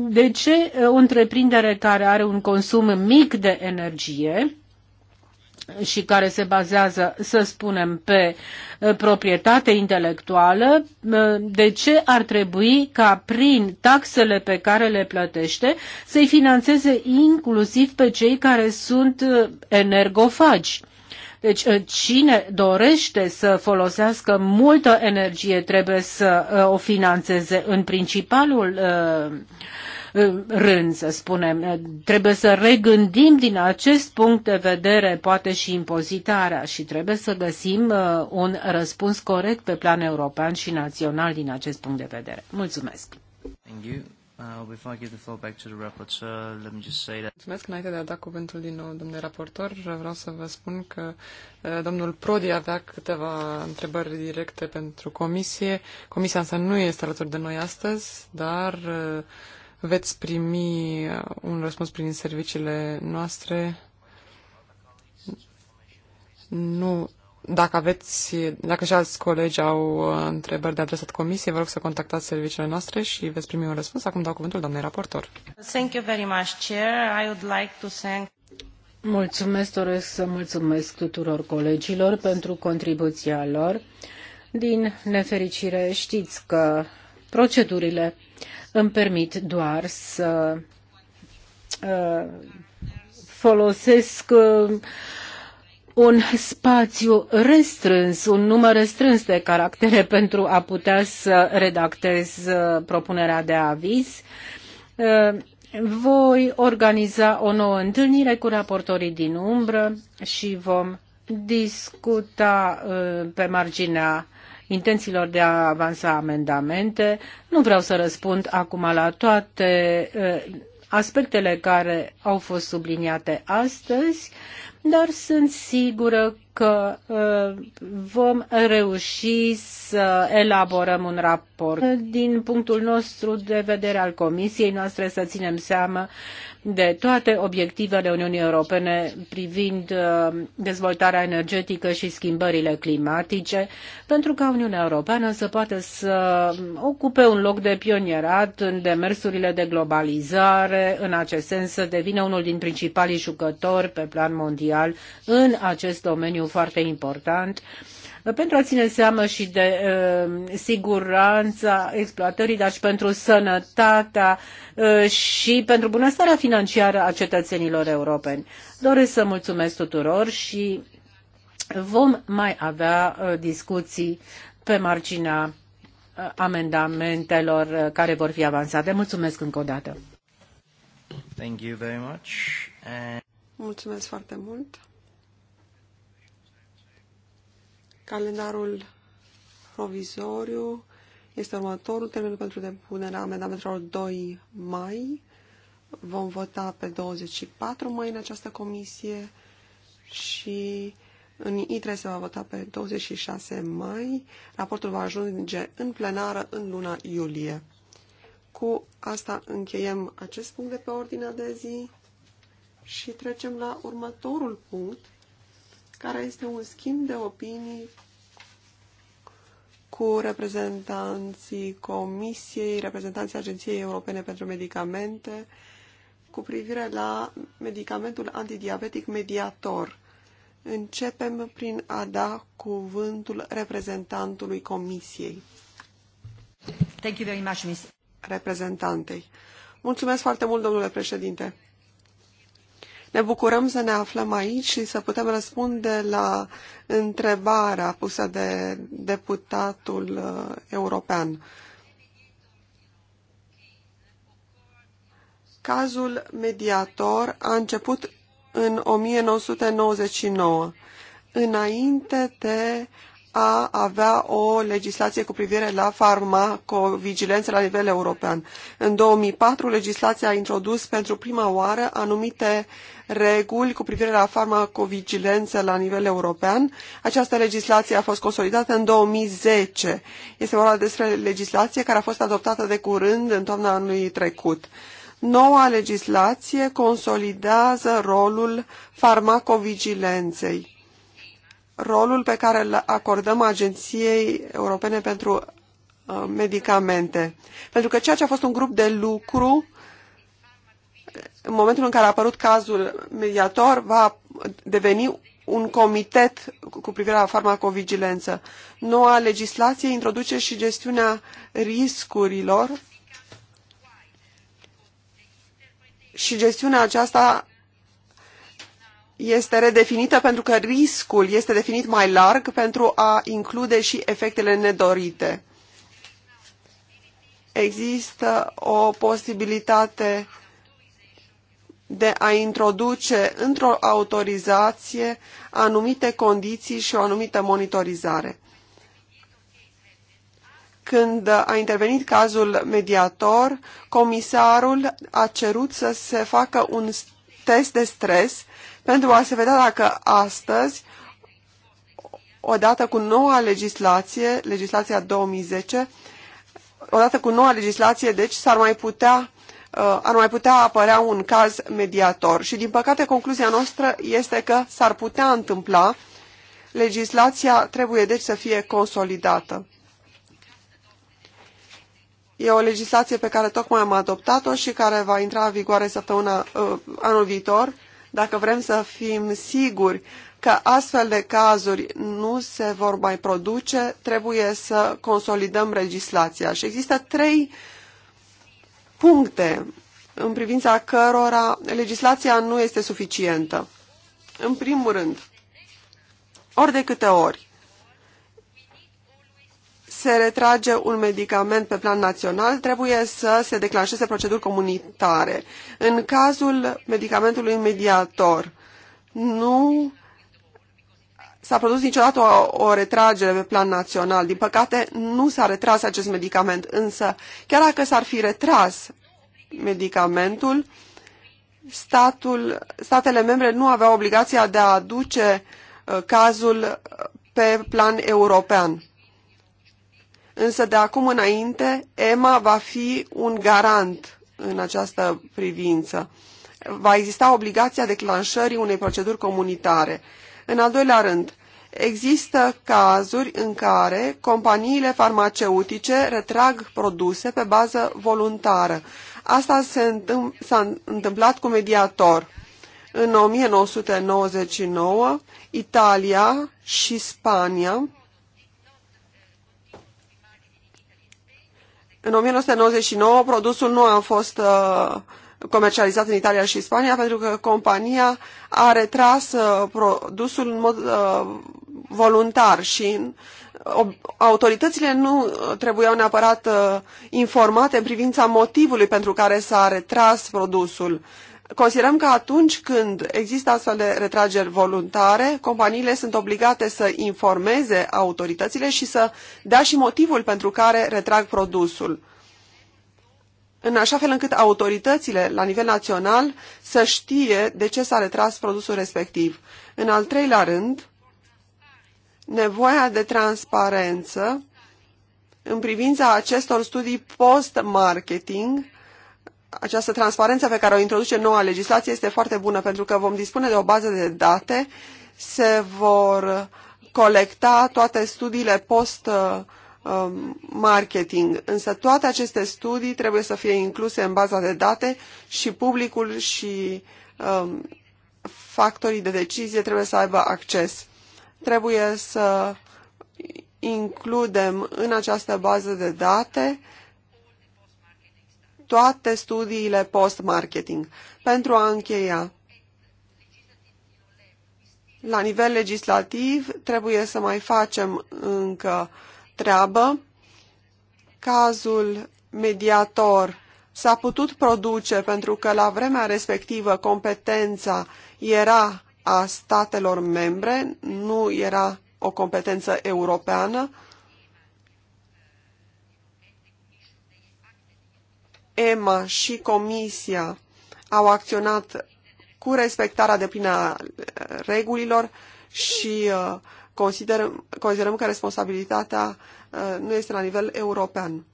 de ce o întreprindere care are un consum mic de energie și care se bazează, să spunem, pe eh, proprietate intelectuală, eh, de ce ar trebui ca prin taxele pe care le plătește să-i financeze inclusiv pe cei care sunt eh, energofagi? Deci cine dorește să folosească multă energie trebuie să o financeze în principalul Uh, rând, să spunem. Uh, trebuie să regândim din acest punct de vedere poate și impozitarea și trebuie să găsim uh, un răspuns corect pe plan european și național din acest punct de vedere. Mulțumesc! Mulțumesc înainte de a da cuvântul din nou, domnule raportor. Vreau să vă spun că domnul Prodi avea câteva întrebări directe pentru comisie. Comisia însă nu este alături de noi astăzi, dar veți primi uh, un răspuns prin serviciile noastre. Nu, dacă aveți, dacă și alți colegi au uh, întrebări de adresat comisiei, vă rog să contactați serviciile noastre și veți primi un răspuns. Acum dau cuvântul doamnei raportor. Thank you very much, Chair. I would like to thank Mulțumesc, doresc să mulțumesc tuturor colegilor pentru contribuția lor. Din nefericire, știți că procedurile îmi permit doar să uh, folosesc uh, un spațiu restrâns, un număr restrâns de caractere <laughs> pentru a putea să redactez uh, propunerea de aviz. Voi organiza o nouă întâlnire cu raportorii din umbră și vom discuta pe marginea intențiilor de a avansa amendamente. Nu vreau să răspund acum la toate eh, aspectele care au fost subliniate astăzi, dar sunt sigură că uh, vom reuși să elaborăm un raport. Din punctul nostru de vedere al Comisiei noastre să ținem seama de toate obiectivele Uniunii Europene privind uh, dezvoltarea energetică și schimbările climatice, pentru ca Uniunea Europeană să poată să ocupe un loc de pionierat în demersurile de globalizare, în acest sens să devină unul din principalii jucători pe plan mondial în acest domeniu domeniu foarte important uh, pentru a ține seama și de uh, siguranța exploatării, dar și pentru sănătatea uh, și pentru bunăstarea financiară a cetățenilor europeni. Doresc să mulțumesc tuturor și vom mai avea uh, discuții pe marginea uh, amendamentelor uh, care vor fi avansate. Mulțumesc încă o dată. Thank you very much. And... Mulțumesc foarte mult. Calendarul provizoriu este următorul. Termenul pentru depunerea amendamentelor 2 mai. Vom vota pe 24 mai în această comisie și în ITRE se va vota pe 26 mai. Raportul va ajunge în plenară în luna iulie. Cu asta încheiem acest punct de pe ordinea de zi și trecem la următorul punct, care este un schimb de opinii cu reprezentanții Comisiei, reprezentanții Agenției Europene pentru Medicamente, cu privire la medicamentul antidiabetic mediator. Începem prin a da cuvântul reprezentantului Comisiei. Thank you very much, Miss. Reprezentantei. Mulțumesc foarte mult, domnule președinte. Ne bucurăm să ne aflăm aici și să putem răspunde la întrebarea pusă de deputatul uh, european. Cazul mediator a început în 1999, înainte de a avea o legislație cu privire la farmacovigilență la nivel european. În 2004, legislația a introdus pentru prima oară anumite reguli cu privire la farmacovigilență la nivel european. Această legislație a fost consolidată în 2010. Este vorba despre legislație care a fost adoptată de curând în toamna anului trecut. Noua legislație consolidează rolul farmacovigilenței rolul pe care îl acordăm Agenției Europene pentru uh, Medicamente. Pentru că ceea ce a fost un grup de lucru, în momentul în care a apărut cazul mediator, va deveni un comitet cu privire la farmacovigilență. Noua legislație introduce și gestiunea riscurilor și gestiunea aceasta este redefinită pentru că riscul este definit mai larg pentru a include și efectele nedorite. Există o posibilitate de a introduce într-o autorizație anumite condiții și o anumită monitorizare. Când a intervenit cazul mediator, comisarul a cerut să se facă un test de stres pentru a se vedea dacă astăzi, odată cu noua legislație, legislația 2010, odată cu noua legislație, deci s-ar mai putea uh, ar mai putea apărea un caz mediator. Și, din păcate, concluzia noastră este că s-ar putea întâmpla. Legislația trebuie, deci, să fie consolidată. E o legislație pe care tocmai am adoptat-o și care va intra în vigoare săptămâna, uh, anul viitor dacă vrem să fim siguri că astfel de cazuri nu se vor mai produce, trebuie să consolidăm legislația. Și există trei puncte în privința cărora legislația nu este suficientă. În primul rând, ori de câte ori se retrage un medicament pe plan național, trebuie să se declanșeze proceduri comunitare. În cazul medicamentului mediator, nu s-a produs niciodată o, o retragere pe plan național. Din păcate, nu s-a retras acest medicament, însă chiar dacă s-ar fi retras medicamentul, statul, statele membre nu aveau obligația de a aduce uh, cazul uh, pe plan european însă de acum înainte EMA va fi un garant în această privință. Va exista obligația declanșării unei proceduri comunitare. În al doilea rând, există cazuri în care companiile farmaceutice retrag produse pe bază voluntară. Asta s-a întâmplat cu mediator. În 1999, Italia și Spania În 1999 produsul nu a fost uh, comercializat în Italia și Spania pentru că compania a retras uh, produsul în mod uh, voluntar și autoritățile nu trebuiau neapărat informate în privința motivului pentru care s-a retras produsul. Considerăm că atunci când există astfel de retrageri voluntare, companiile sunt obligate să informeze autoritățile și să dea și motivul pentru care retrag produsul. În așa fel încât autoritățile la nivel național să știe de ce s-a retras produsul respectiv. În al treilea rând, nevoia de transparență în privința acestor studii post-marketing această transparență pe care o introduce noua legislație este foarte bună pentru că vom dispune de o bază de date, se vor colecta toate studiile post uh, um, marketing, însă toate aceste studii trebuie să fie incluse în baza de date și publicul și um, factorii de decizie trebuie să aibă acces. Trebuie să includem în această bază de date uh, toate studiile post-marketing. Pentru a încheia, la nivel legislativ trebuie să mai facem încă treabă. Cazul mediator s-a putut produce pentru că la vremea respectivă competența era a statelor membre, nu era o competență europeană. EMA și Comisia au acționat cu respectarea deplină a regulilor și uh, considerăm, considerăm că responsabilitatea uh, nu este la nivel european.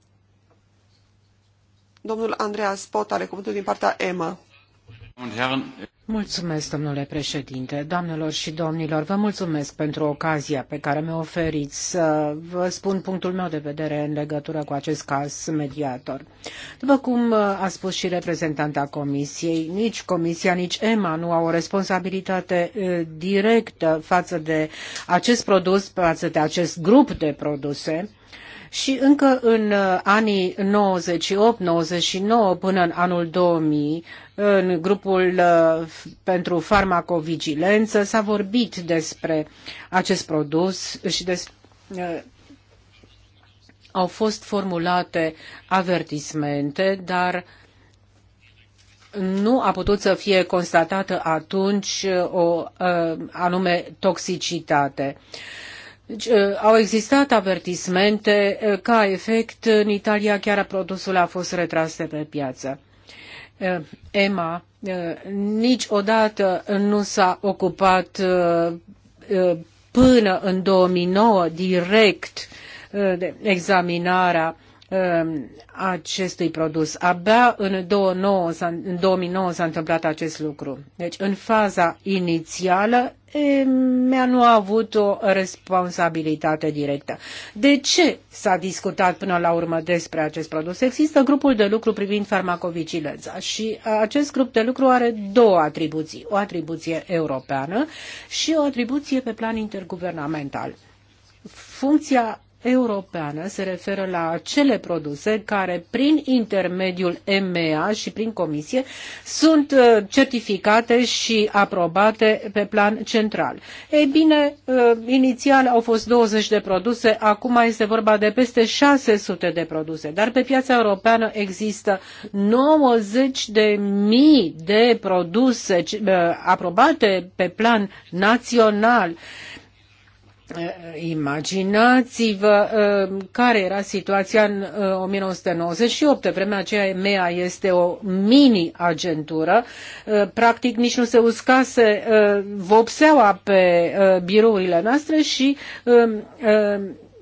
Domnul Andreas Pot are cuvântul din partea EMA. Mulțumesc, domnule președinte, doamnelor și domnilor, vă mulțumesc pentru ocazia pe care mi-o oferiți să vă spun punctul meu de vedere în legătură cu acest caz mediator. După cum a spus și reprezentanta Comisiei, nici Comisia, nici EMA nu au o responsabilitate directă față de acest produs, față de acest grup de produse, și încă în uh, anii 98-99 până în anul 2000, în grupul uh, pentru farmacovigilență s-a vorbit despre acest produs și des- uh, au fost formulate avertismente, dar nu a putut să fie constatată atunci o anume toxicitate. Deci, uh, au existat avertismente uh, ca efect în Italia, chiar produsul a fost retras de pe piață. Uh, EMA niciodată nu s-a ocupat până în 2009 direct de examinarea acestui produs. Abia în 2009, s-a întâmplat acest lucru. Deci, în faza inițială, mea nu a avut o responsabilitate directă. De ce s-a discutat până la urmă despre acest produs? Există grupul de lucru privind farmacovigilența și acest grup de lucru are două atribuții. O atribuție europeană și o atribuție pe plan interguvernamental. Funcția europeană se referă la acele produse care, prin intermediul EMEA și prin Comisie, sunt uh, certificate și aprobate pe plan central. Ei bine, uh, inițial au fost 20 de produse, acum este vorba de peste 600 de produse, dar pe piața europeană există 90 de mii de produse uh, aprobate pe plan național Eh, imaginați-vă eh, care era situația în 1998. Eh, pe vremea aceea EMEA este o mini-agentură. Practic nici nu se uscase vopseaua pe birourile noastre și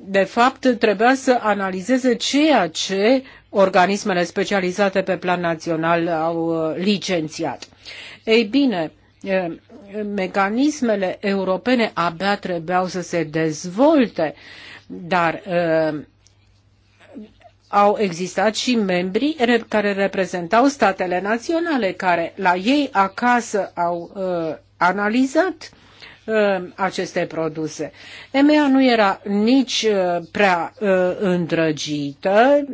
de fapt trebuia să analizeze ceea ce organismele specializate pe plan național au licențiat. Ei bine, mecanismele europene abia trebuiau să se dezvolte, dar au existat și membri care reprezentau statele naționale, care la ei acasă au uh, analizat aceste produse. EMEA nu era nici prea îndrăgită,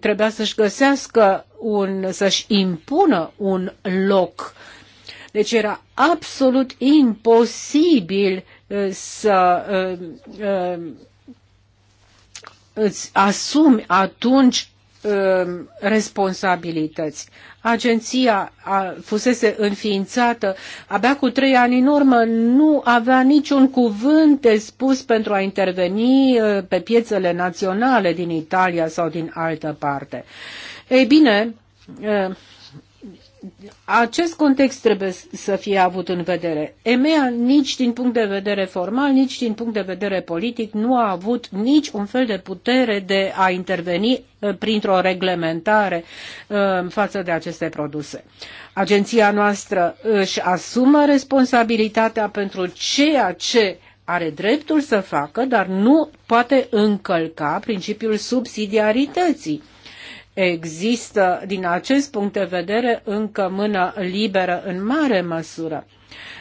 trebuia să-și găsească un, să-și impună un loc uh, deci era absolut imposibil uh, să uh, uh, îți asumi atunci responsabilități. Agenția a, fusese înființată abia cu trei ani în urmă, nu avea niciun cuvânt de spus pentru a interveni pe piețele naționale din Italia sau din altă parte. Ei bine, acest context trebuie să fie avut în vedere. EMEA nici din punct de vedere formal, nici din punct de vedere politic nu a avut nici un fel de putere de a interveni eh, printr-o reglementare eh, față de aceste produse. Agenția noastră își asumă responsabilitatea pentru ceea ce are dreptul să facă, dar nu poate încălca principiul subsidiarității există, din acest punct de vedere, încă mână liberă în mare măsură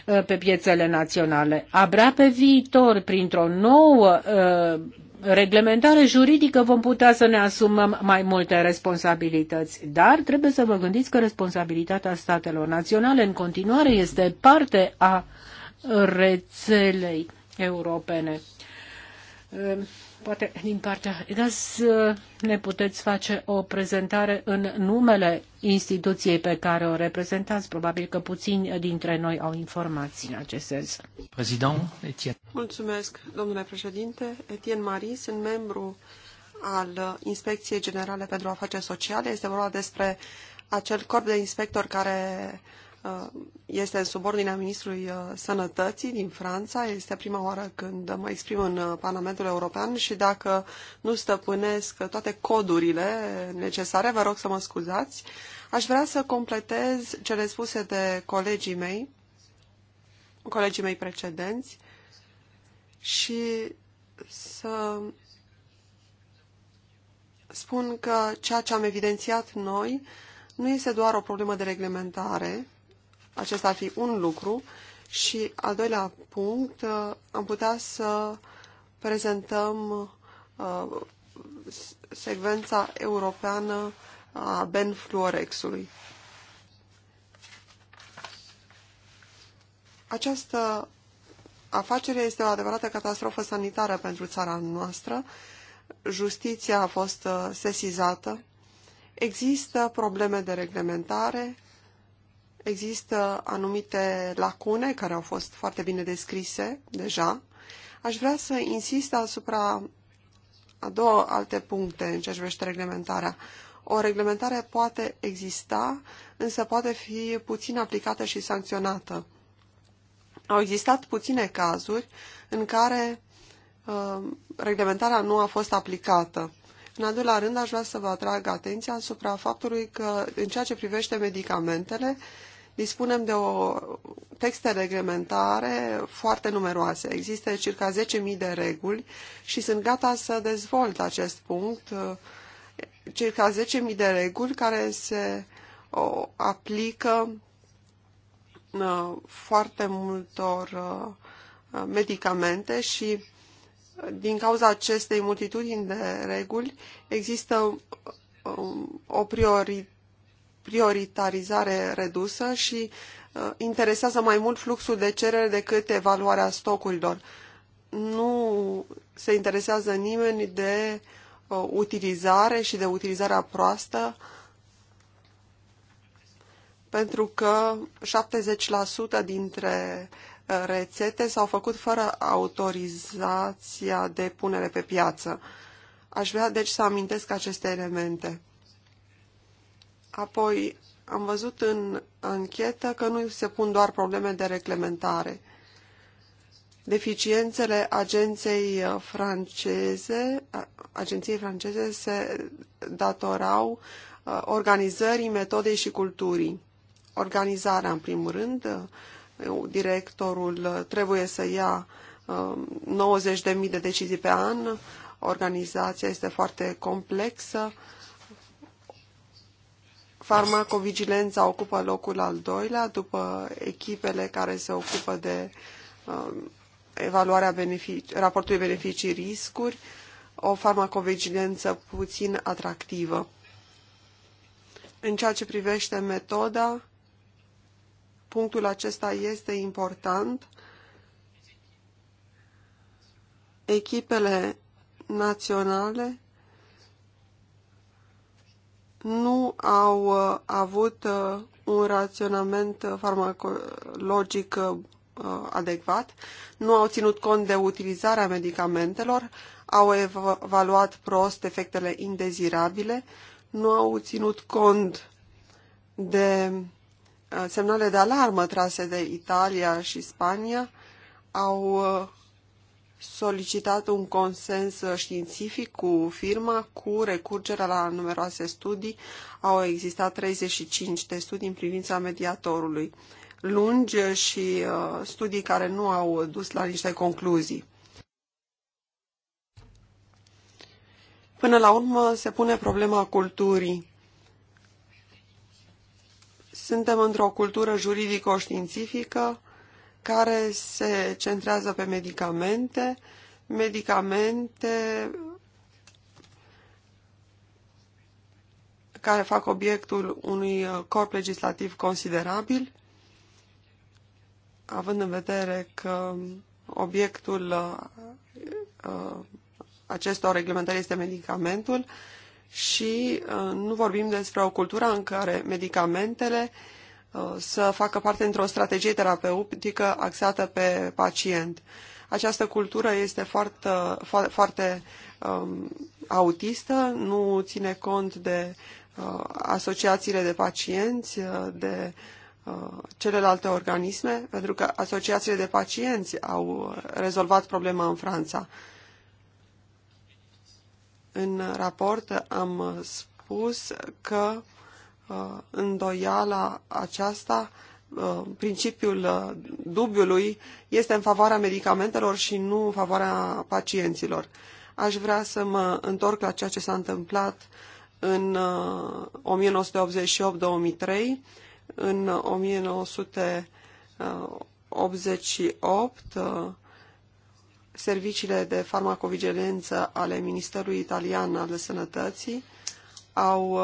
uh, pe piețele naționale. Abra pe viitor, printr-o nouă uh, reglementare juridică, vom putea să ne asumăm mai multe responsabilități. Dar trebuie să vă gândiți că responsabilitatea statelor naționale în continuare este parte a rețelei europene uh, Poate din partea EDAS uh, ne puteți face o prezentare în numele instituției pe care o reprezentați. Probabil că puțini dintre noi au informații în acest sens. Mulțumesc, domnule președinte. Etienne Marie, sunt membru al uh, Inspecției Generale pentru Afaceri Sociale. Este vorba despre acel corp de inspector care Uh, este subordinea ministrului uh, sănătății din Franța. Este prima oară când mă exprim în uh, Parlamentul European și dacă nu stăpânesc toate codurile necesare, vă rog să mă scuzați. Aș vrea să completez cele spuse de colegii mei, colegii mei precedenți și să spun că ceea ce am evidențiat noi nu este doar o problemă de reglementare, acesta ar fi un lucru. Și al doilea punct, uh, am putea să prezentăm uh, secvența europeană a benfluorexului. Această afacere este o adevărată catastrofă sanitară pentru țara noastră. Justiția a fost uh, sesizată. Există probleme de reglementare, Există anumite lacune care au fost foarte bine descrise deja. Aș vrea să insist asupra a două alte puncte în ceea ce privește reglementarea. O reglementare poate exista, însă poate fi puțin aplicată și sancționată. Au existat puține cazuri în care uh, reglementarea nu a fost aplicată. În al doilea rând, aș vrea să vă atrag atenția asupra faptului că, în ceea ce privește medicamentele, dispunem de o texte reglementare foarte numeroase. Există circa 10.000 de reguli și sunt gata să dezvolt acest punct. Circa 10.000 de reguli care se aplică uh, foarte multor uh, medicamente și uh, din cauza acestei multitudini de reguli există o prioritate prioritarizare redusă și uh, interesează mai mult fluxul de cerere decât evaluarea stocurilor. Nu se interesează nimeni de uh, utilizare și de utilizarea proastă pentru că 70% dintre uh, rețete s-au făcut fără autorizația de punere pe piață. Aș vrea deci să amintesc aceste elemente. Apoi am văzut în anchetă că nu se pun doar probleme de reglementare. Deficiențele agenței uh, franceze, agenției franceze se datorau uh, organizării, metodei și culturii. Organizarea, în primul rând, uh, directorul trebuie să ia 90.000 de decizii pe an, organizația este foarte complexă, farmacovigilența ocupă locul al doilea, după echipele care se ocupă de um, evaluarea benefici, raportului beneficii-riscuri, o farmacovigilență puțin atractivă. În ceea ce privește metoda, punctul acesta este important. Echipele naționale nu au uh, avut uh, un raționament farmacologic uh, adecvat, nu au ținut cont de utilizarea medicamentelor, au evaluat prost efectele indezirabile, nu au ținut cont de semnale de alarmă trase de Italia și Spania, au solicitat un consens științific cu firma, cu recurgerea la numeroase studii. Au existat 35 de studii în privința mediatorului, lungi și uh, studii care nu au dus la niște concluzii. Până la urmă se pune problema culturii. Suntem într-o cultură juridico-științifică, care se centrează pe medicamente, medicamente care fac obiectul unui uh, corp legislativ considerabil, având în vedere că obiectul uh, uh, acestor reglementări este medicamentul și nu vorbim despre o cultură în care medicamentele să facă parte într-o strategie terapeutică axată pe pacient. Această cultură este foarte, foarte um, autistă, nu ține cont de uh, asociațiile de pacienți, uh, de uh, celelalte organisme, pentru că asociațiile de pacienți au rezolvat problema în Franța. În raport am spus că Uh, îndoiala aceasta, uh, principiul uh, dubiului este în favoarea medicamentelor și nu în favoarea pacienților. Aș vrea să mă întorc la ceea ce s-a întâmplat în 1988-2003, în 1988 serviciile de farmacovigilență ale Ministerului Italian al Sănătății au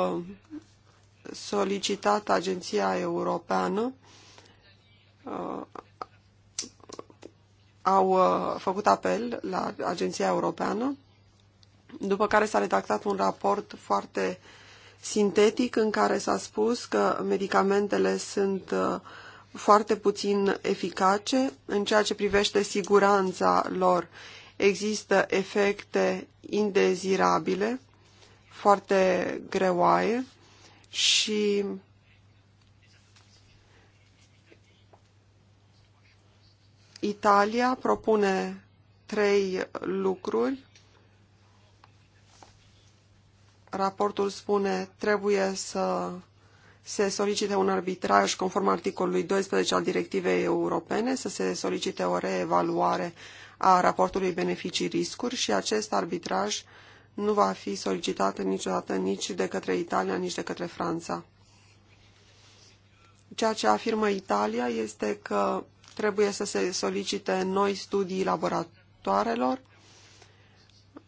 solicitat Agenția Europeană uh, au uh, făcut apel la Agenția Europeană, după care s-a redactat un raport foarte sintetic în care s-a spus că medicamentele sunt uh, foarte puțin eficace în ceea ce privește siguranța lor. Există efecte indezirabile, foarte greoaie, și Italia propune trei lucruri. Raportul spune trebuie să se solicite un arbitraj conform articolului 12 al directivei europene, să se solicite o reevaluare a raportului beneficii-riscuri și acest arbitraj nu va fi solicitată niciodată nici de către Italia, nici de către Franța. Ceea ce afirmă Italia este că trebuie să se solicite noi studii laboratoarelor,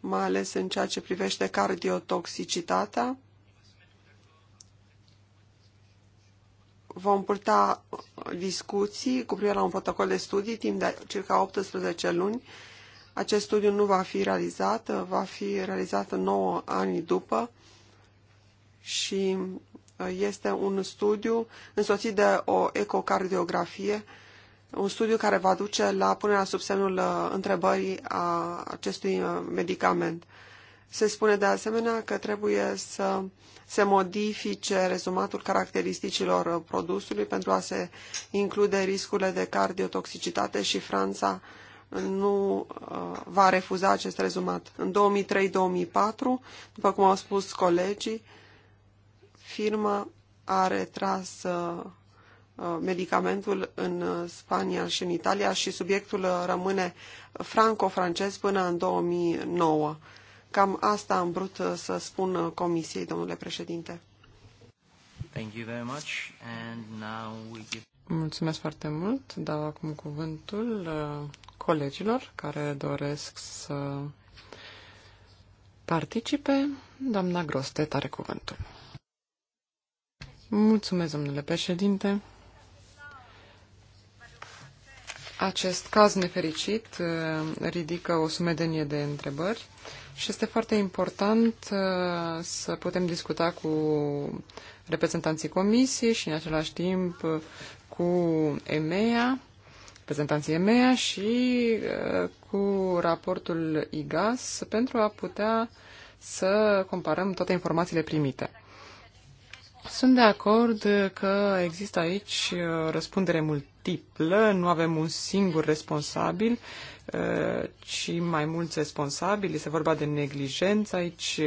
mai ales în ceea ce privește cardiotoxicitatea. Vom purta discuții cu privire la un protocol de studii timp de circa 18 luni acest studiu nu va fi realizat, va fi realizat 9 ani după și uh, este un studiu însoțit de o ecocardiografie, un studiu care va duce la punerea sub semnul uh, întrebării a acestui uh, medicament. Se spune de asemenea că trebuie să se modifice rezumatul caracteristicilor produsului pentru a se include riscurile de cardiotoxicitate și Franța nu uh, va refuza acest rezumat. În 2003-2004, după cum au spus colegii, firma a retras uh, uh, medicamentul în Spania și în Italia și subiectul rămâne franco-francez până în 2009. Cam asta am vrut să spun comisiei, domnule președinte. Thank you very much. And now we give... Mulțumesc foarte mult. Dau acum cuvântul colegilor care doresc să participe. Doamna Grostet are cuvântul. Mulțumesc, domnule președinte. Acest caz nefericit uh, ridică o sumedenie de întrebări și este foarte important uh, să putem discuta cu reprezentanții comisiei și în același timp uh, cu EMEA reprezentanție mea și uh, cu raportul IGAS pentru a putea să comparăm toate informațiile primite. Sunt de acord că există aici uh, răspundere multiplă, nu avem un singur responsabil, uh, ci mai mulți responsabili. Este vorba de neglijență aici,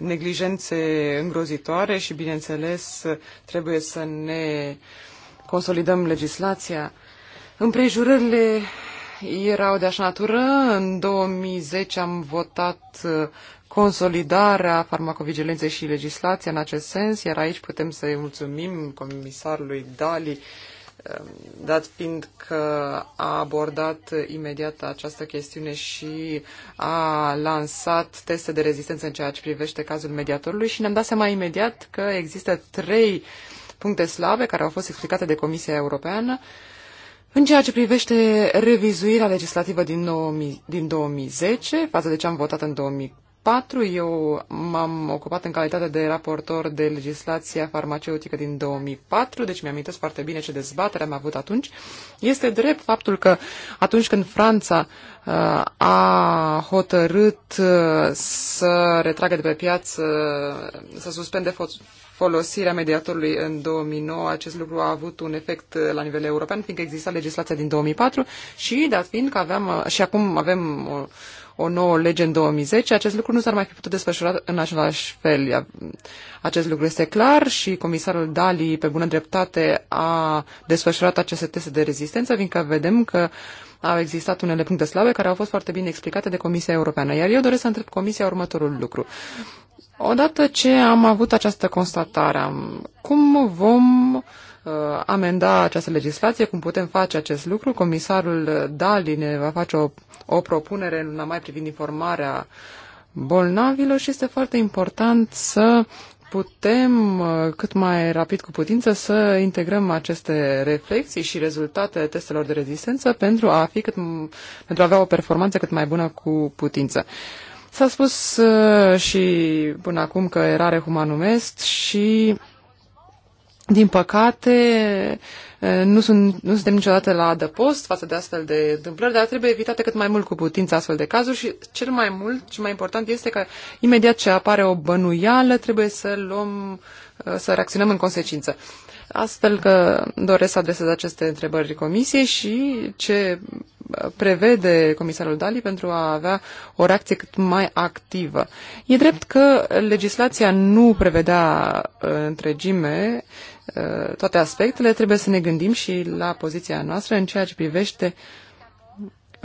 neglijențe îngrozitoare și, bineînțeles, trebuie să ne consolidăm legislația Împrejurările erau de așa natură. În 2010 am votat uh, consolidarea farmacovigilenței și legislația în acest sens, iar aici putem să-i mulțumim comisarului Dali, um, dat fiind că a abordat imediat această chestiune și a lansat teste de rezistență în ceea ce privește cazul mediatorului și ne-am dat seama imediat că există trei puncte slabe care au fost explicate de Comisia Europeană, uh, în ceea ce privește revizuirea legislativă din, 9, din 2010, față de ce am votat în 2000, Patru, eu m-am ocupat în calitate de raportor de legislația farmaceutică din 2004, deci mi-am foarte bine ce dezbatere am avut atunci. Este drept faptul că atunci când Franța uh, a hotărât uh, să retragă de pe piață, uh, să suspende folosirea mediatorului în 2009, acest lucru a avut un efect la nivel european, fiindcă exista legislația din 2004 și, dat fiind că aveam, și acum avem o, o nouă lege în 2010, acest lucru nu s-ar mai fi putut desfășura în același fel. Acest lucru este clar și comisarul Dali, pe bună dreptate, a desfășurat aceste teste de rezistență, fiindcă vedem că au existat unele puncte slabe care au fost foarte bine explicate de Comisia Europeană. Iar eu doresc să întreb Comisia următorul lucru. Odată ce am avut această constatare, cum vom Uh, amenda această legislație, cum putem face acest lucru. Comisarul Dali ne va face o, o propunere în luna mai privind informarea bolnavilor și este foarte important să putem uh, cât mai rapid cu putință să integrăm aceste reflexii și rezultatele testelor de rezistență pentru a, fi cât, pentru a avea o performanță cât mai bună cu putință. S-a spus uh, și până acum că erare humanumest și din păcate, nu, sunt, nu suntem niciodată la adăpost față de astfel de întâmplări, dar trebuie evitate cât mai mult cu putință astfel de cazuri și cel mai mult, și mai important este că imediat ce apare o bănuială, trebuie să luăm, să reacționăm în consecință. Astfel că doresc să adresez aceste întrebări comisiei și ce prevede comisarul Dali pentru a avea o reacție cât mai activă. E drept că legislația nu prevedea întregime Uh, toate aspectele, trebuie să ne gândim și la poziția noastră în ceea ce privește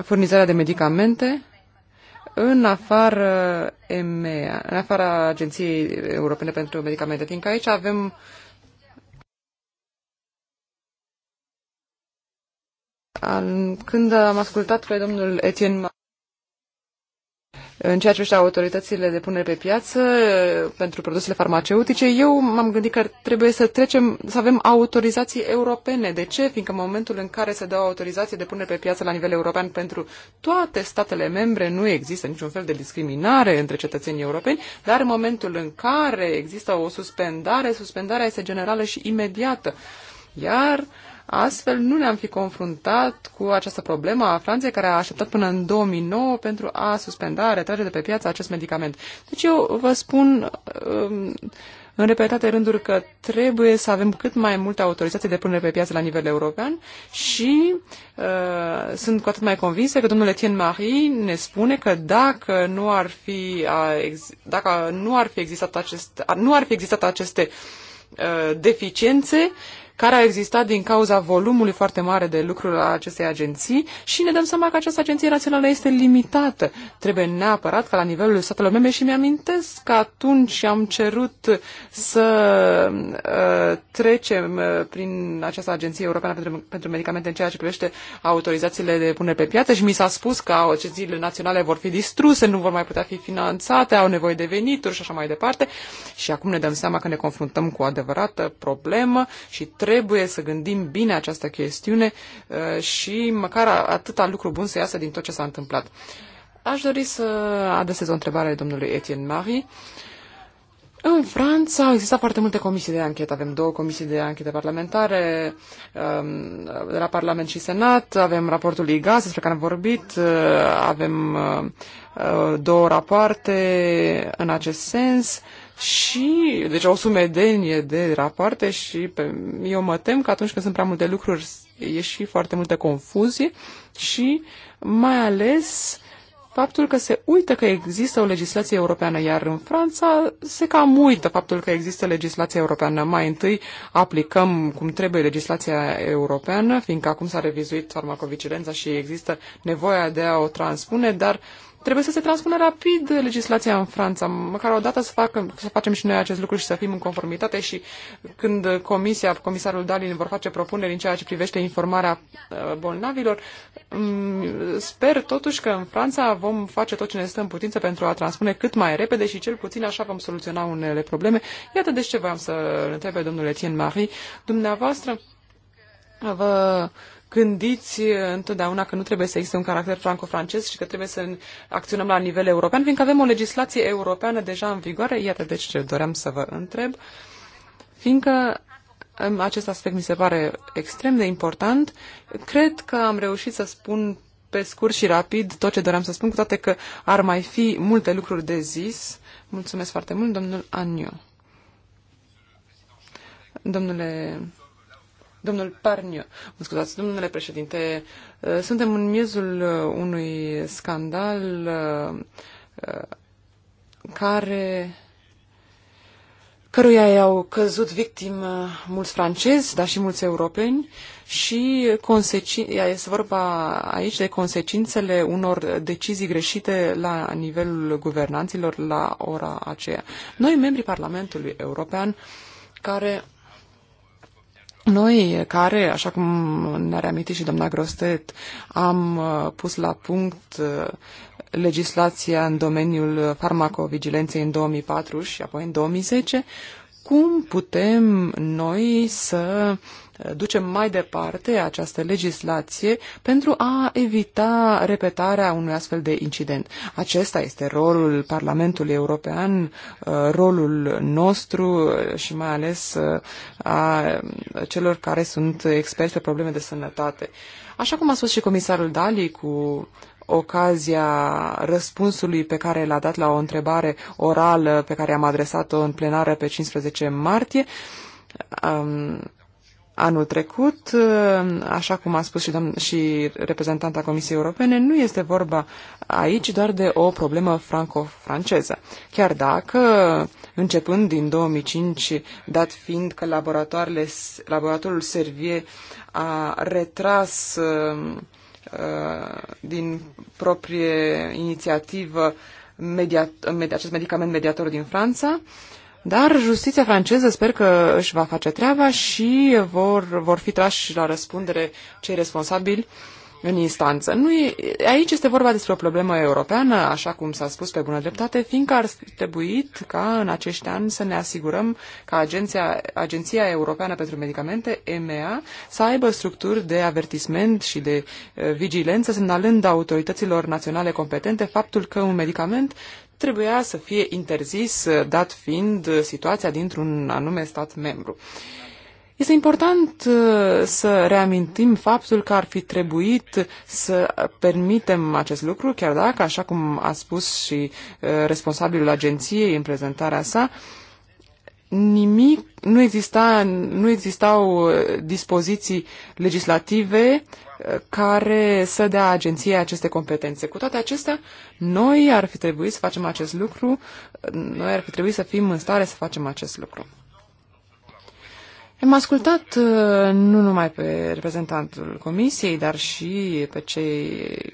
furnizarea de medicamente în afară EMEA, în afara Agenției Europene pentru Medicamente, fiindcă aici avem când am ascultat pe domnul Etienne în ceea ce știu autoritățile de punere pe piață eh, pentru produsele farmaceutice, eu m-am gândit că trebuie să trecem, să avem autorizații europene. De ce? Fiindcă în momentul în care se dă o autorizație de punere pe piață la nivel european pentru toate statele membre, nu există niciun fel de discriminare între cetățenii europeni, dar în momentul în care există o suspendare, suspendarea este generală și imediată. Iar uh, Astfel, nu ne-am fi confruntat cu această problemă a Franței, care a așteptat până în 2009 pentru a suspenda, retrage de pe piață acest medicament. Deci eu vă spun um, în repetate rânduri că trebuie să avem cât mai multe autorizații de punere pe piață la nivel european și uh, sunt cu atât mai convinsă că domnul Etienne Marie ne spune că dacă nu ar fi, a, dacă nu ar fi existat acest, nu ar fi existat aceste uh, deficiențe, care a existat din cauza volumului foarte mare de lucruri la acestei agenții și ne dăm seama că această agenție națională este limitată. Trebuie neapărat ca la nivelul statelor membre și mi-amintesc că atunci am cerut să uh, trecem uh, prin această agenție europeană pentru, pentru medicamente în ceea ce privește autorizațiile de punere pe piață și mi s-a spus că agențiile naționale vor fi distruse, nu vor mai putea fi finanțate, au nevoie de venituri și așa mai departe. Și acum ne dăm seama că ne confruntăm cu o adevărată problemă și trebuie Trebuie să gândim bine această chestiune uh, și măcar atâta lucru bun să iasă din tot ce s-a întâmplat. Aș dori să adresez o întrebare domnului Etienne Marie. În Franța au existat foarte multe comisii de anchetă. Avem două comisii de anchetă parlamentare um, de la Parlament și Senat, avem raportul IGAS despre care am vorbit, uh, avem uh, două rapoarte în acest sens și, deci o sumedenie de rapoarte și pe, eu mă tem că atunci când sunt prea multe lucruri e și foarte multă confuzie și mai ales faptul că se uită că există o legislație europeană, iar în Franța se cam uită faptul că există legislație europeană. Mai întâi aplicăm cum trebuie legislația europeană, fiindcă acum s-a revizuit farmacovigilența și există nevoia de a o transpune, dar uh, Trebuie să se transpună rapid legislația în Franța, măcar o dată să, facă, să facem și noi acest lucru și să fim în conformitate și când comisia, comisarul Dalin vor face propuneri în ceea ce privește informarea uh, bolnavilor, mm, sper totuși că în Franța vom face tot ce ne stă în putință pentru a transpune cât mai repede și cel puțin așa vom soluționa unele probleme. Iată deci ce voiam să întreb domnule Etienne Marie. Dumneavoastră vă uh, gândiți uh, întotdeauna că nu trebuie să existe un caracter franco-francez și că trebuie să acționăm la nivel european, fiindcă avem o legislație europeană deja în vigoare. Iată deci ce doream să vă întreb, fiindcă um, acest aspect mi se pare extrem de important. Cred că am reușit să spun pe scurt și rapid tot ce doream să spun, cu toate că ar mai fi multe lucruri de zis. Mulțumesc foarte mult, domnul Aniu. Domnule Domnul Parniu, mă scuzați, domnule președinte, uh, suntem în miezul uh, unui scandal uh, care căruia i-au căzut victimă mulți francezi, dar și mulți europeni și este vorba aici de consecințele unor decizii greșite la nivelul guvernanților la ora aceea. Noi, membrii Parlamentului European, care noi care, așa cum ne-a reamintit și doamna Grostet, am uh, pus la punct uh, legislația în domeniul farmacovigilenței în 2004 și apoi în 2010, cum putem noi să ducem mai departe această legislație pentru a evita repetarea unui astfel de incident. Acesta este rolul Parlamentului European, uh, rolul nostru uh, și mai ales uh, a celor care sunt experți pe probleme de sănătate. Așa cum a spus și comisarul Dali cu ocazia răspunsului pe care l-a dat la o întrebare orală pe care am adresat-o în plenară pe 15 martie, um, Anul trecut, uh, așa cum a spus și, și reprezentanta Comisiei Europene, nu este vorba aici doar de o problemă franco-franceză. Chiar dacă, începând din 2005, dat fiind că laboratoarele, laboratorul Servier a retras uh, uh, din proprie inițiativă media, acest medicament mediator din Franța, uh, dar justiția franceză sper că își va face treaba și vor, vor fi trași la răspundere cei responsabili în instanță. Nu e, aici este vorba despre o problemă europeană, așa cum s-a spus pe bună dreptate, fiindcă ar trebui ca în acești ani să ne asigurăm că Agenția, Agenția Europeană pentru Medicamente, EMEA, să aibă structuri de avertisment și de uh, vigilență, semnalând autorităților naționale competente faptul că un medicament trebuia să fie interzis, dat fiind situația dintr-un anume stat membru. Este important uh, să reamintim faptul că ar fi trebuit să permitem acest lucru, chiar dacă, așa cum a spus și uh, responsabilul agenției în prezentarea sa, nimic, nu, exista, nu existau uh, dispoziții legislative uh, care să dea agenției aceste competențe. Cu toate acestea, noi ar fi trebuit să facem acest lucru, uh, noi ar fi trebuit să fim în stare să facem acest lucru. Am ascultat nu numai pe reprezentantul comisiei, dar și pe cei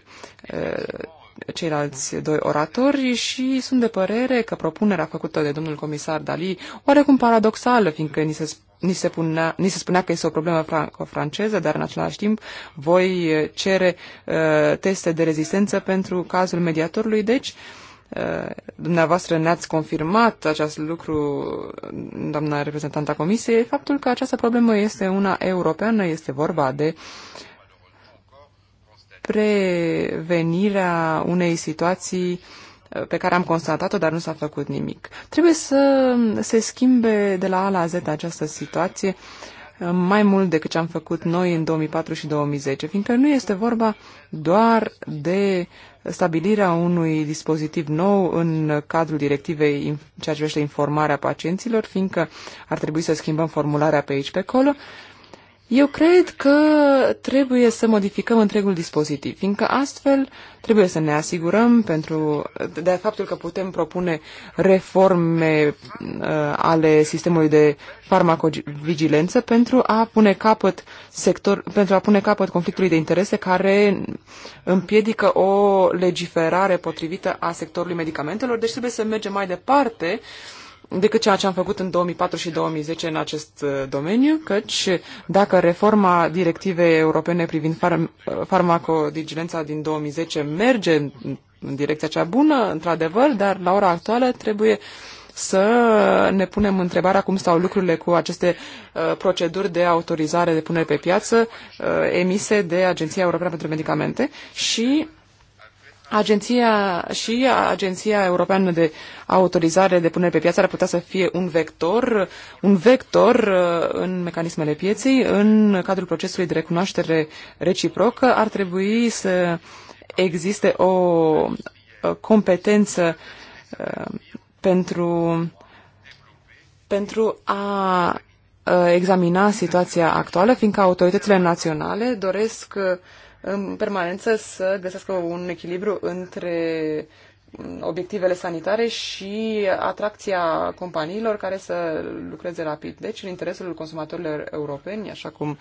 ceilalți doi oratori și sunt de părere că propunerea făcută de domnul comisar Dali, oarecum paradoxală, fiindcă ni se Ni se, punea, ni se spunea că este o problemă franceză dar în același timp voi eh, cere uh, teste de rezistență pentru cazul mediatorului. Deci, uh, dumneavoastră ne-ați confirmat acest lucru, doamna reprezentanta Comisiei, faptul că această problemă este una europeană, este vorba de uh, prevenirea unei situații uh, pe care am constatat-o, dar nu s-a făcut nimic. Trebuie să se schimbe de la A la Z această situație uh, mai mult decât ce am făcut noi în 2004 și 2010, fiindcă nu este vorba doar de stabilirea unui dispozitiv nou în cadrul directivei ceea ce privește informarea pacienților, fiindcă ar trebui să schimbăm formularea pe aici pe acolo, eu cred că trebuie să modificăm întregul dispozitiv, fiindcă astfel trebuie să ne asigurăm pentru, de faptul că putem propune reforme uh, ale sistemului de farmacovigilență pentru a pune capăt sector, pentru a pune capăt conflictului de interese care împiedică o legiferare potrivită a sectorului medicamentelor, deci trebuie să mergem mai departe uh, decât ceea ce am făcut în 2004 și 2010 în acest uh, domeniu, căci dacă reforma directivei europene privind farm- uh, farmacodigilența din 2010 merge în direcția cea bună, într-adevăr, dar la ora actuală trebuie să ne punem întrebarea cum stau lucrurile cu aceste uh, proceduri de autorizare de punere pe piață uh, emise de Agenția Europeană pentru Medicamente și Agenția și Agenția Europeană de Autorizare de Punere pe Piață ar putea să fie un vector, un vector uh, în mecanismele pieței, în cadrul procesului de recunoaștere reciprocă. Ar trebui să existe o uh, competență uh, pentru, pentru a examina situația actuală, fiindcă autoritățile naționale doresc uh, în permanență să găsească un echilibru între obiectivele sanitare și atracția companiilor care să lucreze rapid. Deci, în interesul consumatorilor europeni, așa cum uh,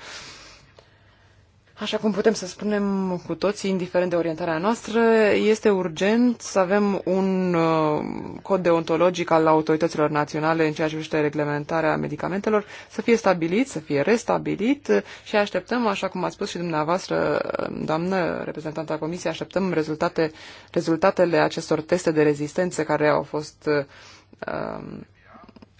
Așa cum putem să spunem cu toții, indiferent de orientarea noastră, este urgent să avem un uh, cod deontologic al autorităților naționale în ceea ce privește reglementarea medicamentelor, să fie stabilit, să fie restabilit și așteptăm, așa cum a spus și dumneavoastră, doamnă reprezentanta Comisiei, așteptăm rezultate, rezultatele acestor teste de rezistență care au fost uh,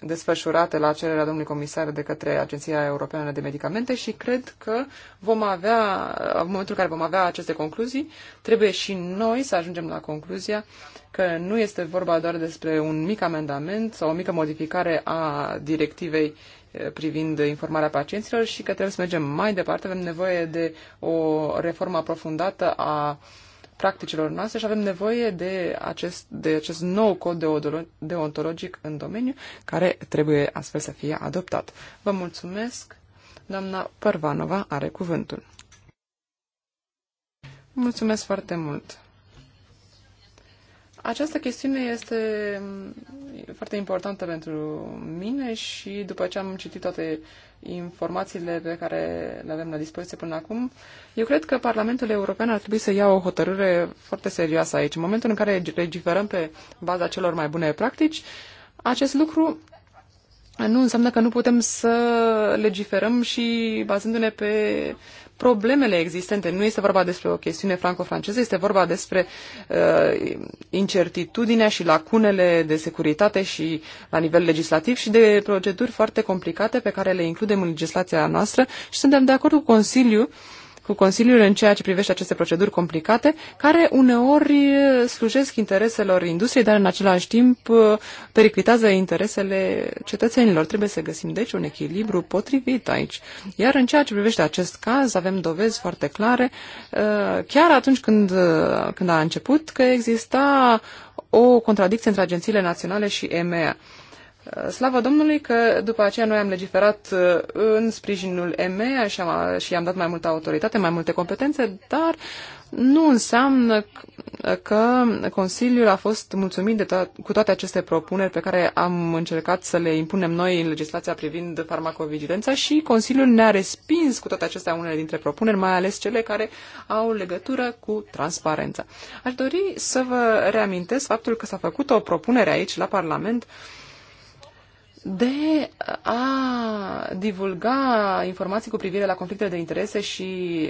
desfășurate la cererea domnului comisar de către Agenția Europeană de Medicamente și cred că vom avea, în momentul în care vom avea aceste concluzii, trebuie și noi să ajungem la concluzia că nu este vorba doar despre un mic amendament sau o mică modificare a directivei eh, privind informarea pacienților și că trebuie să mergem mai departe. Avem nevoie de o reformă aprofundată a uh, practicilor noastre și avem nevoie de acest, de acest nou cod deontologic în domeniu care trebuie astfel să fie adoptat. Vă mulțumesc. Doamna Părvanova are cuvântul. Mulțumesc foarte mult. Această chestiune este mm, foarte importantă pentru mine și după ce am citit toate informațiile pe care le avem la dispoziție până acum, eu cred că Parlamentul European ar trebui să ia o hotărâre foarte serioasă aici. În momentul în care legiferăm pe baza celor mai bune practici, acest lucru nu înseamnă că nu putem să legiferăm și bazându-ne pe problemele existente. Nu este vorba despre o chestiune franco-franceză, este vorba despre uh, incertitudinea și lacunele de securitate și la nivel legislativ și de proceduri foarte complicate pe care le includem în legislația noastră și suntem de acord cu Consiliul uh, cu Consiliul în ceea ce privește aceste proceduri complicate, care uneori slujesc intereselor industriei, dar în același timp uh, periclitează interesele cetățenilor. Trebuie să găsim, deci, un echilibru potrivit aici. Iar în ceea ce privește acest caz, avem dovezi foarte clare, uh, chiar atunci când, uh, când a început, că exista o contradicție între agențiile naționale și EMEA. Uh, slavă Domnului că după aceea noi am legiferat uh, în sprijinul EME și am, uh, și am dat mai multă autoritate, mai multe competențe, dar nu înseamnă că Consiliul a fost mulțumit de to- cu toate aceste propuneri pe care am încercat să le impunem noi în legislația privind farmacovigilența și Consiliul ne-a respins cu toate acestea unele dintre propuneri, mai ales cele care au legătură cu transparența. Aș dori să vă reamintesc faptul că s-a făcut o propunere aici la Parlament uh, de a divulga informații cu privire la conflictele de interese și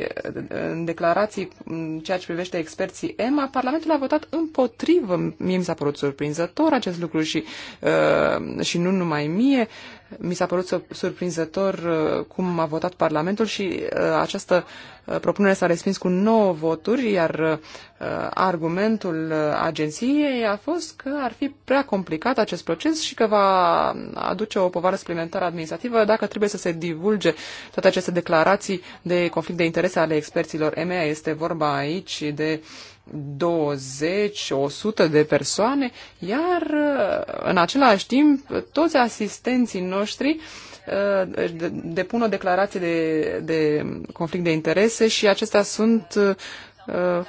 în declarații în ceea ce privește experții EMA, Parlamentul a votat împotrivă. Mie mi s-a părut surprinzător acest lucru și, uh, și nu numai mie mi s-a părut surprinzător uh, cum a votat Parlamentul și uh, această uh, propunere s-a respins cu 9 voturi, iar argumentul agenției a fost că ar fi prea complicat acest proces și că va aduce o povară suplimentară administrativă dacă trebuie să se divulge toate aceste declarații de conflict de interese ale experților EMEA. Este vorba aici de uh, 20, 100 de persoane, iar uh, în același timp toți asistenții noștri uh, depun o declarație de, de conflict de interese și acestea sunt uh,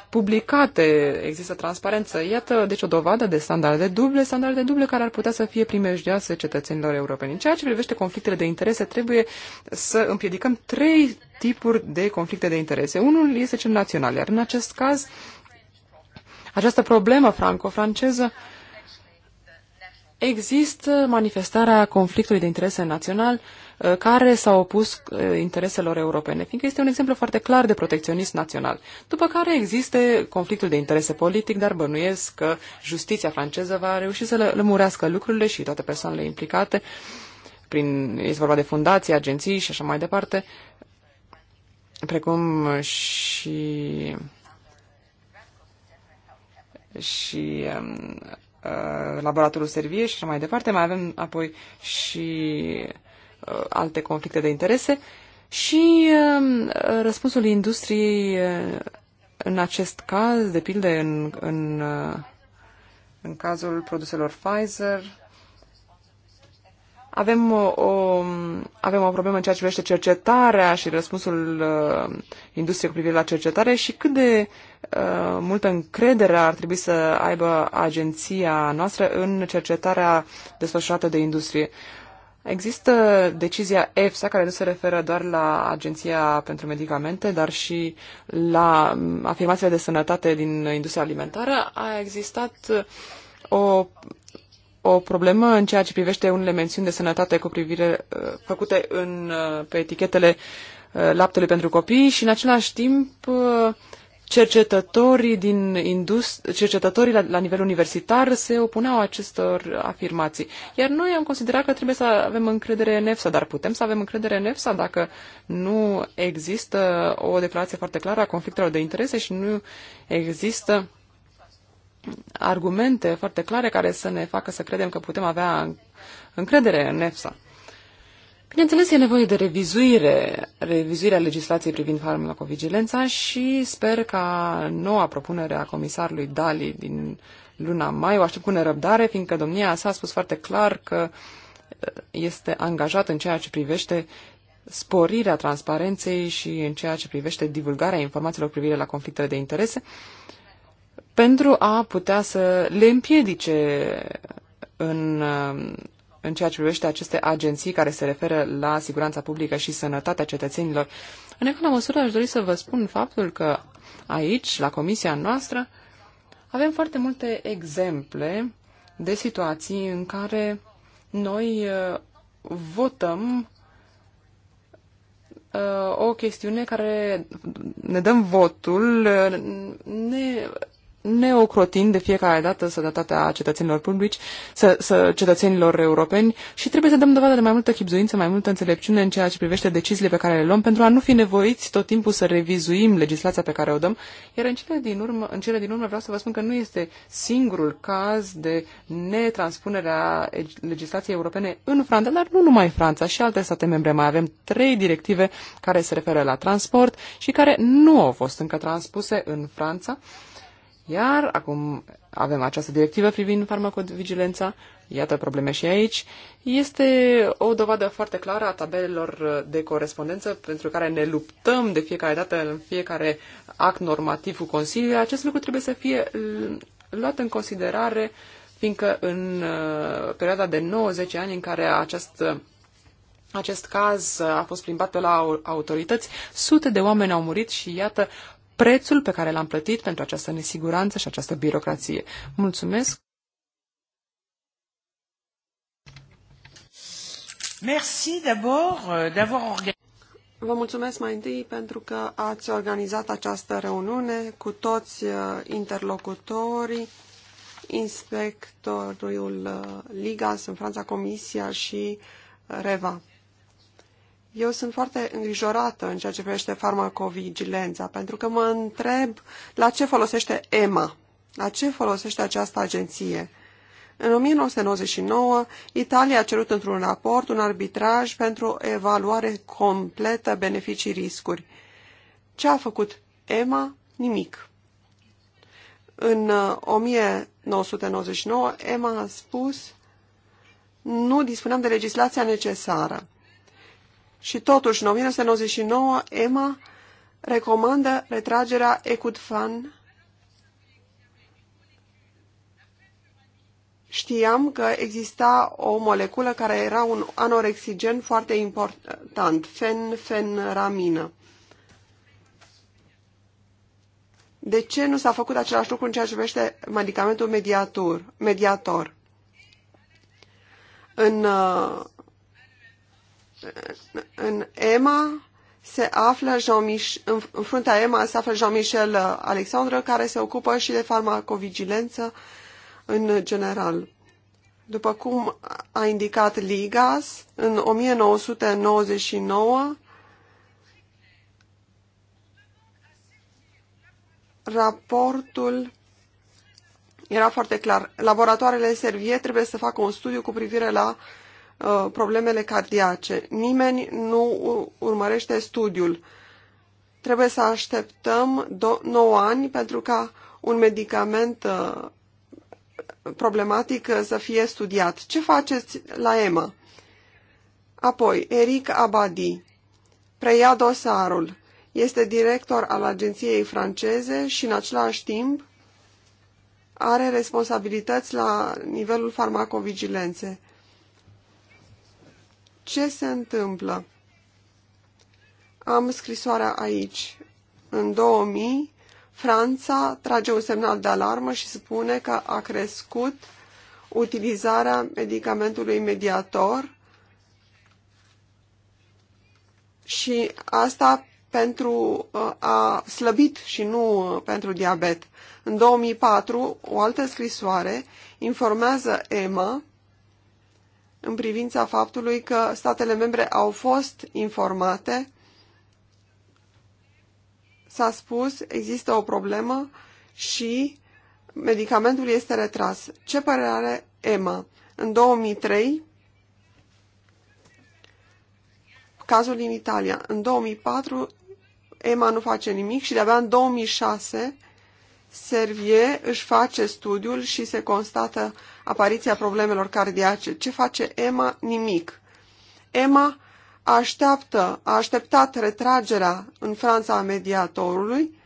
publicate, există transparență. Iată, deci o dovadă de standarde duble, standarde duble care ar putea să fie primejdioase cetățenilor europeni. În ceea ce privește conflictele de interese, trebuie să împiedicăm trei tipuri de conflicte de interese. Unul este cel național, iar în acest caz această problemă franco-franceză, există manifestarea conflictului de interese național uh, care s-a opus uh, intereselor europene, fiindcă este un exemplu foarte clar de protecționism național. După care există conflictul de interese politic, dar bănuiesc că justiția franceză va reuși să lămurească lucrurile și toate persoanele implicate, prin, este vorba de fundații, agenții și așa mai departe, precum și și um, uh, laboratorul Servie și așa mai departe. Mai avem apoi și uh, alte conflicte de interese și um, răspunsul industriei uh, în acest caz, de pildă în, în, în cazul produselor Pfizer, avem uh, o, avem o problemă în ceea ce privește cercetarea și răspunsul uh, industriei cu privire la cercetare și cât de uh, multă încredere ar trebui să aibă agenția noastră în cercetarea desfășurată de industrie. Există decizia EFSA care nu se referă doar la Agenția pentru Medicamente, dar și la um, afirmațiile de sănătate din industria alimentară. A existat uh, o o problemă în ceea ce privește unele mențiuni de sănătate cu privire uh, făcute în, uh, pe etichetele uh, laptele pentru copii și în același timp cercetătorii, din indust- cercetătorii la, la nivel universitar se opuneau acestor afirmații. Iar noi am considerat că trebuie să avem încredere în EFSA, dar putem să avem încredere în EFSA dacă nu există o declarație foarte clară a conflictelor de interese și nu există argumente foarte clare care să ne facă să credem că putem avea încredere în EFSA. Bineînțeles, e nevoie de revizuire, revizuirea legislației privind farmacovigilența și sper ca noua propunere a comisarului Dali din luna mai o aștept cu nerăbdare, fiindcă domnia s a spus foarte clar că uh, este angajat în ceea ce privește sporirea transparenței și în ceea ce privește divulgarea informațiilor privire la conflictele de interese, pentru a putea să le împiedice în, în ceea ce privește aceste agenții care se referă la siguranța publică și sănătatea cetățenilor. În egală măsură aș dori să vă spun faptul că aici, la comisia noastră, avem foarte multe exemple de situații în care noi uh, votăm uh, o chestiune care ne dăm votul, uh, ne ne ocrotind de fiecare dată sănătatea cetățenilor publici, să, să cetățenilor europeni și trebuie să dăm dovadă de mai multă chipzuință, mai multă înțelepciune în ceea ce privește deciziile pe care le luăm pentru a nu fi nevoiți tot timpul să revizuim legislația pe care o dăm. Iar în cele din urmă, în cele din urmă vreau să vă spun că nu este singurul caz de netranspunerea legislației europene în Franța, dar nu numai Franța și alte state membre. Mai avem trei directive care se referă la transport și care nu au fost încă transpuse în Franța. Iar acum avem această directivă privind farmacovigilența, iată probleme și aici. Este o dovadă foarte clară a tabelelor de corespondență pentru care ne luptăm de fiecare dată în fiecare act normativ cu Consiliul. Acest lucru trebuie să fie uh, luat în considerare, fiindcă în uh, perioada de 90 ani în care acest uh, acest caz a fost plimbat pe la autorități, sute de oameni au murit și iată, prețul pe care l-am plătit pentru această nesiguranță și această birocrație. Mulțumesc! Merci d'abord euh, d'avoir Vă mulțumesc mai întâi pentru că ați organizat această reuniune cu toți uh, interlocutorii, inspectorul uh, Ligas în Franța, Comisia și uh, REVA. Eu sunt foarte îngrijorată în ceea ce privește farmacovigilența, pentru că mă întreb la ce folosește EMA, la ce folosește această agenție. În 1999, Italia a cerut într-un raport un arbitraj pentru o evaluare completă beneficii-riscuri. Ce a făcut EMA? Nimic. În 1999, uh, EMA a spus nu dispuneam de legislația necesară. Și totuși, în 1999, EMA recomandă retragerea Ecudfan. Știam că exista o moleculă care era un anorexigen foarte important, fenfenramină. De ce nu s-a făcut același lucru în ceea ce privește medicamentul mediator? În uh, în EMA se află Jean în fruntea EMA se află Jean-Michel Alexandre, care se ocupă și de farmacovigilență în general. După cum a indicat Ligas, în 1999, raportul era foarte clar. Laboratoarele Servier trebuie să facă un studiu cu privire la uh, Uh, problemele cardiace. Nimeni nu urmărește studiul. Trebuie să așteptăm 9 ani pentru ca un medicament uh, problematic uh, să fie studiat. Ce faceți la EMA? Apoi, Eric Abadi preia dosarul. Este director al agenției franceze și în același timp are responsabilități la nivelul farmacovigilenței ce se întâmplă? Am scrisoarea aici. În 2000, Franța trage un semnal de alarmă și spune că a crescut utilizarea medicamentului mediator și asta pentru uh, a slăbit și nu uh, pentru diabet. În 2004, o altă scrisoare informează EMA în privința faptului că statele membre au fost informate. S-a spus, există o problemă și medicamentul este retras. Ce părere are EMA? În 2003, cazul din Italia. În 2004, EMA nu face nimic și de-abia în 2006 Servie își face studiul și se constată apariția problemelor cardiace. Ce face Emma? Nimic. Emma așteaptă, a așteptat retragerea în Franța a mediatorului,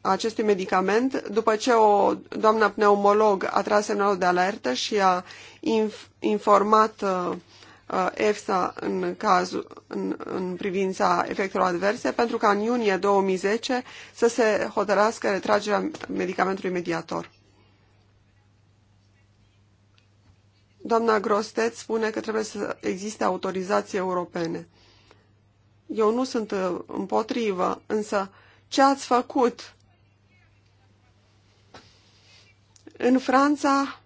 acestui medicament, după ce o doamnă pneumolog a tras semnalul de alertă și a inf- informat uh, Uh, EFSA în, cazul, în, în privința efectelor adverse pentru ca în iunie 2010 să se hotărască retragerea medicamentului mediator. Doamna Grostet spune că trebuie să existe autorizații europene. Eu nu sunt uh, împotrivă, însă ce ați făcut? În Franța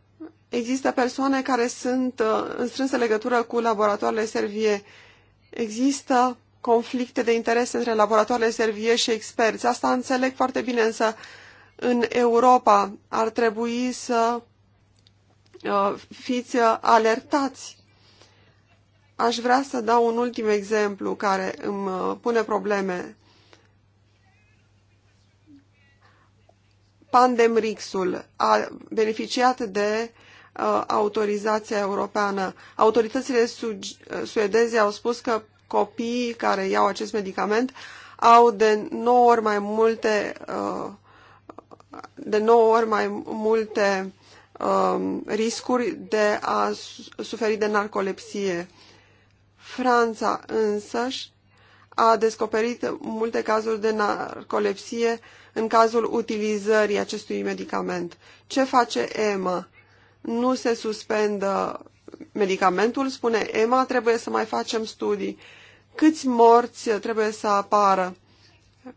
Există persoane care sunt uh, în strânsă legătură cu laboratoarele Servie. Există conflicte de interese între laboratoarele Servie și experți. Asta înțeleg foarte bine, însă în Europa ar trebui să uh, fiți uh, alertați. Aș vrea să dau un ultim exemplu care îmi pune probleme. Pandemrixul a beneficiat de Uh, autorizația europeană. Autoritățile uh, suedeze au spus că copiii care iau acest medicament au de 9 ori mai multe uh, de 9 ori mai multe um, riscuri de a suferi de narcolepsie. Franța însăși a descoperit multe cazuri de narcolepsie în cazul utilizării acestui medicament. Ce face EMA? nu se suspendă medicamentul, spune EMA, trebuie să mai facem studii. Câți morți trebuie să apară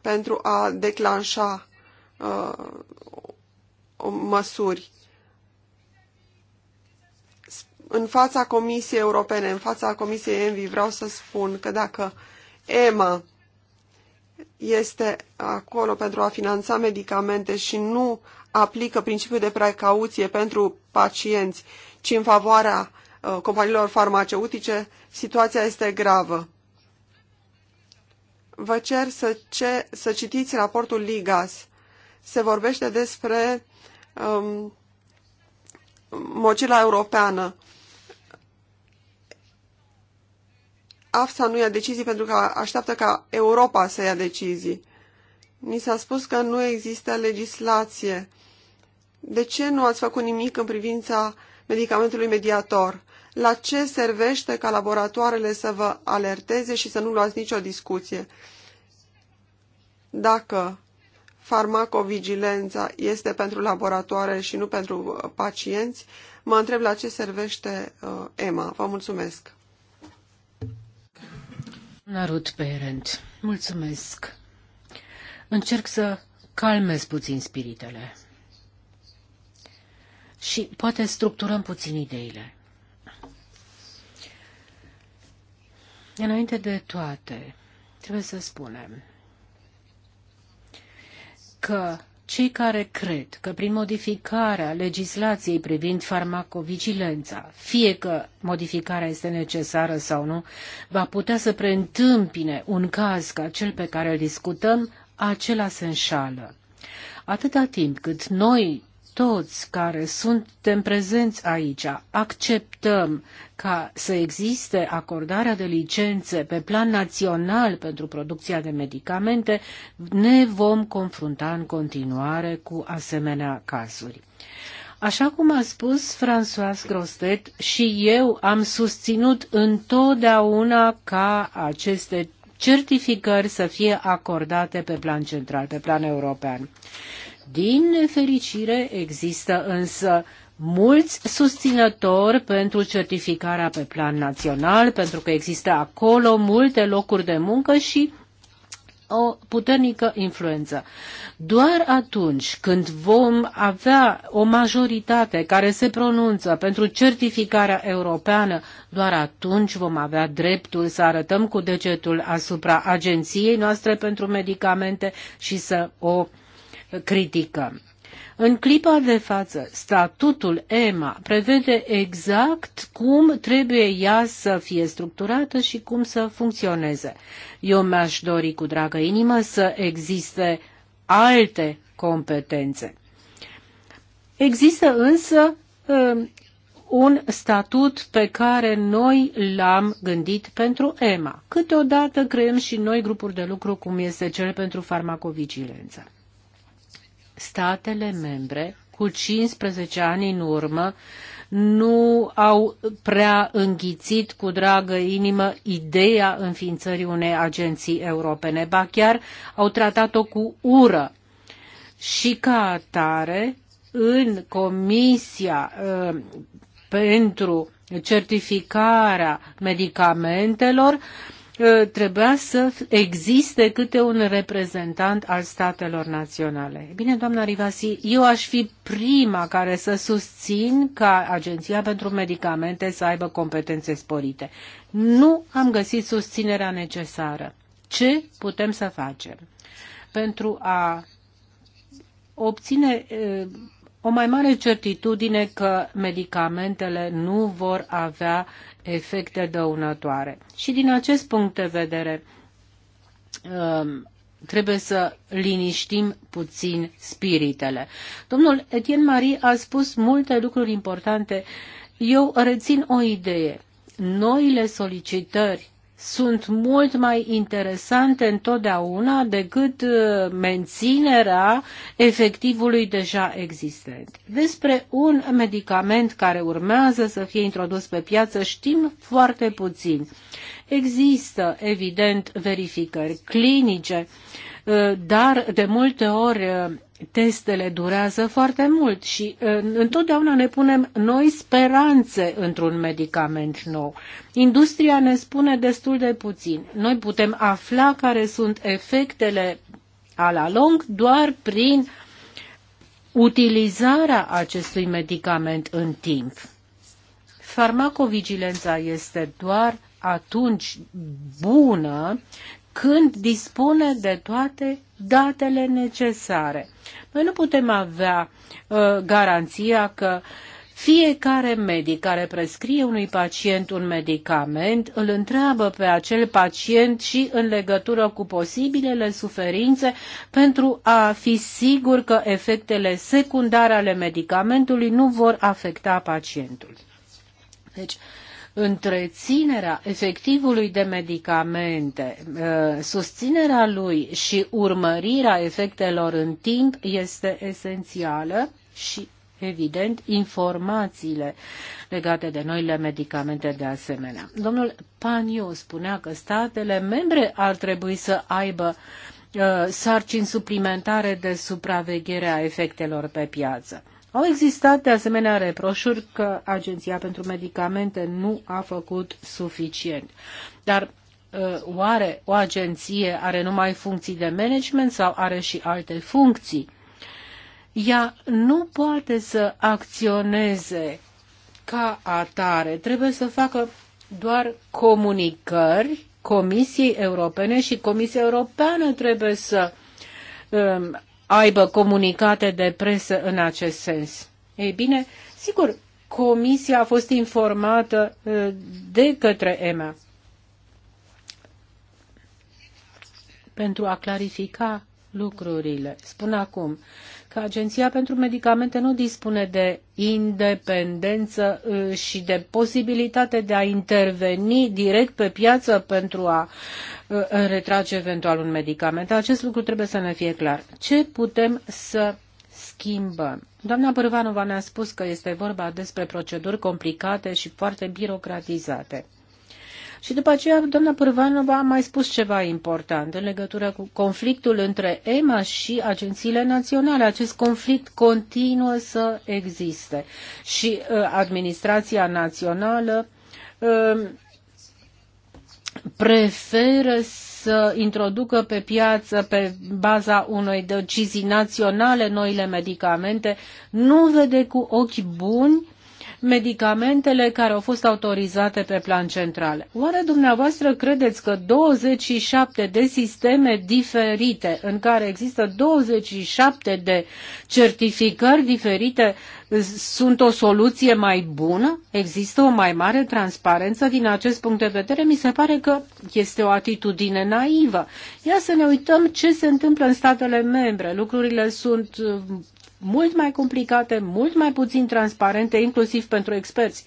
pentru a declanșa uh, măsuri? În fața Comisiei Europene, în fața Comisiei ENVI, vreau să spun că dacă EMA este acolo pentru a finanța medicamente și nu aplică principiul de precauție pentru pacienți, ci în favoarea uh, companiilor farmaceutice, situația este gravă. Vă cer să, ce, să citiți raportul Ligas. Se vorbește despre um, mocila europeană. AFSA nu ia decizii pentru că așteaptă ca Europa să ia decizii. Ni s-a spus că nu există legislație de ce nu ați făcut nimic în privința medicamentului mediator? La ce servește ca laboratoarele să vă alerteze și să nu luați nicio discuție? Dacă farmacovigilența este pentru laboratoare și nu pentru uh, pacienți, mă întreb la ce servește uh, EMA. Vă mulțumesc. Narut Parent, mulțumesc. Încerc să calmez puțin spiritele și poate structurăm puțin ideile. Înainte de toate, trebuie să spunem că cei care cred că prin modificarea legislației privind farmacovigilența, fie că modificarea este necesară sau nu, va putea să preîntâmpine un caz ca cel pe care îl discutăm, acela se înșală. Atâta timp cât noi toți care suntem prezenți aici acceptăm ca să existe acordarea de licențe pe plan național pentru producția de medicamente, ne vom confrunta în continuare cu asemenea cazuri. Așa cum a spus François Grostet, și eu am susținut întotdeauna ca aceste certificări să fie acordate pe plan central, pe plan european. Din nefericire, există însă mulți susținători pentru certificarea pe plan național, pentru că există acolo multe locuri de muncă și o puternică influență. Doar atunci când vom avea o majoritate care se pronunță pentru certificarea europeană, doar atunci vom avea dreptul să arătăm cu degetul asupra agenției noastre pentru medicamente și să o uh, critică. În clipa de față, statutul EMA prevede exact cum trebuie ea să fie structurată și cum să funcționeze. Eu mi-aș dori cu dragă inimă să existe alte competențe. Există însă um, un statut pe care noi l-am gândit pentru EMA. Câteodată creăm și noi grupuri de lucru, cum este cel pentru farmacovigilență statele membre cu 15 ani în urmă nu au prea înghițit cu dragă inimă ideea înființării unei agenții europene, ba chiar au tratat-o cu ură. Și ca atare, în Comisia uh, pentru certificarea medicamentelor, uh, trebuia să existe câte un reprezentant al statelor naționale. Bine, doamna Rivasi, eu aș fi prima care să susțin ca Agenția pentru Medicamente să aibă competențe sporite. Nu am găsit susținerea necesară. Ce putem să facem pentru a obține eh, o mai mare certitudine că medicamentele nu vor avea efecte dăunătoare. Și din acest punct de vedere, um, trebuie să liniștim puțin spiritele. Domnul Etienne Marie a spus multe lucruri importante. Eu rețin o idee. Noile solicitări sunt mult mai interesante întotdeauna decât uh, menținerea efectivului deja existent. Despre un medicament care urmează să fie introdus pe piață știm foarte puțin. Există, evident, verificări clinice, uh, dar de multe ori uh, testele durează foarte mult și întotdeauna ne punem noi speranțe într-un medicament nou. Industria ne spune destul de puțin. Noi putem afla care sunt efectele a la lung doar prin utilizarea acestui medicament în timp. Farmacovigilența este doar atunci bună când dispune de toate datele necesare. Noi nu putem avea uh, garanția că fiecare medic care prescrie unui pacient un medicament îl întreabă pe acel pacient și în legătură cu posibilele suferințe pentru a fi sigur că efectele secundare ale medicamentului nu vor afecta pacientul. Deci, uh, întreținerea efectivului de medicamente, uh, susținerea lui și urmărirea efectelor în timp este esențială și, evident, informațiile legate de noile medicamente de asemenea. Domnul Paniu spunea că statele membre ar trebui să aibă uh, sarcini suplimentare de supraveghere a efectelor pe piață. Au existat de asemenea reproșuri că Agenția pentru Medicamente nu a făcut suficient. Dar uh, oare o agenție are numai funcții de management sau are și alte funcții? Ea nu poate să acționeze ca atare, trebuie să facă doar comunicări Comisiei Europene și Comisia Europeană trebuie să um, aibă comunicate de presă în acest sens. Ei bine, sigur, Comisia a fost informată uh, de către EMA pentru a clarifica lucrurile. Spun acum că Agenția pentru Medicamente nu dispune de independență uh, și de posibilitate de a interveni direct pe piață pentru a Uh, retrage eventual un medicament. Acest lucru trebuie să ne fie clar. Ce putem să schimbăm? Doamna Bărvanova ne-a spus că este vorba despre proceduri complicate și foarte birocratizate. Și după aceea, doamna Părvanova a mai spus ceva important în legătură cu conflictul între EMA și agențiile naționale. Acest conflict continuă să existe și uh, administrația națională uh, preferă să introducă pe piață, pe baza unei decizii naționale, noile medicamente, nu vede cu ochi buni medicamentele care au fost autorizate pe plan central. Oare dumneavoastră credeți că 27 de sisteme diferite, în care există 27 de certificări diferite, sunt o soluție mai bună? Există o mai mare transparență din acest punct de vedere? Mi se pare că este o atitudine naivă. Ia să ne uităm ce se întâmplă în statele membre. Lucrurile sunt mult mai complicate, mult mai puțin transparente, inclusiv pentru experți.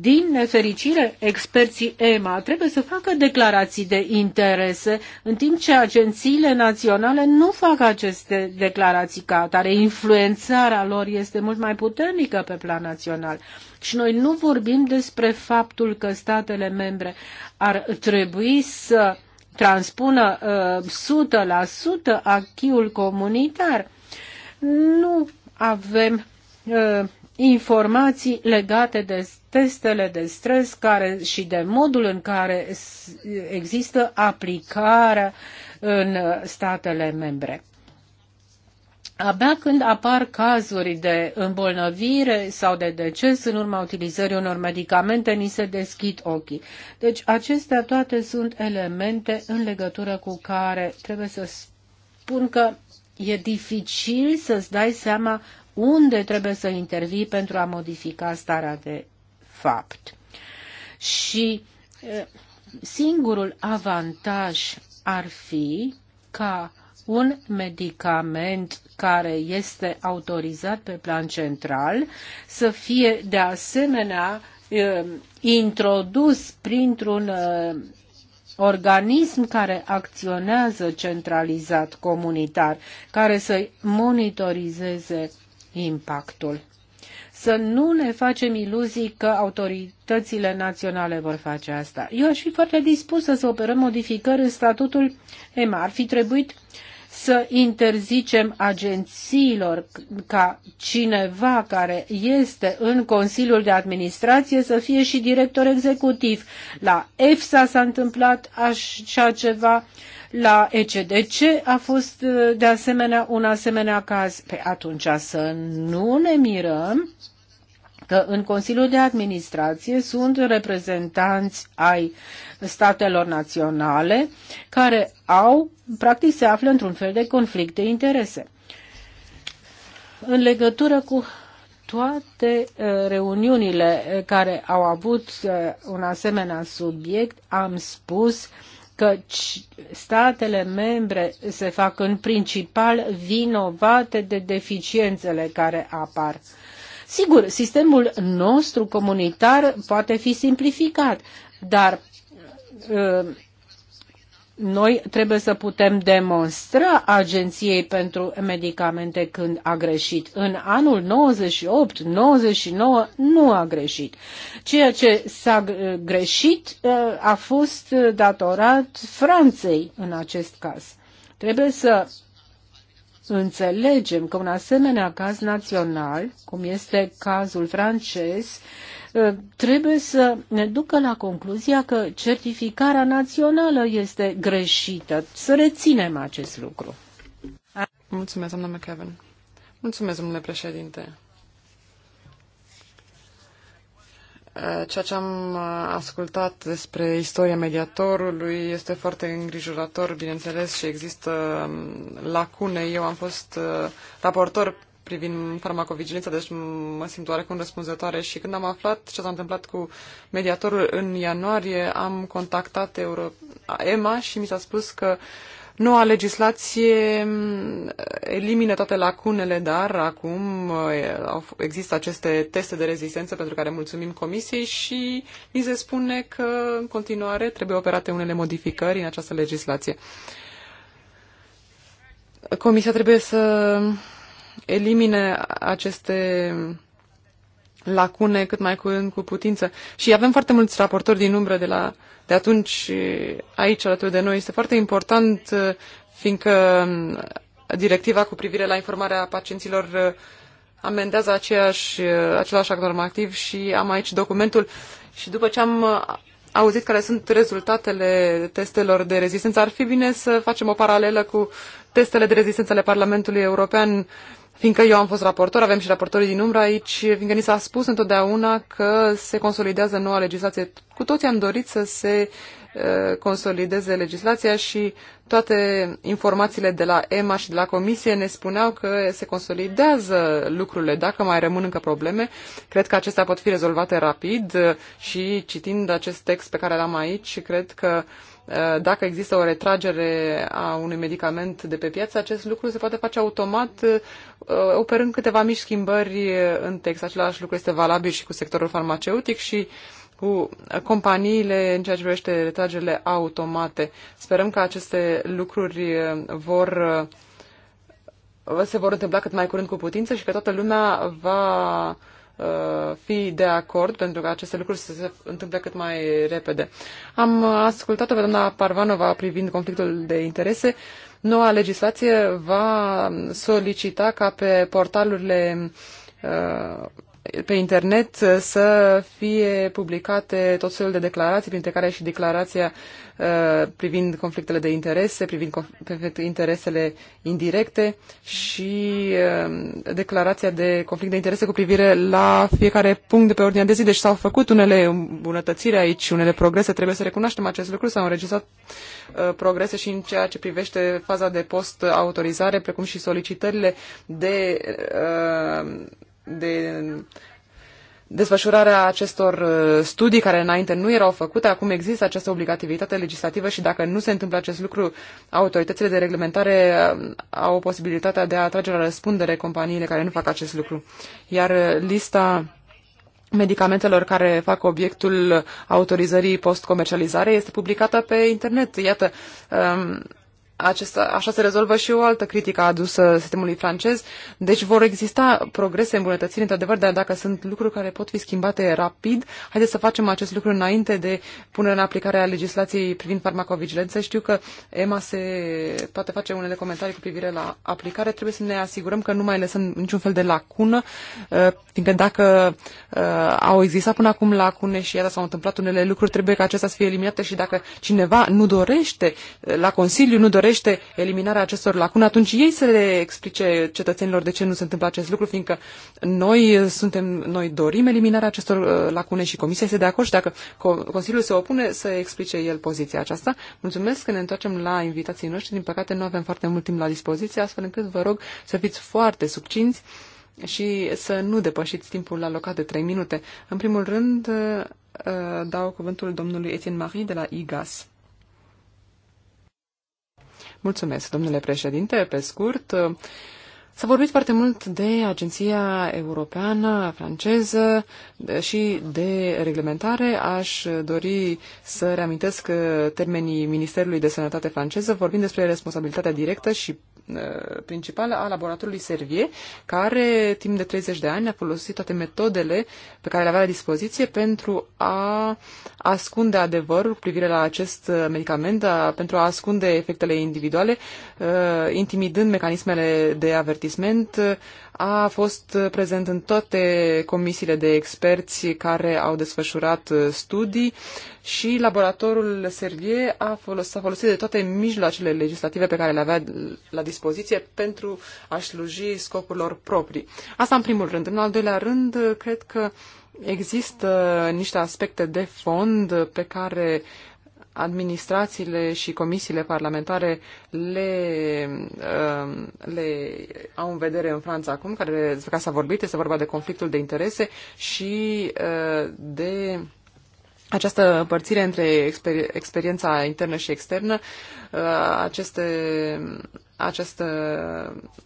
Din nefericire, experții EMA trebuie să facă declarații de interese, în timp ce agențiile naționale nu fac aceste declarații ca atare. Influențarea lor este mult mai puternică pe plan național. Și noi nu vorbim despre faptul că statele membre ar trebui să transpună uh, 100% acquis comunitar nu avem uh, informații legate de testele de stres care, și de modul în care există aplicarea în uh, statele membre. Abia când apar cazuri de îmbolnăvire sau de deces în urma utilizării unor medicamente, ni se deschid ochii. Deci acestea toate sunt elemente în legătură cu care trebuie să spun că e dificil să-ți dai seama unde trebuie să intervii pentru a modifica starea de fapt. Și singurul avantaj ar fi ca un medicament care este autorizat pe plan central să fie de asemenea introdus printr-un organism care acționează centralizat comunitar, care să monitorizeze impactul. Să nu ne facem iluzii că autoritățile naționale vor face asta. Eu aș fi foarte dispusă să operăm modificări în statutul EMA. Ar fi trebuit uh, să interzicem agențiilor ca cineva care este în Consiliul de Administrație să fie și director executiv. La EFSA s-a întâmplat așa ceva, la ECDC a fost de asemenea un asemenea caz. Pe atunci să nu ne mirăm că în Consiliul de Administrație sunt reprezentanți ai statelor naționale care au, practic, se află într-un fel de conflict de interese. În legătură cu toate uh, reuniunile uh, care au avut uh, un asemenea subiect, am spus că statele membre se fac în principal vinovate de deficiențele care apar. Sigur, sistemul nostru comunitar poate fi simplificat, dar uh, noi trebuie să putem demonstra Agenției pentru Medicamente când a greșit. În anul 98-99 nu a greșit. Ceea ce s-a greșit uh, a fost datorat Franței în acest caz. Trebuie să înțelegem că un asemenea caz național, cum este cazul francez, ă, trebuie să ne ducă la concluzia că certificarea națională este greșită. Să reținem acest lucru. Mulțumesc, doamna McKevin. Mulțumesc, domnule președinte. Eh, ceea ce am eh, ascultat despre istoria mediatorului este foarte îngrijorător, bineînțeles, și există mm, lacune. Eu am fost eh, raportor privind farmacovigilența, deci mă simt oarecum răspunzătoare și când am aflat ce s-a întâmplat cu mediatorul în ianuarie, am contactat Euro- EMA și mi s-a spus că Noua legislație mm, elimină toate lacunele, dar acum există aceste teste de rezistență pentru care mulțumim Comisiei și ni se spune că în continuare trebuie operate unele modificări în această legislație. Comisia trebuie să elimine aceste lacune cât mai curând cu putință. Și avem foarte mulți raportori din umbră de, la, de atunci aici alături de noi. Este foarte important, uh, fiindcă um, directiva cu privire la informarea pacienților uh, amendează aceeași, uh, același act normativ și am aici documentul. Și după ce am auzit care sunt rezultatele testelor de rezistență, ar fi bine să facem o paralelă cu testele de rezistență ale Parlamentului European Fiindcă eu am fost raportor, avem și raportorii din umbră aici, fiindcă ni s-a spus întotdeauna că se consolidează noua legislație. Cu toții am dorit să se consolideze legislația și toate informațiile de la EMA și de la Comisie ne spuneau că se consolidează lucrurile. Dacă mai rămân încă probleme, cred că acestea pot fi rezolvate rapid și citind acest text pe care l-am aici, cred că uh, Eh, dacă există o retragere a unui medicament de pe piață, acest lucru se poate face automat eh, operând câteva mici schimbări în text. Același lucru este valabil și cu sectorul farmaceutic și cu companiile în ceea ce privește retragerile automate. Sperăm că aceste lucruri eh, vor se vor întâmpla cât mai curând cu putință și că toată lumea va Uh, fi de acord pentru că aceste lucruri să se întâmple cât mai repede. Am ascultat-o pe doamna Parvanova privind conflictul de interese. Noua legislație va solicita ca pe portalurile uh, pe internet să fie publicate tot felul de declarații, printre care și declarația uh, privind conflictele de interese, privind interesele indirecte și uh, declarația de conflict de interese cu privire la fiecare punct de pe ordinea de zi. Deci s-au făcut unele îmbunătățiri aici, unele progrese, trebuie să recunoaștem acest lucru, s-au înregistrat uh, progrese și în ceea ce privește faza de post-autorizare, precum și solicitările de uh, de desfășurarea acestor uh, studii care înainte nu erau făcute, acum există această obligativitate legislativă și dacă nu se întâmplă acest lucru, autoritățile de reglementare uh, au posibilitatea de a atrage la răspundere companiile care nu fac acest lucru. Iar uh, lista medicamentelor care fac obiectul autorizării post-comercializare este publicată pe internet. Iată, um, acesta, așa se rezolvă și o altă critică adusă sistemului francez. Deci vor exista progrese, îmbunătățiri, într-adevăr, dar dacă sunt lucruri care pot fi schimbate rapid, haideți să facem acest lucru înainte de punerea în aplicare a legislației privind farmacovigilență. Știu că EMA se poate face unele comentarii cu privire la aplicare. Trebuie să ne asigurăm că nu mai lăsăm niciun fel de lacună, uh, fiindcă dacă uh, au existat până acum lacune și iată s-au întâmplat unele lucruri, trebuie ca acestea să fie eliminate și dacă cineva nu dorește, uh, la Consiliu nu dorește dorește eliminarea acestor lacune, atunci ei să le explice cetățenilor de ce nu se întâmplă acest lucru, fiindcă noi suntem, noi dorim eliminarea acestor uh, lacune și Comisia este de acord și dacă Consiliul se opune să explice el poziția aceasta. Mulțumesc că ne întoarcem la invitații noștri. Din păcate nu avem foarte mult timp la dispoziție, astfel încât vă rog să fiți foarte subcinți și să nu depășiți timpul alocat de 3 minute. În primul rând, uh, dau cuvântul domnului Etienne Marie de la IGAS. Mulțumesc, domnule președinte. Pe scurt, s-a vorbit foarte mult de Agenția Europeană franceză și de reglementare. Aș dori să reamintesc termenii Ministerului de Sănătate franceză, vorbind despre responsabilitatea directă și Eh, principală a laboratorului Servier, care timp de 30 de ani a folosit toate metodele pe care le avea la dispoziție pentru a ascunde adevărul cu privire la acest eh, medicament, pentru a ascunde efectele individuale, eh, intimidând mecanismele de avertisment, a fost prezent în toate comisiile de experți care au desfășurat uh, studii și laboratorul Servier a folos, a folosit de toate mijloacele legislative pe care le avea uh, la dispoziție pentru a-și sluji scopurilor proprii. Asta în primul rând. În al doilea rând, uh, cred că există niște aspecte de fond pe care uh, administrațiile și comisiile parlamentare le, um, le au în vedere în Franța acum, care, despre care s-a vorbit, este vorba de conflictul de interese și uh, de această împărțire între exper- experiența internă și externă, uh, aceste, aceste,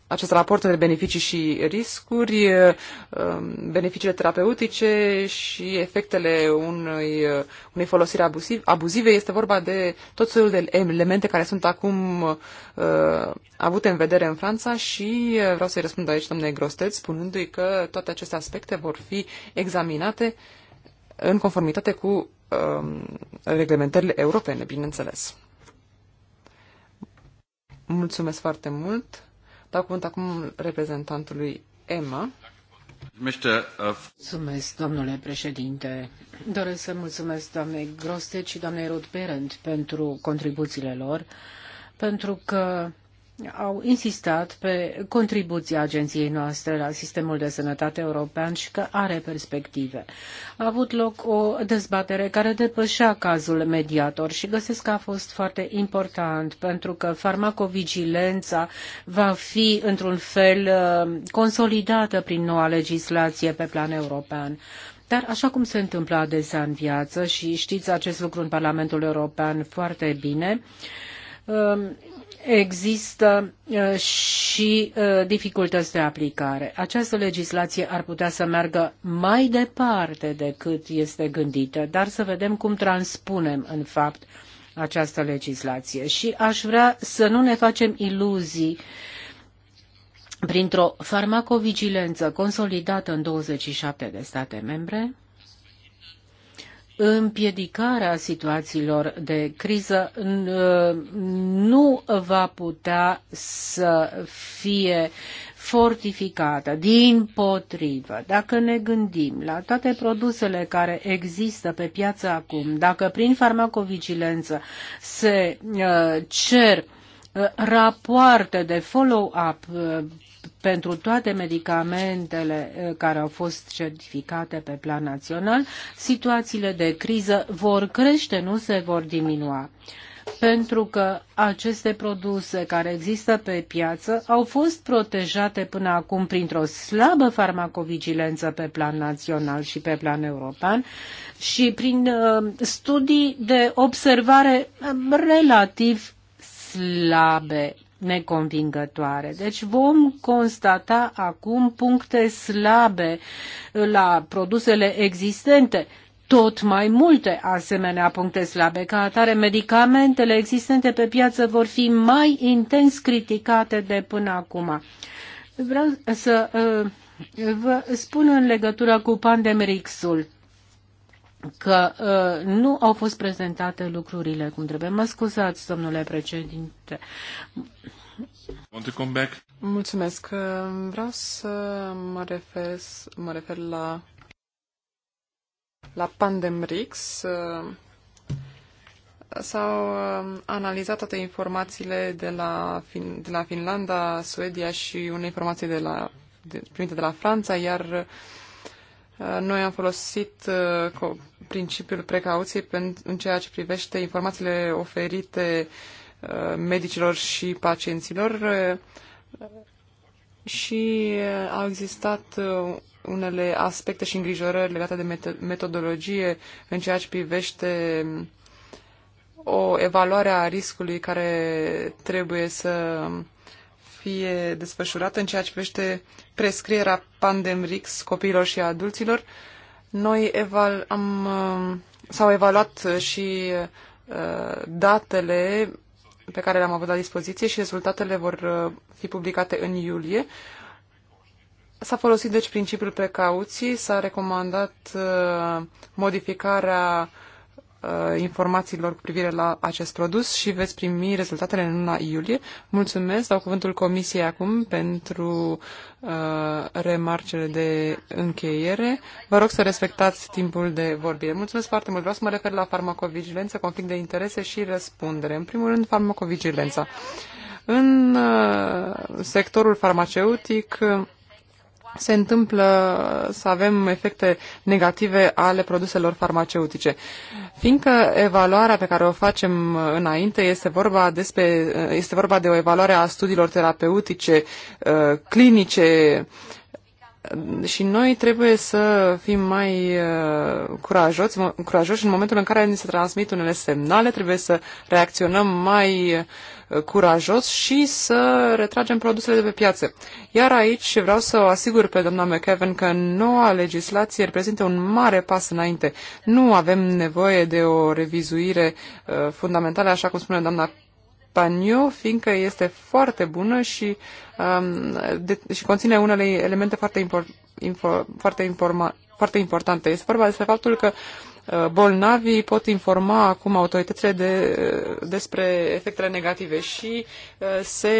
acest raport între beneficii și riscuri, uh, um, beneficiile terapeutice și efectele unei, uh, unei folosiri abusiv, abuzive, este vorba de tot felul de elemente care sunt acum uh, avute în vedere în Franța și vreau să-i răspund aici, domnule Grosteț, spunându-i că toate aceste aspecte vor fi examinate în conformitate cu Um, reglementările europene, bineînțeles. Mulțumesc foarte mult. Dau cuvânt acum reprezentantului Emma. Mulțumesc, domnule președinte. Doresc să mulțumesc doamnei Grostet și doamnei Ruth Berend pentru contribuțiile lor, pentru că au insistat pe contribuția agenției noastre la sistemul de sănătate european și că are perspective. A avut loc o dezbatere care depășea cazul mediator și găsesc că a fost foarte important pentru că farmacovigilența va fi într-un fel uh, consolidată prin noua legislație pe plan european. Dar așa cum se întâmplă adesea în viață și știți acest lucru în Parlamentul European foarte bine, uh, există și dificultăți de aplicare. Această legislație ar putea să meargă mai departe decât este gândită, dar să vedem cum transpunem în fapt această legislație. Și aș vrea să nu ne facem iluzii printr-o farmacovigilență consolidată în 27 de state membre, împiedicarea situațiilor de criză uh, nu va putea să fie fortificată. Din potrivă, dacă ne gândim la toate produsele care există pe piață acum, dacă prin farmacovigilență se uh, cer uh, rapoarte de follow-up pentru toate medicamentele eh, care au fost certificate pe plan național, situațiile de criză vor crește, nu se vor diminua pentru că aceste produse care există pe piață au fost protejate până acum printr-o slabă farmacovigilență pe plan național și pe plan european și prin uh, studii de observare relativ slabe neconvingătoare. Deci vom constata acum puncte slabe la produsele existente, tot mai multe asemenea puncte slabe. Ca atare, medicamentele existente pe piață vor fi mai intens criticate de până acum. Vreau să uh, vă spun în legătură cu pandemrixul că uh, nu au fost prezentate lucrurile cum trebuie. Mă scuzați, domnule președinte. Want to come back? Mulțumesc. Uh, vreau să mă refer, mă refer la, la Pandemrix. Uh, s-au uh, analizat toate informațiile de la, fin, de la Finlanda, Suedia și unei informații de la, de, primite de la Franța, iar noi am folosit principiul precauției în ceea ce privește informațiile oferite uh, medicilor și pacienților uh, și uh, au existat unele aspecte și îngrijorări legate de metodologie în ceea ce privește o evaluare a riscului care trebuie să fie desfășurată în ceea ce privește prescrierea Pandemrix copiilor și adulților noi eval, am, uh, s-au evaluat uh, și uh, datele pe care le-am avut la dispoziție și rezultatele vor uh, fi publicate în iulie. S-a folosit deci principiul precauții, s-a recomandat uh, modificarea uh, Uh, informațiilor cu privire la acest produs și veți primi rezultatele în luna iulie. Mulțumesc, dau cuvântul Comisiei acum pentru uh, remarcele de încheiere. Vă rog să respectați timpul de vorbire. Mulțumesc foarte mult. Vreau să mă refer la farmacovigilență, conflict de interese și răspundere. În primul rând, farmacovigilența. În uh, sectorul farmaceutic, uh, se întâmplă să avem efecte negative ale produselor farmaceutice. Fiindcă evaluarea pe care o facem înainte este vorba, despre, este vorba de o evaluare a studiilor terapeutice, uh, clinice, și noi trebuie să fim mai uh, curajoși, curajoși în momentul în care ni se transmit unele semnale, trebuie să reacționăm mai uh, curajos și să retragem produsele de pe piață. Iar aici vreau să o asigur pe doamna McEwen că noua legislație reprezintă un mare pas înainte. Nu avem nevoie de o revizuire uh, fundamentală, așa cum spune doamna Pagno, fiindcă este foarte bună și, um, de, și conține unele elemente foarte, impor, info, foarte, informa, foarte importante. Este vorba despre faptul că uh, bolnavii pot informa acum autoritățile de, uh, despre efectele negative și uh, se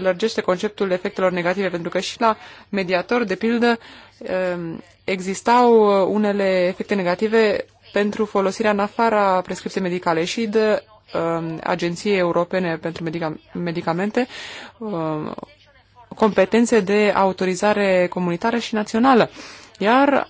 lărgește conceptul efectelor negative, pentru că și la mediator, de pildă, um, existau unele efecte negative pentru folosirea în afara prescripției medicale și de Um, Agenției Europene pentru Medicamente um, competențe de autorizare comunitară și națională. Iar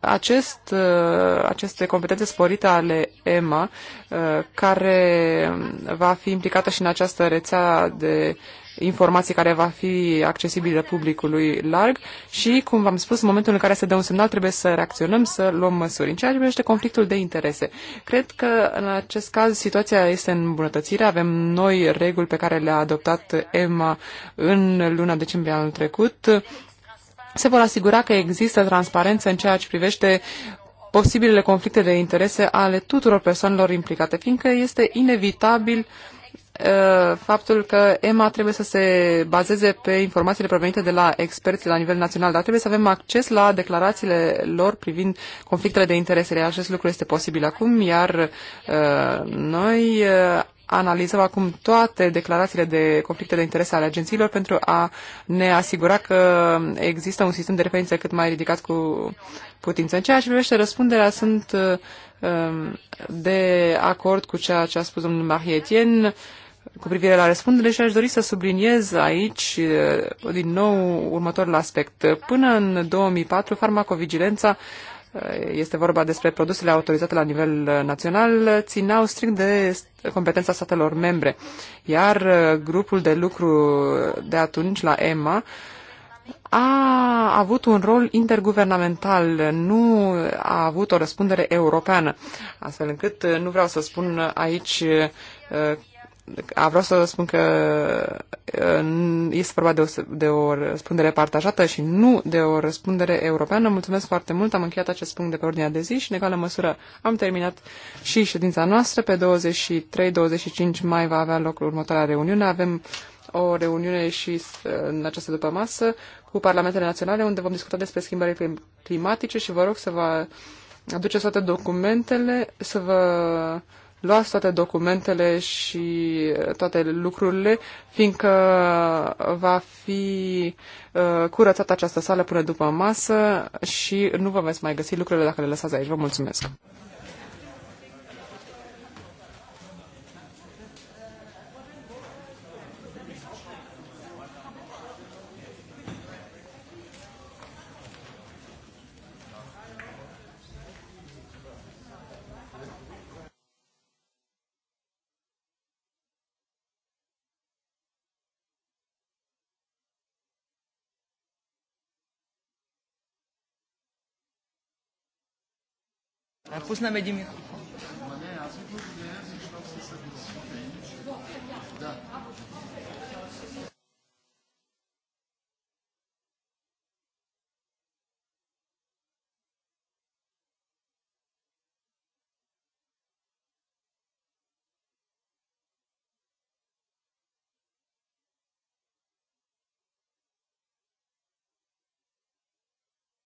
acest, uh, aceste competențe sporite ale EMA, uh, care va fi implicată și în această rețea de informație care va fi accesibilă publicului larg și, cum v-am spus, în momentul în care se dă un semnal trebuie să reacționăm, să luăm măsuri. În ceea ce privește conflictul de interese, cred că în acest caz situația este în îmbunătățire. Avem noi reguli pe care le-a adoptat EMA în luna decembrie anul trecut. Se vor asigura că există transparență în ceea ce privește posibilele conflicte de interese ale tuturor persoanelor implicate, fiindcă este inevitabil uh, Uh, faptul că EMA trebuie să se bazeze pe informațiile provenite de la experți la nivel național, dar trebuie să avem acces la declarațiile lor privind conflictele de interese. Acest lucru este posibil acum, iar uh, noi uh, analizăm acum toate declarațiile de conflicte de interese ale agențiilor pentru a ne asigura că există un sistem de referință cât mai ridicat cu putință. În ceea ce privește răspunderea, sunt um, de acord cu ceea ce a spus domnul Mahietien cu privire la răspundere și aș dori să subliniez aici eh, din nou următorul aspect. Până în 2004, farmacovigilența eh, este vorba despre produsele autorizate la nivel eh, național, țineau strict de competența statelor membre, iar grupul de lucru de atunci la EMA a avut un rol interguvernamental, nu a avut o răspundere europeană, astfel încât nu vreau să spun aici a vreau să spun că este vorba de o, de o răspundere partajată și nu de o răspundere europeană. Mulțumesc foarte mult, am încheiat acest punct de pe ordinea de zi și în egală măsură am terminat și ședința noastră. Pe 23-25 mai va avea loc următoarea reuniune. Avem o reuniune și în această după masă cu Parlamentele Naționale unde vom discuta despre schimbările climatice și vă rog să vă aduceți toate documentele, să vă luați toate documentele și uh, toate lucrurile, fiindcă va fi uh, curățată această sală până după masă și nu vă veți mai găsi lucrurile dacă le lăsați aici. Vă mulțumesc! Pus n-am